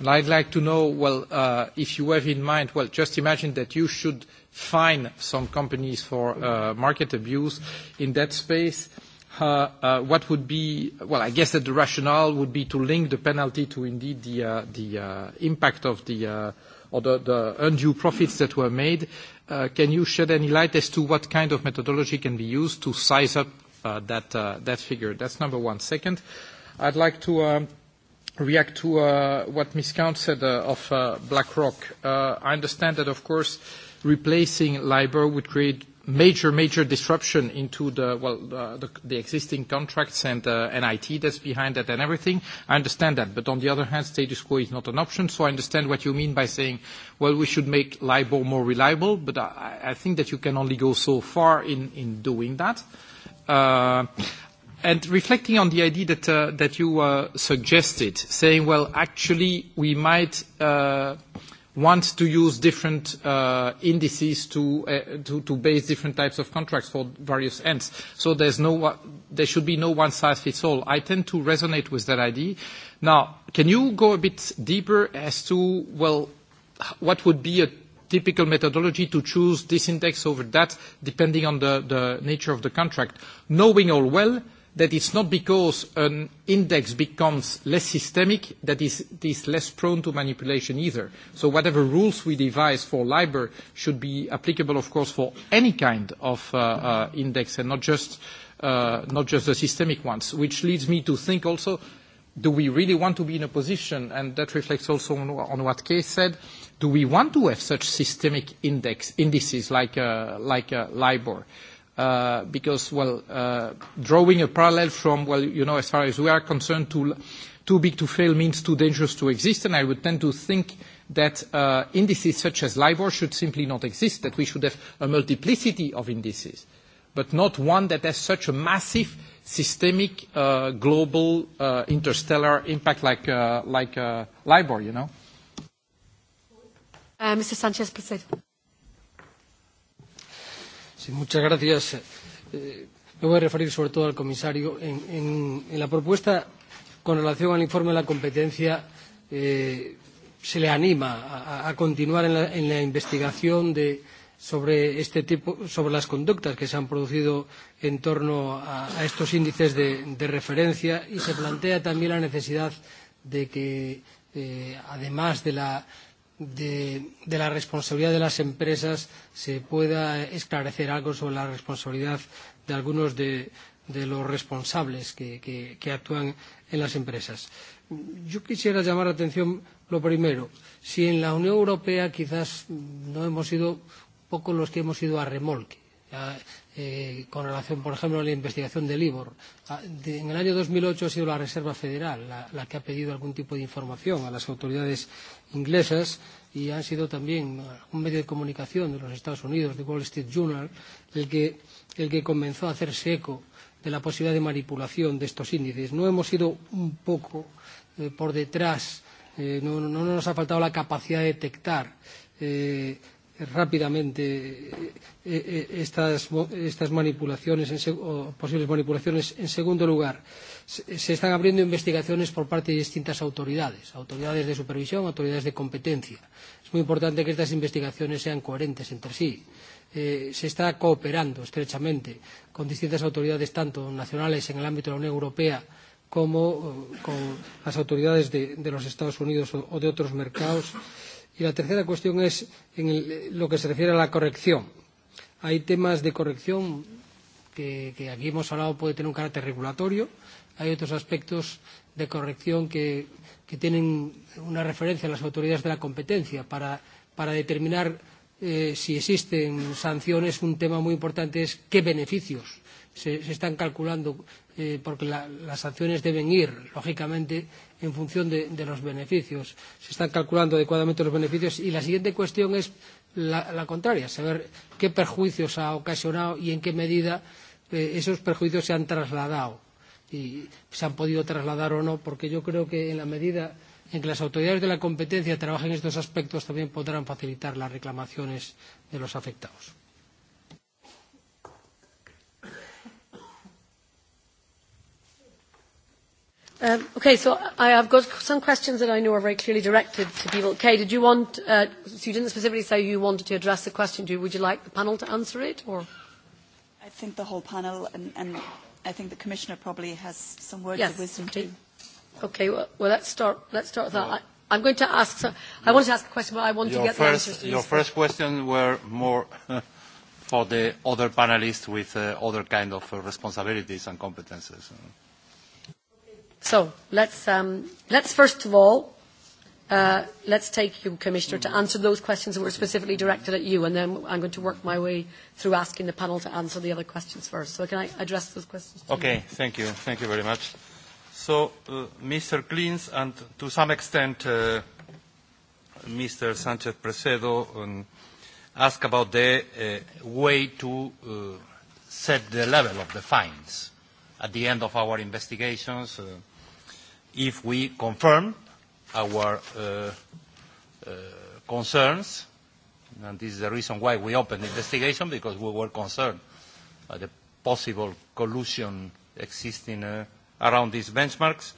And I'd like to know, well, uh, if you have in mind, well, just imagine that you should – fine some companies for uh, market abuse in that space. Uh, uh, what would be, well, I guess that the rationale would be to link the penalty to indeed the, uh, the uh, impact of the, uh, or the, the undue profits that were made. Uh, can you shed any light as to what kind of methodology can be used to size up uh, that, uh, that figure? That's number one. Second, I'd like to um, react to uh, what Ms. Count said uh, of uh, BlackRock. Uh, I understand that, of course, uh, replacing LIBOR would create major, major disruption into the, well, the, the existing contracts and uh, NIT that's behind that and everything. I understand that. But on the other hand, status quo is not an option. So I understand what you mean by saying, well, we should make LIBOR more reliable. But I, I think that you can only go so far in, in doing that. Uh, and reflecting on the idea that, uh, that you uh, suggested, saying, well, actually, we might... Uh, want to use different uh, indices to, uh, to, to base different types of contracts for various ends. So there's no, there should be no one size fits all. I tend to resonate with that idea. Now, can you go a bit deeper as to, well, what would be a typical methodology to choose this index over that, depending on the, the nature of the contract, knowing all well that it's not because an index becomes less systemic that is, it is less prone to manipulation either. So whatever rules we devise for LIBOR should be applicable, of course, for any kind of uh, uh, index and not just, uh, not just the systemic ones, which leads me to think also, do we really want to be in a position, and that reflects also on, on what Kay said, do we want to have such systemic index indices like, uh, like uh, LIBOR? uh, because, well, uh, drawing a parallel from, well, you know, as far as we are concerned, too, too big to fail means too dangerous to exist, and I would tend to think that uh, indices such as LIBOR should simply not exist, that we should have a multiplicity of indices, but not one that has such a massive systemic uh, global uh, interstellar impact like, uh, like uh, LIBOR, you know? Uh, Mr. Sanchez, please. Sí, muchas gracias. Eh, me voy a referir sobre todo al comisario. En, en, en la propuesta con relación al informe de la competencia eh, se le anima a, a continuar en la, en la investigación de, sobre, este tipo, sobre las conductas que se han producido en torno a, a estos índices de, de referencia y se plantea también la necesidad de que, eh, además de la de, de la responsabilidad de las empresas se pueda esclarecer algo sobre la responsabilidad de algunos de, de los responsables que, que, que actúan en las empresas. Yo quisiera llamar la atención lo primero. Si en la Unión Europea quizás no hemos sido pocos los que hemos ido a remolque. Ya, eh, con relación, por ejemplo, a la investigación del IBOR. Ah, en el año 2008 ha sido la Reserva Federal la, la que ha pedido algún tipo de información a las autoridades inglesas y han sido también un medio de comunicación de los Estados Unidos, de Wall Street Journal, el que, el que comenzó a hacerse eco de la posibilidad de manipulación de estos índices. No hemos ido un poco eh, por detrás, eh, no, no nos ha faltado la capacidad de detectar eh, rápidamente eh, eh, estas, estas manipulaciones en, o posibles manipulaciones. En segundo lugar, eh, se, están abriendo investigaciones por parte de distintas autoridades, autoridades de supervisión, autoridades de competencia. Es muy importante que estas investigaciones sean coherentes entre sí. Eh, se está cooperando estrechamente con distintas autoridades, tanto nacionales en el ámbito de la Unión Europea como eh, con las autoridades de, de los Estados Unidos o, o de otros mercados. Y la tercera cuestión es en el, lo que se refiere a la corrección. Hay temas de corrección que, que aquí hemos hablado puede tener un carácter regulatorio, hay otros aspectos de corrección que, que tienen una referencia a las autoridades de la competencia para, para determinar eh, si existen sanciones. Un tema muy importante es qué beneficios se, se están calculando, eh, porque la, las sanciones deben ir, lógicamente, en función de, de los beneficios. Se están calculando adecuadamente los beneficios. Y la siguiente cuestión es la, la contraria, saber qué perjuicios ha ocasionado y en qué medida eh, esos perjuicios se han trasladado y se han podido trasladar o no, porque yo creo que en la medida en que las autoridades de la competencia trabajen estos aspectos también podrán facilitar las reclamaciones de los afectados. Um, okay, so I have got some questions that I know are very clearly directed to people. Kay, did you want, uh, so you didn't specifically say you wanted to address the question, do you, would you like the panel to answer it? Or? I think the whole panel and, and I think the Commissioner probably has some words yes, of wisdom okay. too. Okay, well, well let's, start, let's start with that. Well, I, I'm going to ask, so I want to ask a question, but I want to get first, the answers. To your first question were more <laughs> for the other panelists with uh, other kind of uh, responsibilities and competences. So let's, um, let's first of all Uh, let's take you, Commissioner, to answer those questions that were specifically directed at you, and then I'm going to work my way through asking the panel to answer the other questions first. So can I address those questions? Okay, you? thank you. Thank you very much. So uh, Mr. Klins and to some extent uh, Mr. Sanchez Presedo um, asked about the uh, way to uh, set the level of the fines at the end of our investigations uh, if we confirm our uh, uh, concerns, and this is the reason why we opened the investigation, because we were concerned by the possible collusion existing uh, around these benchmarks.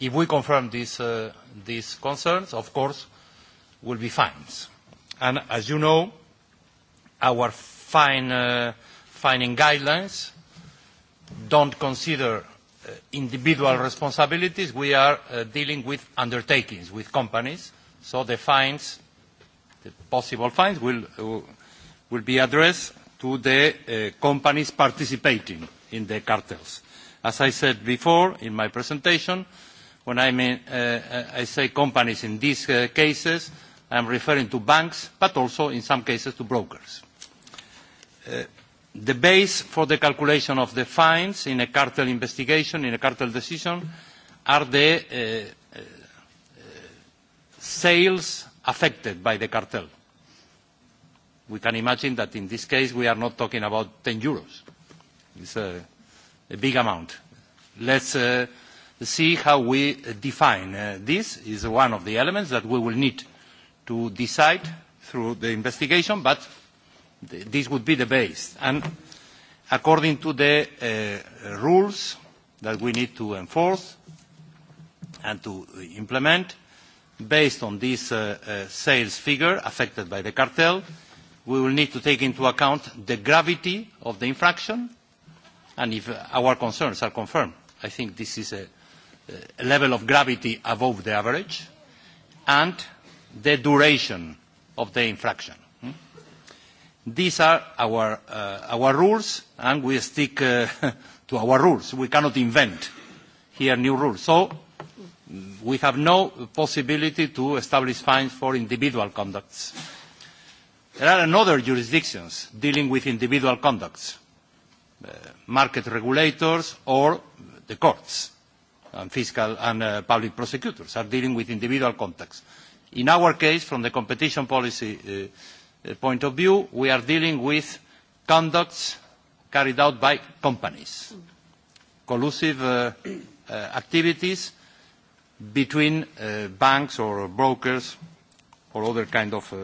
If we confirm these, uh, these concerns, of course, will be fines. And as you know, our fine, uh, fining guidelines don't consider uh, individual responsibilities, we are uh, dealing with undertakings, with companies. So the fines, the possible fines, will, uh, will be addressed to the uh, companies participating in the cartels. As I said before in my presentation, when I, mean, uh, uh I say companies in these uh, cases, I am referring to banks, but also in some cases to brokers. Uh, the base for the calculation of the fines in a cartel investigation, in a cartel decision, are the uh, uh, sales affected by the cartel. We can imagine that in this case we are not talking about 10 euros. It's a, a big amount. Let's uh, see how we define uh, this. is one of the elements that we will need to decide through the investigation, but this would be the base. And according to the uh, rules that we need to enforce and to implement, based on this uh, uh, sales figure affected by the cartel, we will need to take into account the gravity of the infraction and if our concerns are confirmed. I think this is a, a level of gravity above the average and the duration of the infraction. These are our, uh, our rules, and we stick uh, <laughs> to our rules. We cannot invent here new rules. So mm, we have no possibility to establish fines for individual conducts. There are another jurisdictions dealing with individual conducts, uh, market regulators or the courts and fiscal and uh, public prosecutors are dealing with individual contacts. In our case, from the competition policy uh, Uh, point of view, we are dealing with conducts carried out by companies, collusive uh, uh, activities between uh, banks or brokers or other kind of uh,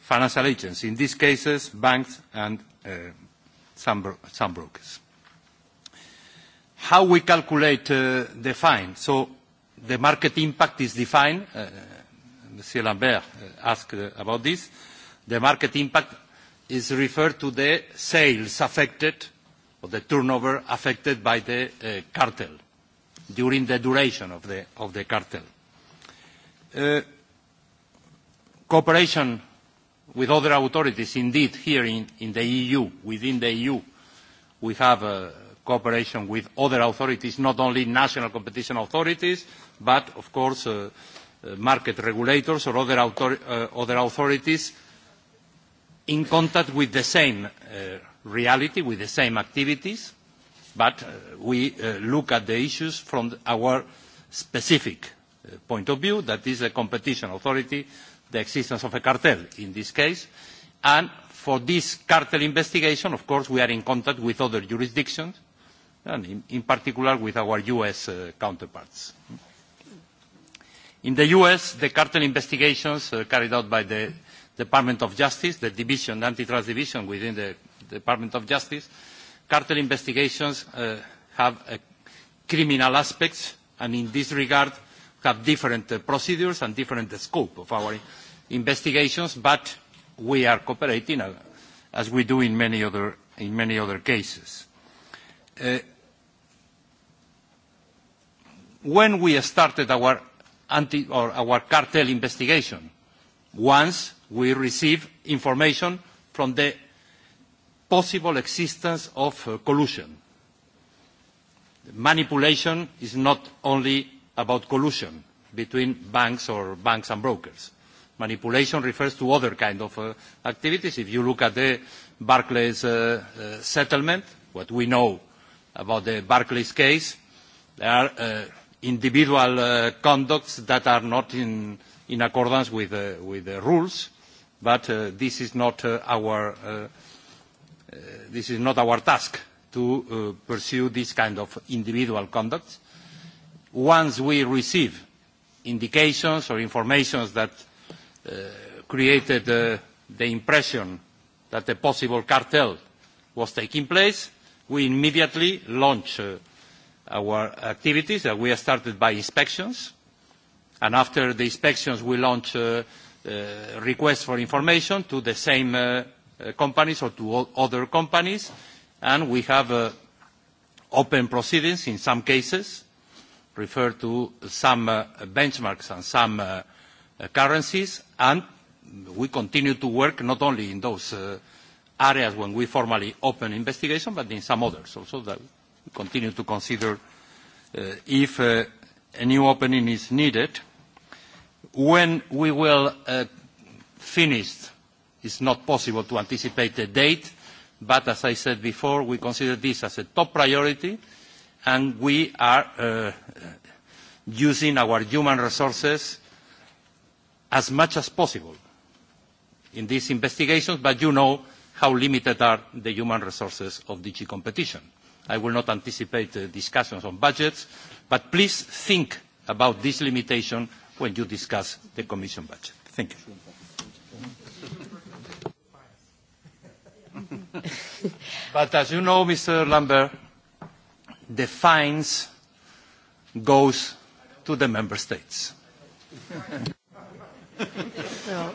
financial agents, in these cases banks and uh, some, bro some brokers. How we calculate uh, the fine? So the market impact is defined. Uh, Monsieur Lambert uh, asked uh, about this. Uh, The market impact is referred to the sales affected or the turnover affected by the uh, cartel during the duration of the, of the cartel. Uh, cooperation with other authorities, indeed, here in, in the EU, within the EU, we have uh, cooperation with other authorities, not only national competition authorities, but, of course, uh, uh, market regulators or other, author uh, other authorities in contact with the same uh, reality, with the same activities, but uh, we uh, look at the issues from our specific uh, point of view, that is the competition authority, the existence of a cartel in this case, and for this cartel investigation, of course, we are in contact with other jurisdictions, and in, in particular with our U.S. Uh, counterparts. In the U.S., the cartel investigations uh, carried out by the Department of Justice, the division, the antitrust division within the Department of Justice, cartel investigations uh, have uh, criminal aspects, and in this regard have different uh, procedures and different uh, scope of our investigations, but we are cooperating uh, as we do in many other, in many other cases. Uh, when we started our, anti, or our cartel investigation, once we receive information from the possible existence of uh, collusion. Manipulation is not only about collusion between banks or banks and brokers. Manipulation refers to other kind of uh, activities. If you look at the Barclays uh, uh, settlement, what we know about the Barclays case, there are uh, individual uh, conducts that are not in, in accordance with, uh, with the rules but uh, this is not uh, our uh, uh, this is not our task to uh, pursue this kind of individual conduct. Once we receive indications or informations that uh, created uh, the impression that a possible cartel was taking place, we immediately launch uh, our activities. Uh, we started by inspections, and after the inspections we launch uh, uh, request for information to the same uh, uh companies or to other companies, and we have uh, open proceedings in some cases, refer to some uh, benchmarks and some uh, uh, currencies, and we continue to work not only in those uh, areas when we formally open investigation, but in some others also that we continue to consider uh, if uh, a new opening is needed. When we will finish, uh, finish, it's not possible to anticipate a date, but as I said before, we consider this as a top priority, and we are uh, using our human resources as much as possible in these investigations, but you know how limited are the human resources of DG competition. I will not anticipate uh, discussions on budgets, but please think about this limitation when you discuss the Commission budget. Thank you. <laughs> but as you know, Mr. Lambert, the fines goes to the member states. <laughs> well,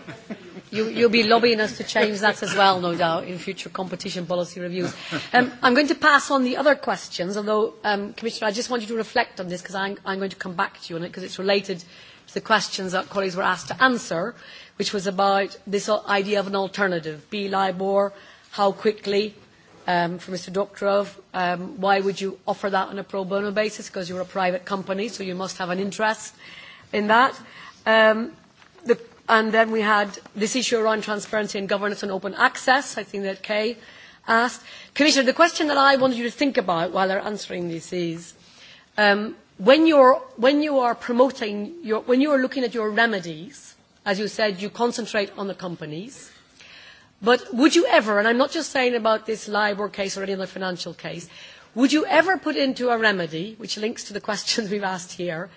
You, you'll be lobbying us to change that as well, no doubt, in future competition policy reviews. Um, I'm going to pass on the other questions, although, um, Commissioner, I just want you to reflect on this because I'm, I'm going to come back to you on it because it's related the questions that colleagues were asked to answer, which was about this idea of an alternative, be LIBOR, how quickly, um, for Mr. Doktorov, um, why would you offer that on a pro bono basis? Because you're a private company, so you must have an interest in that. Um, the, and then we had this issue around transparency and governance and open access, I think that Kay asked. Commissioner, the question that I wanted you to think about while they're answering this is, um, when you're, when you are promoting, your, when you are looking at your remedies, as you said, you concentrate on the companies. But would you ever, and I'm not just saying about this LIBOR case or any other financial case, would you ever put into a remedy, which links to the <laughs> questions we've asked here,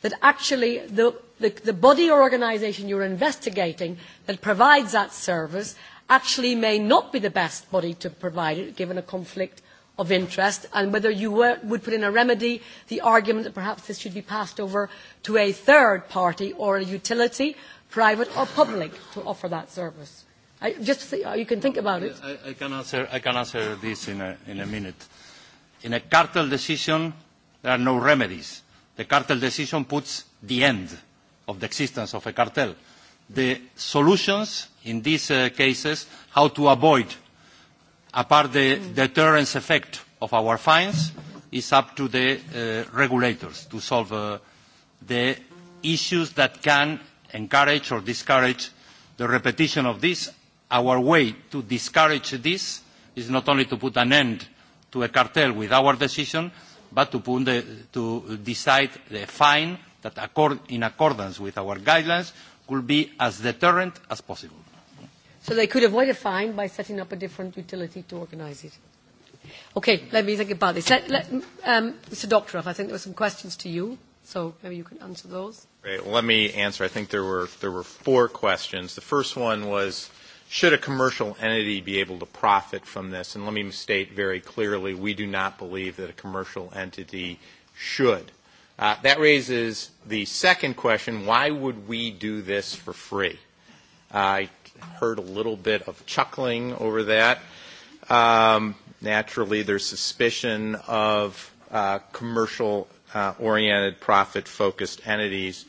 that actually the, the, the body or organisation you're investigating that provides that service actually may not be the best body to provide it, given a conflict of interest and whether you were, would put in a remedy the argument that perhaps this should be passed over to a third party or a utility, private or public, to offer that service. I, just you can think about it. I, I, can, answer, I can answer this in a, in a minute. In a cartel decision, there are no remedies. The cartel decision puts the end of the existence of a cartel. The solutions in these uh, cases, how to avoid apart the deterrence effect of our fines, is up to the uh, regulators to solve uh, the issues that can encourage or discourage the repetition of this. Our way to discourage this is not only to put an end to a cartel with our decision, but to, put the, to decide the fine that accord, in accordance with our guidelines could be as deterrent as possible. So they could avoid a fine by setting up a different utility to organize it. Okay, let me think about this. Let, let, um, Mr. Doctorov, I think there were some questions to you, so maybe you can answer those. Great. Well, let me answer. I think there were, there were four questions. The first one was, should a commercial entity be able to profit from this? And let me state very clearly, we do not believe that a commercial entity should. Uh, that raises the second question, why would we do this for free? Uh, heard a little bit of chuckling over that. Um, naturally, there's suspicion of uh, commercial-oriented, uh, profit-focused entities.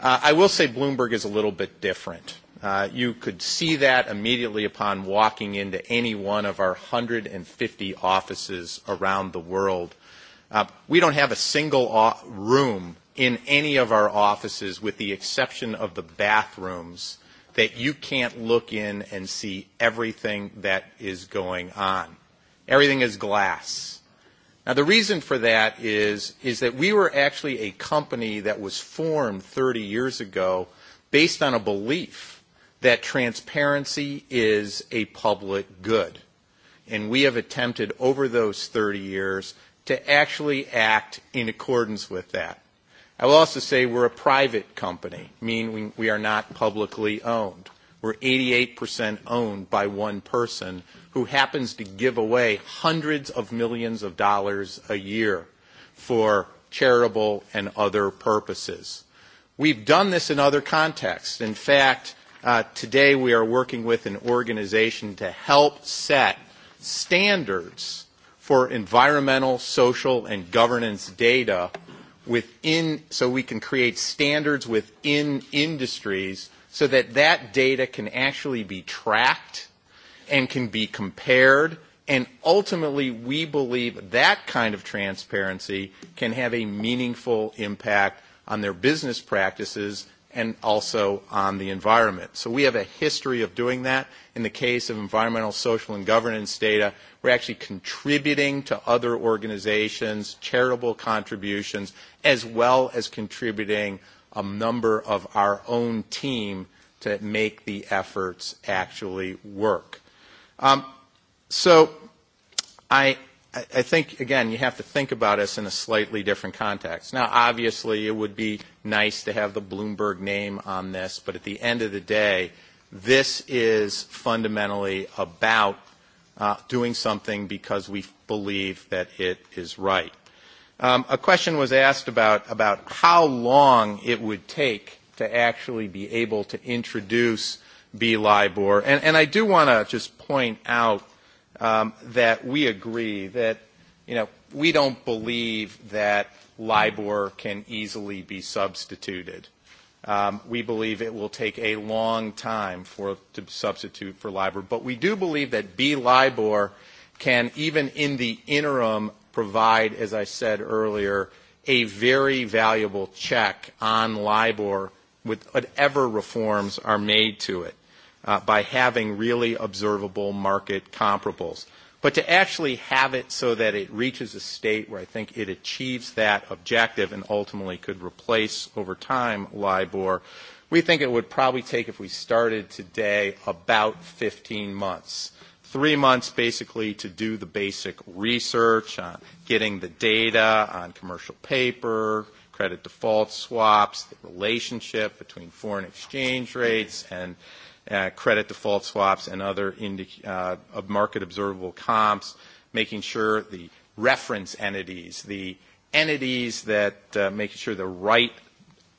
Uh, I will say Bloomberg is a little bit different. Uh, you could see that immediately upon walking into any one of our 150 offices around the world. Uh, we don't have a single uh, room in any of our offices with the exception of the bathrooms that you can't look in and see everything that is going on. Everything is glass. Now, the reason for that is, is that we were actually a company that was formed 30 years ago based on a belief that transparency is a public good. And we have attempted over those 30 years to actually act in accordance with that. I will also say we're a private company, meaning we are not publicly owned. We're 88% owned by one person who happens to give away hundreds of millions of dollars a year for charitable and other purposes. We've done this in other contexts. In fact, uh, today we are working with an organization to help set standards for environmental, social, and governance data within, so we can create standards within industries so that that data can actually be tracked and can be compared. And ultimately, we believe that kind of transparency can have a meaningful impact on their business practices and also on the environment. So we have a history of doing that. In the case of environmental, social, and governance data, we're actually contributing to other organizations, charitable contributions, as well as contributing a number of our own team to make the efforts actually work. Um, so I I, I think, again, you have to think about us in a slightly different context. Now, obviously, it would be nice to have the Bloomberg name on this, but at the end of the day, this is fundamentally about uh, doing something because we believe that it is right. Um, a question was asked about, about how long it would take to actually be able to introduce B-LIBOR. And, and I do want to just point out um, that we agree that, you know, we don't believe that LIBOR can easily be substituted. Um, we believe it will take a long time for to substitute for LIBOR, but we do believe that B LIBOR can, even in the interim, provide, as I said earlier, a very valuable check on LIBOR with whatever reforms are made to it uh, by having really observable market comparables. But to actually have it so that it reaches a state where I think it achieves that objective and ultimately could replace over time LIBOR, we think it would probably take, if we started today, about 15 months. Three months basically to do the basic research on getting the data on commercial paper, credit default swaps, the relationship between foreign exchange rates and uh, credit default swaps and other uh, market observable comps, making sure the reference entities, the entities that uh, making sure the right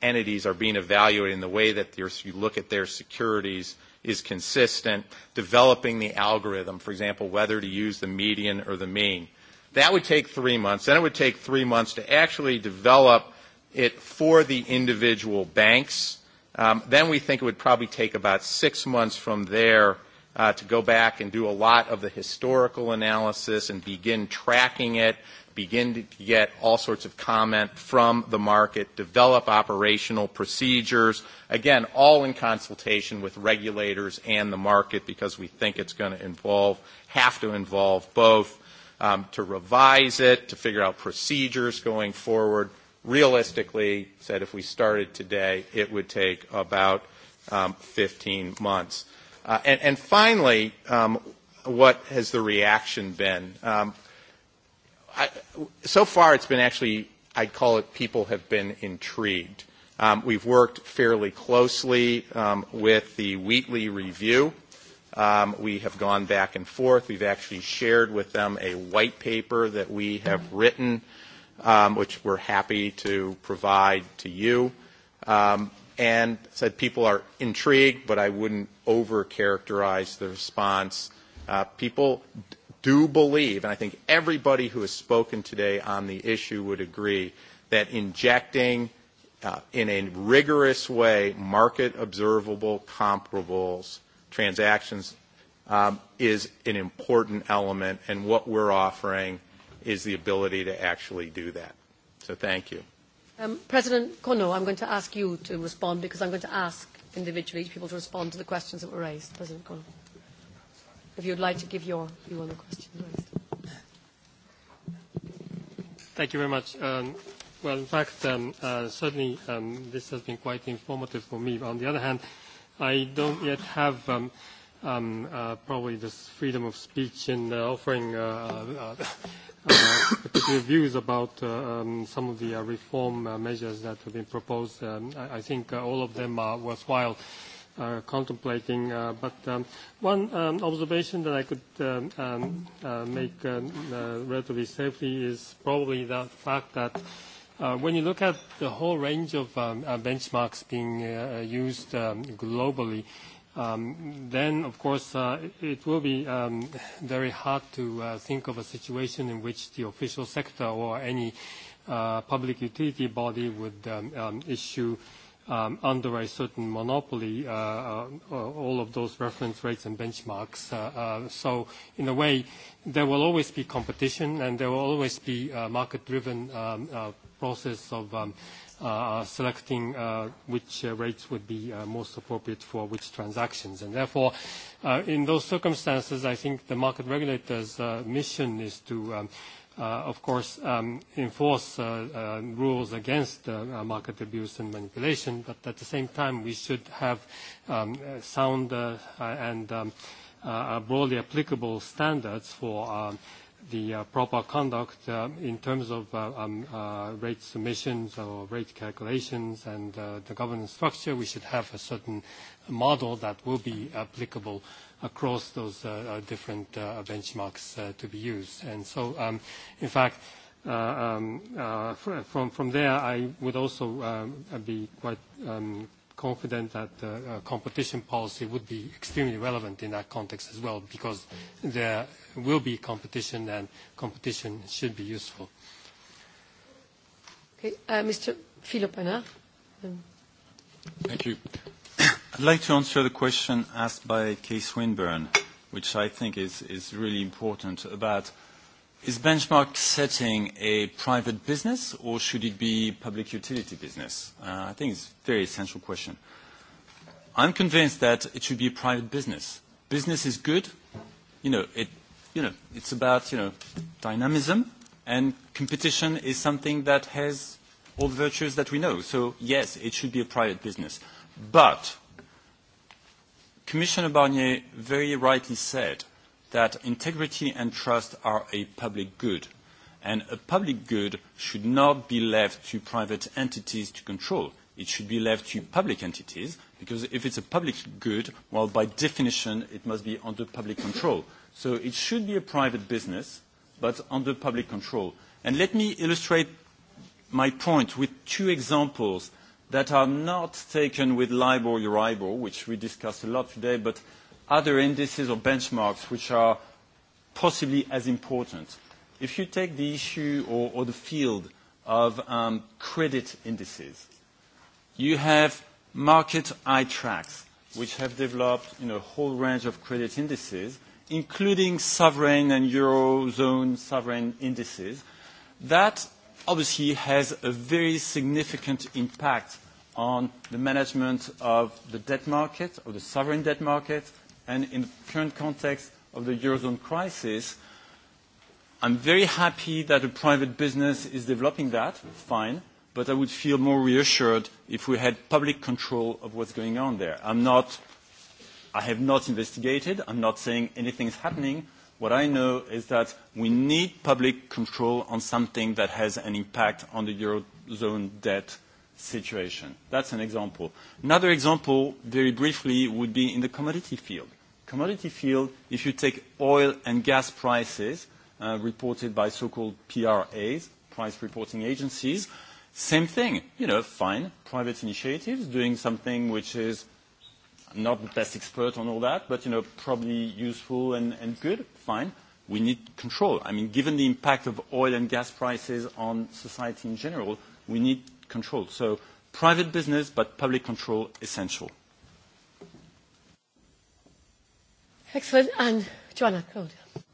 entities are being evaluated in the way that you look at their securities is consistent, developing the algorithm, for example, whether to use the median or the mean. That would take three months. Then it would take three months to actually develop it for the individual banks Um, then we think it would probably take about six months from there uh, to go back and do a lot of the historical analysis and begin tracking it, begin to get all sorts of comment from the market, develop operational procedures, again, all in consultation with regulators and the market because we think it's going to involve, have to involve both, um, to revise it, to figure out procedures going forward, realistically said if we started today, it would take about um, 15 months. Uh, and, and finally, um, what has the reaction been? Um, I, so far, it's been actually, I'd call it people have been intrigued. Um, we've worked fairly closely um, with the Wheatley Review. Um, we have gone back and forth. We've actually shared with them a white paper that we have written um, which we're happy to provide to you. Um, and said people are intrigued, but I wouldn't over-characterize the response. Uh, people do believe, and I think everybody who has spoken today on the issue would agree, that injecting uh, in a rigorous way market observable comparables transactions um, is an important element, and what we're offering is the ability to actually do that. So thank you. Um, President Kono, I'm going to ask you to respond because I'm going to ask individually each people to respond to the questions that were raised. President Kono, if you'd like to give your view on the questions raised. Thank you very much. Um, well, in fact, um, uh, certainly um, this has been quite informative for me. On the other hand, I don't yet have um, um, uh, probably this freedom of speech in uh, offering uh, uh, uh, particular views about uh, um, some of the uh, reform uh, measures that have been proposed. Um, I, I think uh, all of them are worthwhile uh, contemplating. Uh, but um, one um, observation that I could um, um, uh, make um, uh, relatively safely is probably the fact that uh, when you look at the whole range of um, uh, benchmarks being uh, used um, globally, um, then of course uh, it will be um, very hard to uh, think of a situation in which the official sector or any uh, public utility body would um, um, issue um, under a certain monopoly uh, uh, uh all of those reference rates and benchmarks. Uh, uh, so in a way, there will always be competition and there will always be a uh, market-driven um, uh, process of um, uh, selecting uh, which uh, rates would be uh, most appropriate for which transactions. And therefore, uh, in those circumstances, I think the market regulator's uh, mission is to um, uh, of course, um, enforce uh, uh, rules against uh, uh market abuse and manipulation, but at the same time, we should have um, sound uh, and um, uh, broadly applicable standards for um, uh, the uh, proper conduct uh, in terms of uh, um, uh, rate submissions or rate calculations and uh, the governance structure, we should have a certain model that will be applicable across those uh, uh different uh, benchmarks uh, to be used. And so, um, in fact, uh, um, uh, from, from there, I would also um, be quite um, confident that uh, uh, competition policy would be extremely relevant in that context as well because there will be competition and competition should be useful. Okay, uh, Mr. Filopana. Thank you. <coughs> I'd like to answer the question asked by Kay Swinburne, which I think is, is really important about – Is benchmark setting a private business or should it be public utility business? Uh, I think it's a very essential question. I'm convinced that it should be a private business. Business is good. You know, it, you know, it's about you know, dynamism and competition is something that has all the virtues that we know. So yes, it should be a private business. But Commissioner Barnier very rightly said that integrity and trust are a public good, and a public good should not be left to private entities to control. It should be left to public entities, because if it's a public good, well, by definition, it must be under public control. So it should be a private business, but under public control. And let me illustrate my point with two examples that are not taken with LIBOR, Euribor, which we discussed a lot today, but other indices or benchmarks which are possibly as important. If you take the issue or, or the field of um, credit indices, you have market eye tracks which have developed you know, a whole range of credit indices, including sovereign and eurozone sovereign indices. That obviously has a very significant impact on the management of the debt market, of the sovereign debt market, and in the current context of the Eurozone crisis, I'm very happy that a private business is developing that, fine, but I would feel more reassured if we had public control of what's going on there. I'm not, I have not investigated, I'm not saying anything's happening. What I know is that we need public control on something that has an impact on the Eurozone debt situation. That's an example. Another example, very briefly, would be in the commodity field commodity field, if you take oil and gas prices uh, reported by so-called PRAs, price reporting agencies, same thing. You know, fine, private initiatives doing something which is not the best expert on all that, but you know, probably useful and, and good, fine. We need control. I mean, given the impact of oil and gas prices on society in general, we need control. So private business, but public control essential. Excellent. And Joanna, go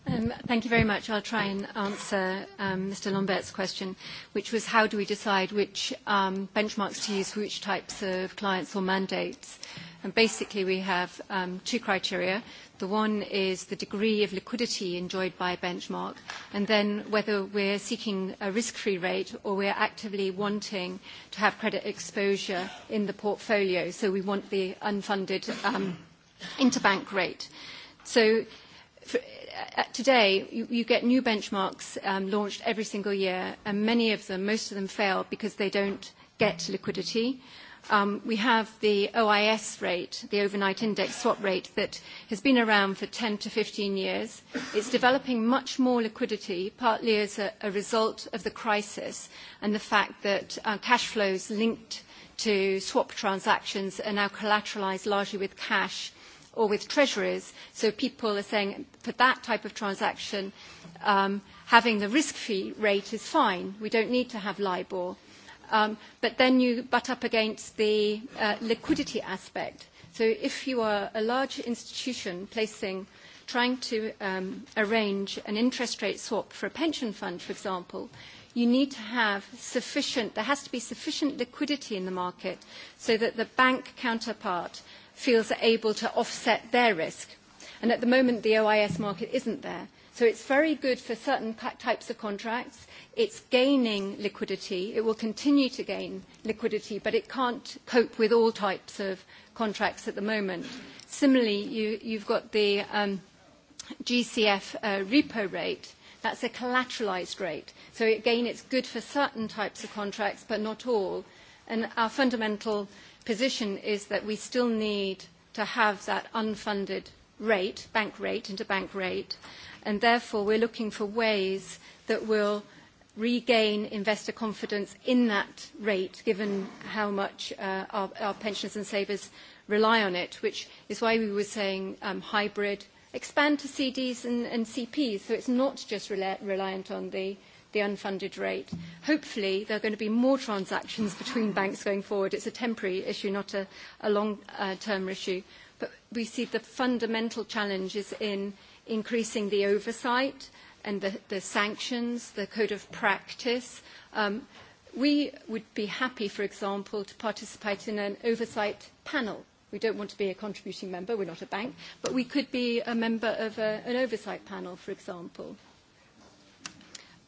um, thank you very much. I'll try and answer um, Mr. Lambert's question, which was how do we decide which um, benchmarks to use for which types of clients or mandates? And basically we have um, two criteria. The one is the degree of liquidity enjoyed by a benchmark, and then whether we're seeking a risk-free rate or we're actively wanting to have credit exposure in the portfolio, so we want the unfunded um, interbank rate. So for, uh, uh, today, you, you get new benchmarks um, launched every single year, and many of them, most of them fail because they don't get liquidity. Um, we have the OIS rate, the overnight index swap rate, that has been around for 10 to 15 years. It's developing much more liquidity, partly as a, a result of the crisis and the fact that uh, cash flows linked to swap transactions are now collateralized largely with cash or with treasuries. So people are saying for that type of transaction, um, having the risk fee rate is fine. We don't need to have LIBOR. Um, but then you butt up against the uh, liquidity aspect. So if you are a large institution placing, trying to um, arrange an interest rate swap for a pension fund, for example, you need to have sufficient, there has to be sufficient liquidity in the market so that the bank counterpart feels able to offset their risk. And at the moment, the OIS market isn't there. So it's very good for certain types of contracts. It's gaining liquidity. It will continue to gain liquidity, but it can't cope with all types of contracts at the moment. Similarly, you, you've got the um, GCF uh, repo rate. That's a collateralized rate. So again, it's good for certain types of contracts, but not all. And our fundamental position is that we still need to have that unfunded rate, bank rate, interbank rate, and therefore we're looking for ways that will regain investor confidence in that rate, given how much uh, our, our pensioners and savers rely on it, which is why we were saying um, hybrid, expand to CDs and, and CPs, so it's not just rel reliant on the the unfunded rate. Hopefully, there are going to be more transactions between <laughs> banks going forward. It's a temporary issue, not a, a long-term uh, issue. But we see the fundamental challenge is in increasing the oversight and the, the sanctions, the code of practice. Um, we would be happy, for example, to participate in an oversight panel. We don't want to be a contributing member, we're not a bank, but we could be a member of a, an oversight panel, for example.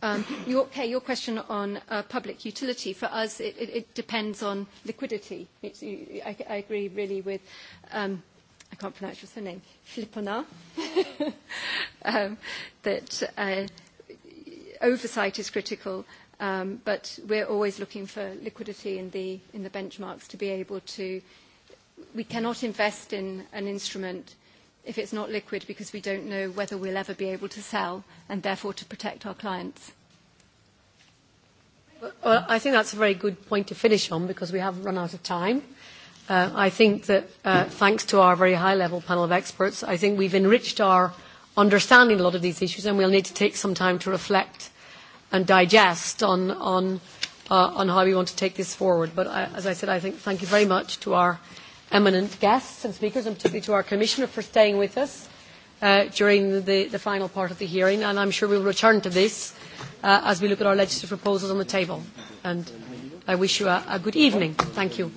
Um, your, okay, your question on uh, public utility, for us, it, it, it depends on liquidity. It's, I, I agree really with, um, I can't pronounce your surname, Filippona, <laughs> um, that uh, oversight is critical, um, but we're always looking for liquidity in the, in the benchmarks to be able to, we cannot invest in an instrument if it's not liquid because we don't know whether we'll ever be able to sell and therefore to protect our clients. Well, I think that's a very good point to finish on because we have run out of time. Uh, I think that uh, thanks to our very high level panel of experts, I think we've enriched our understanding a lot of these issues and we'll need to take some time to reflect and digest on, on, uh, on how we want to take this forward. But I, as I said, I think thank you very much to our eminent guests and speakers, and particularly to our Commissioner for staying with us uh, during the, the final part of the hearing. And I'm sure we'll return to this uh, as we look at our legislative proposals on the table. And I wish you a, a good evening. Thank you.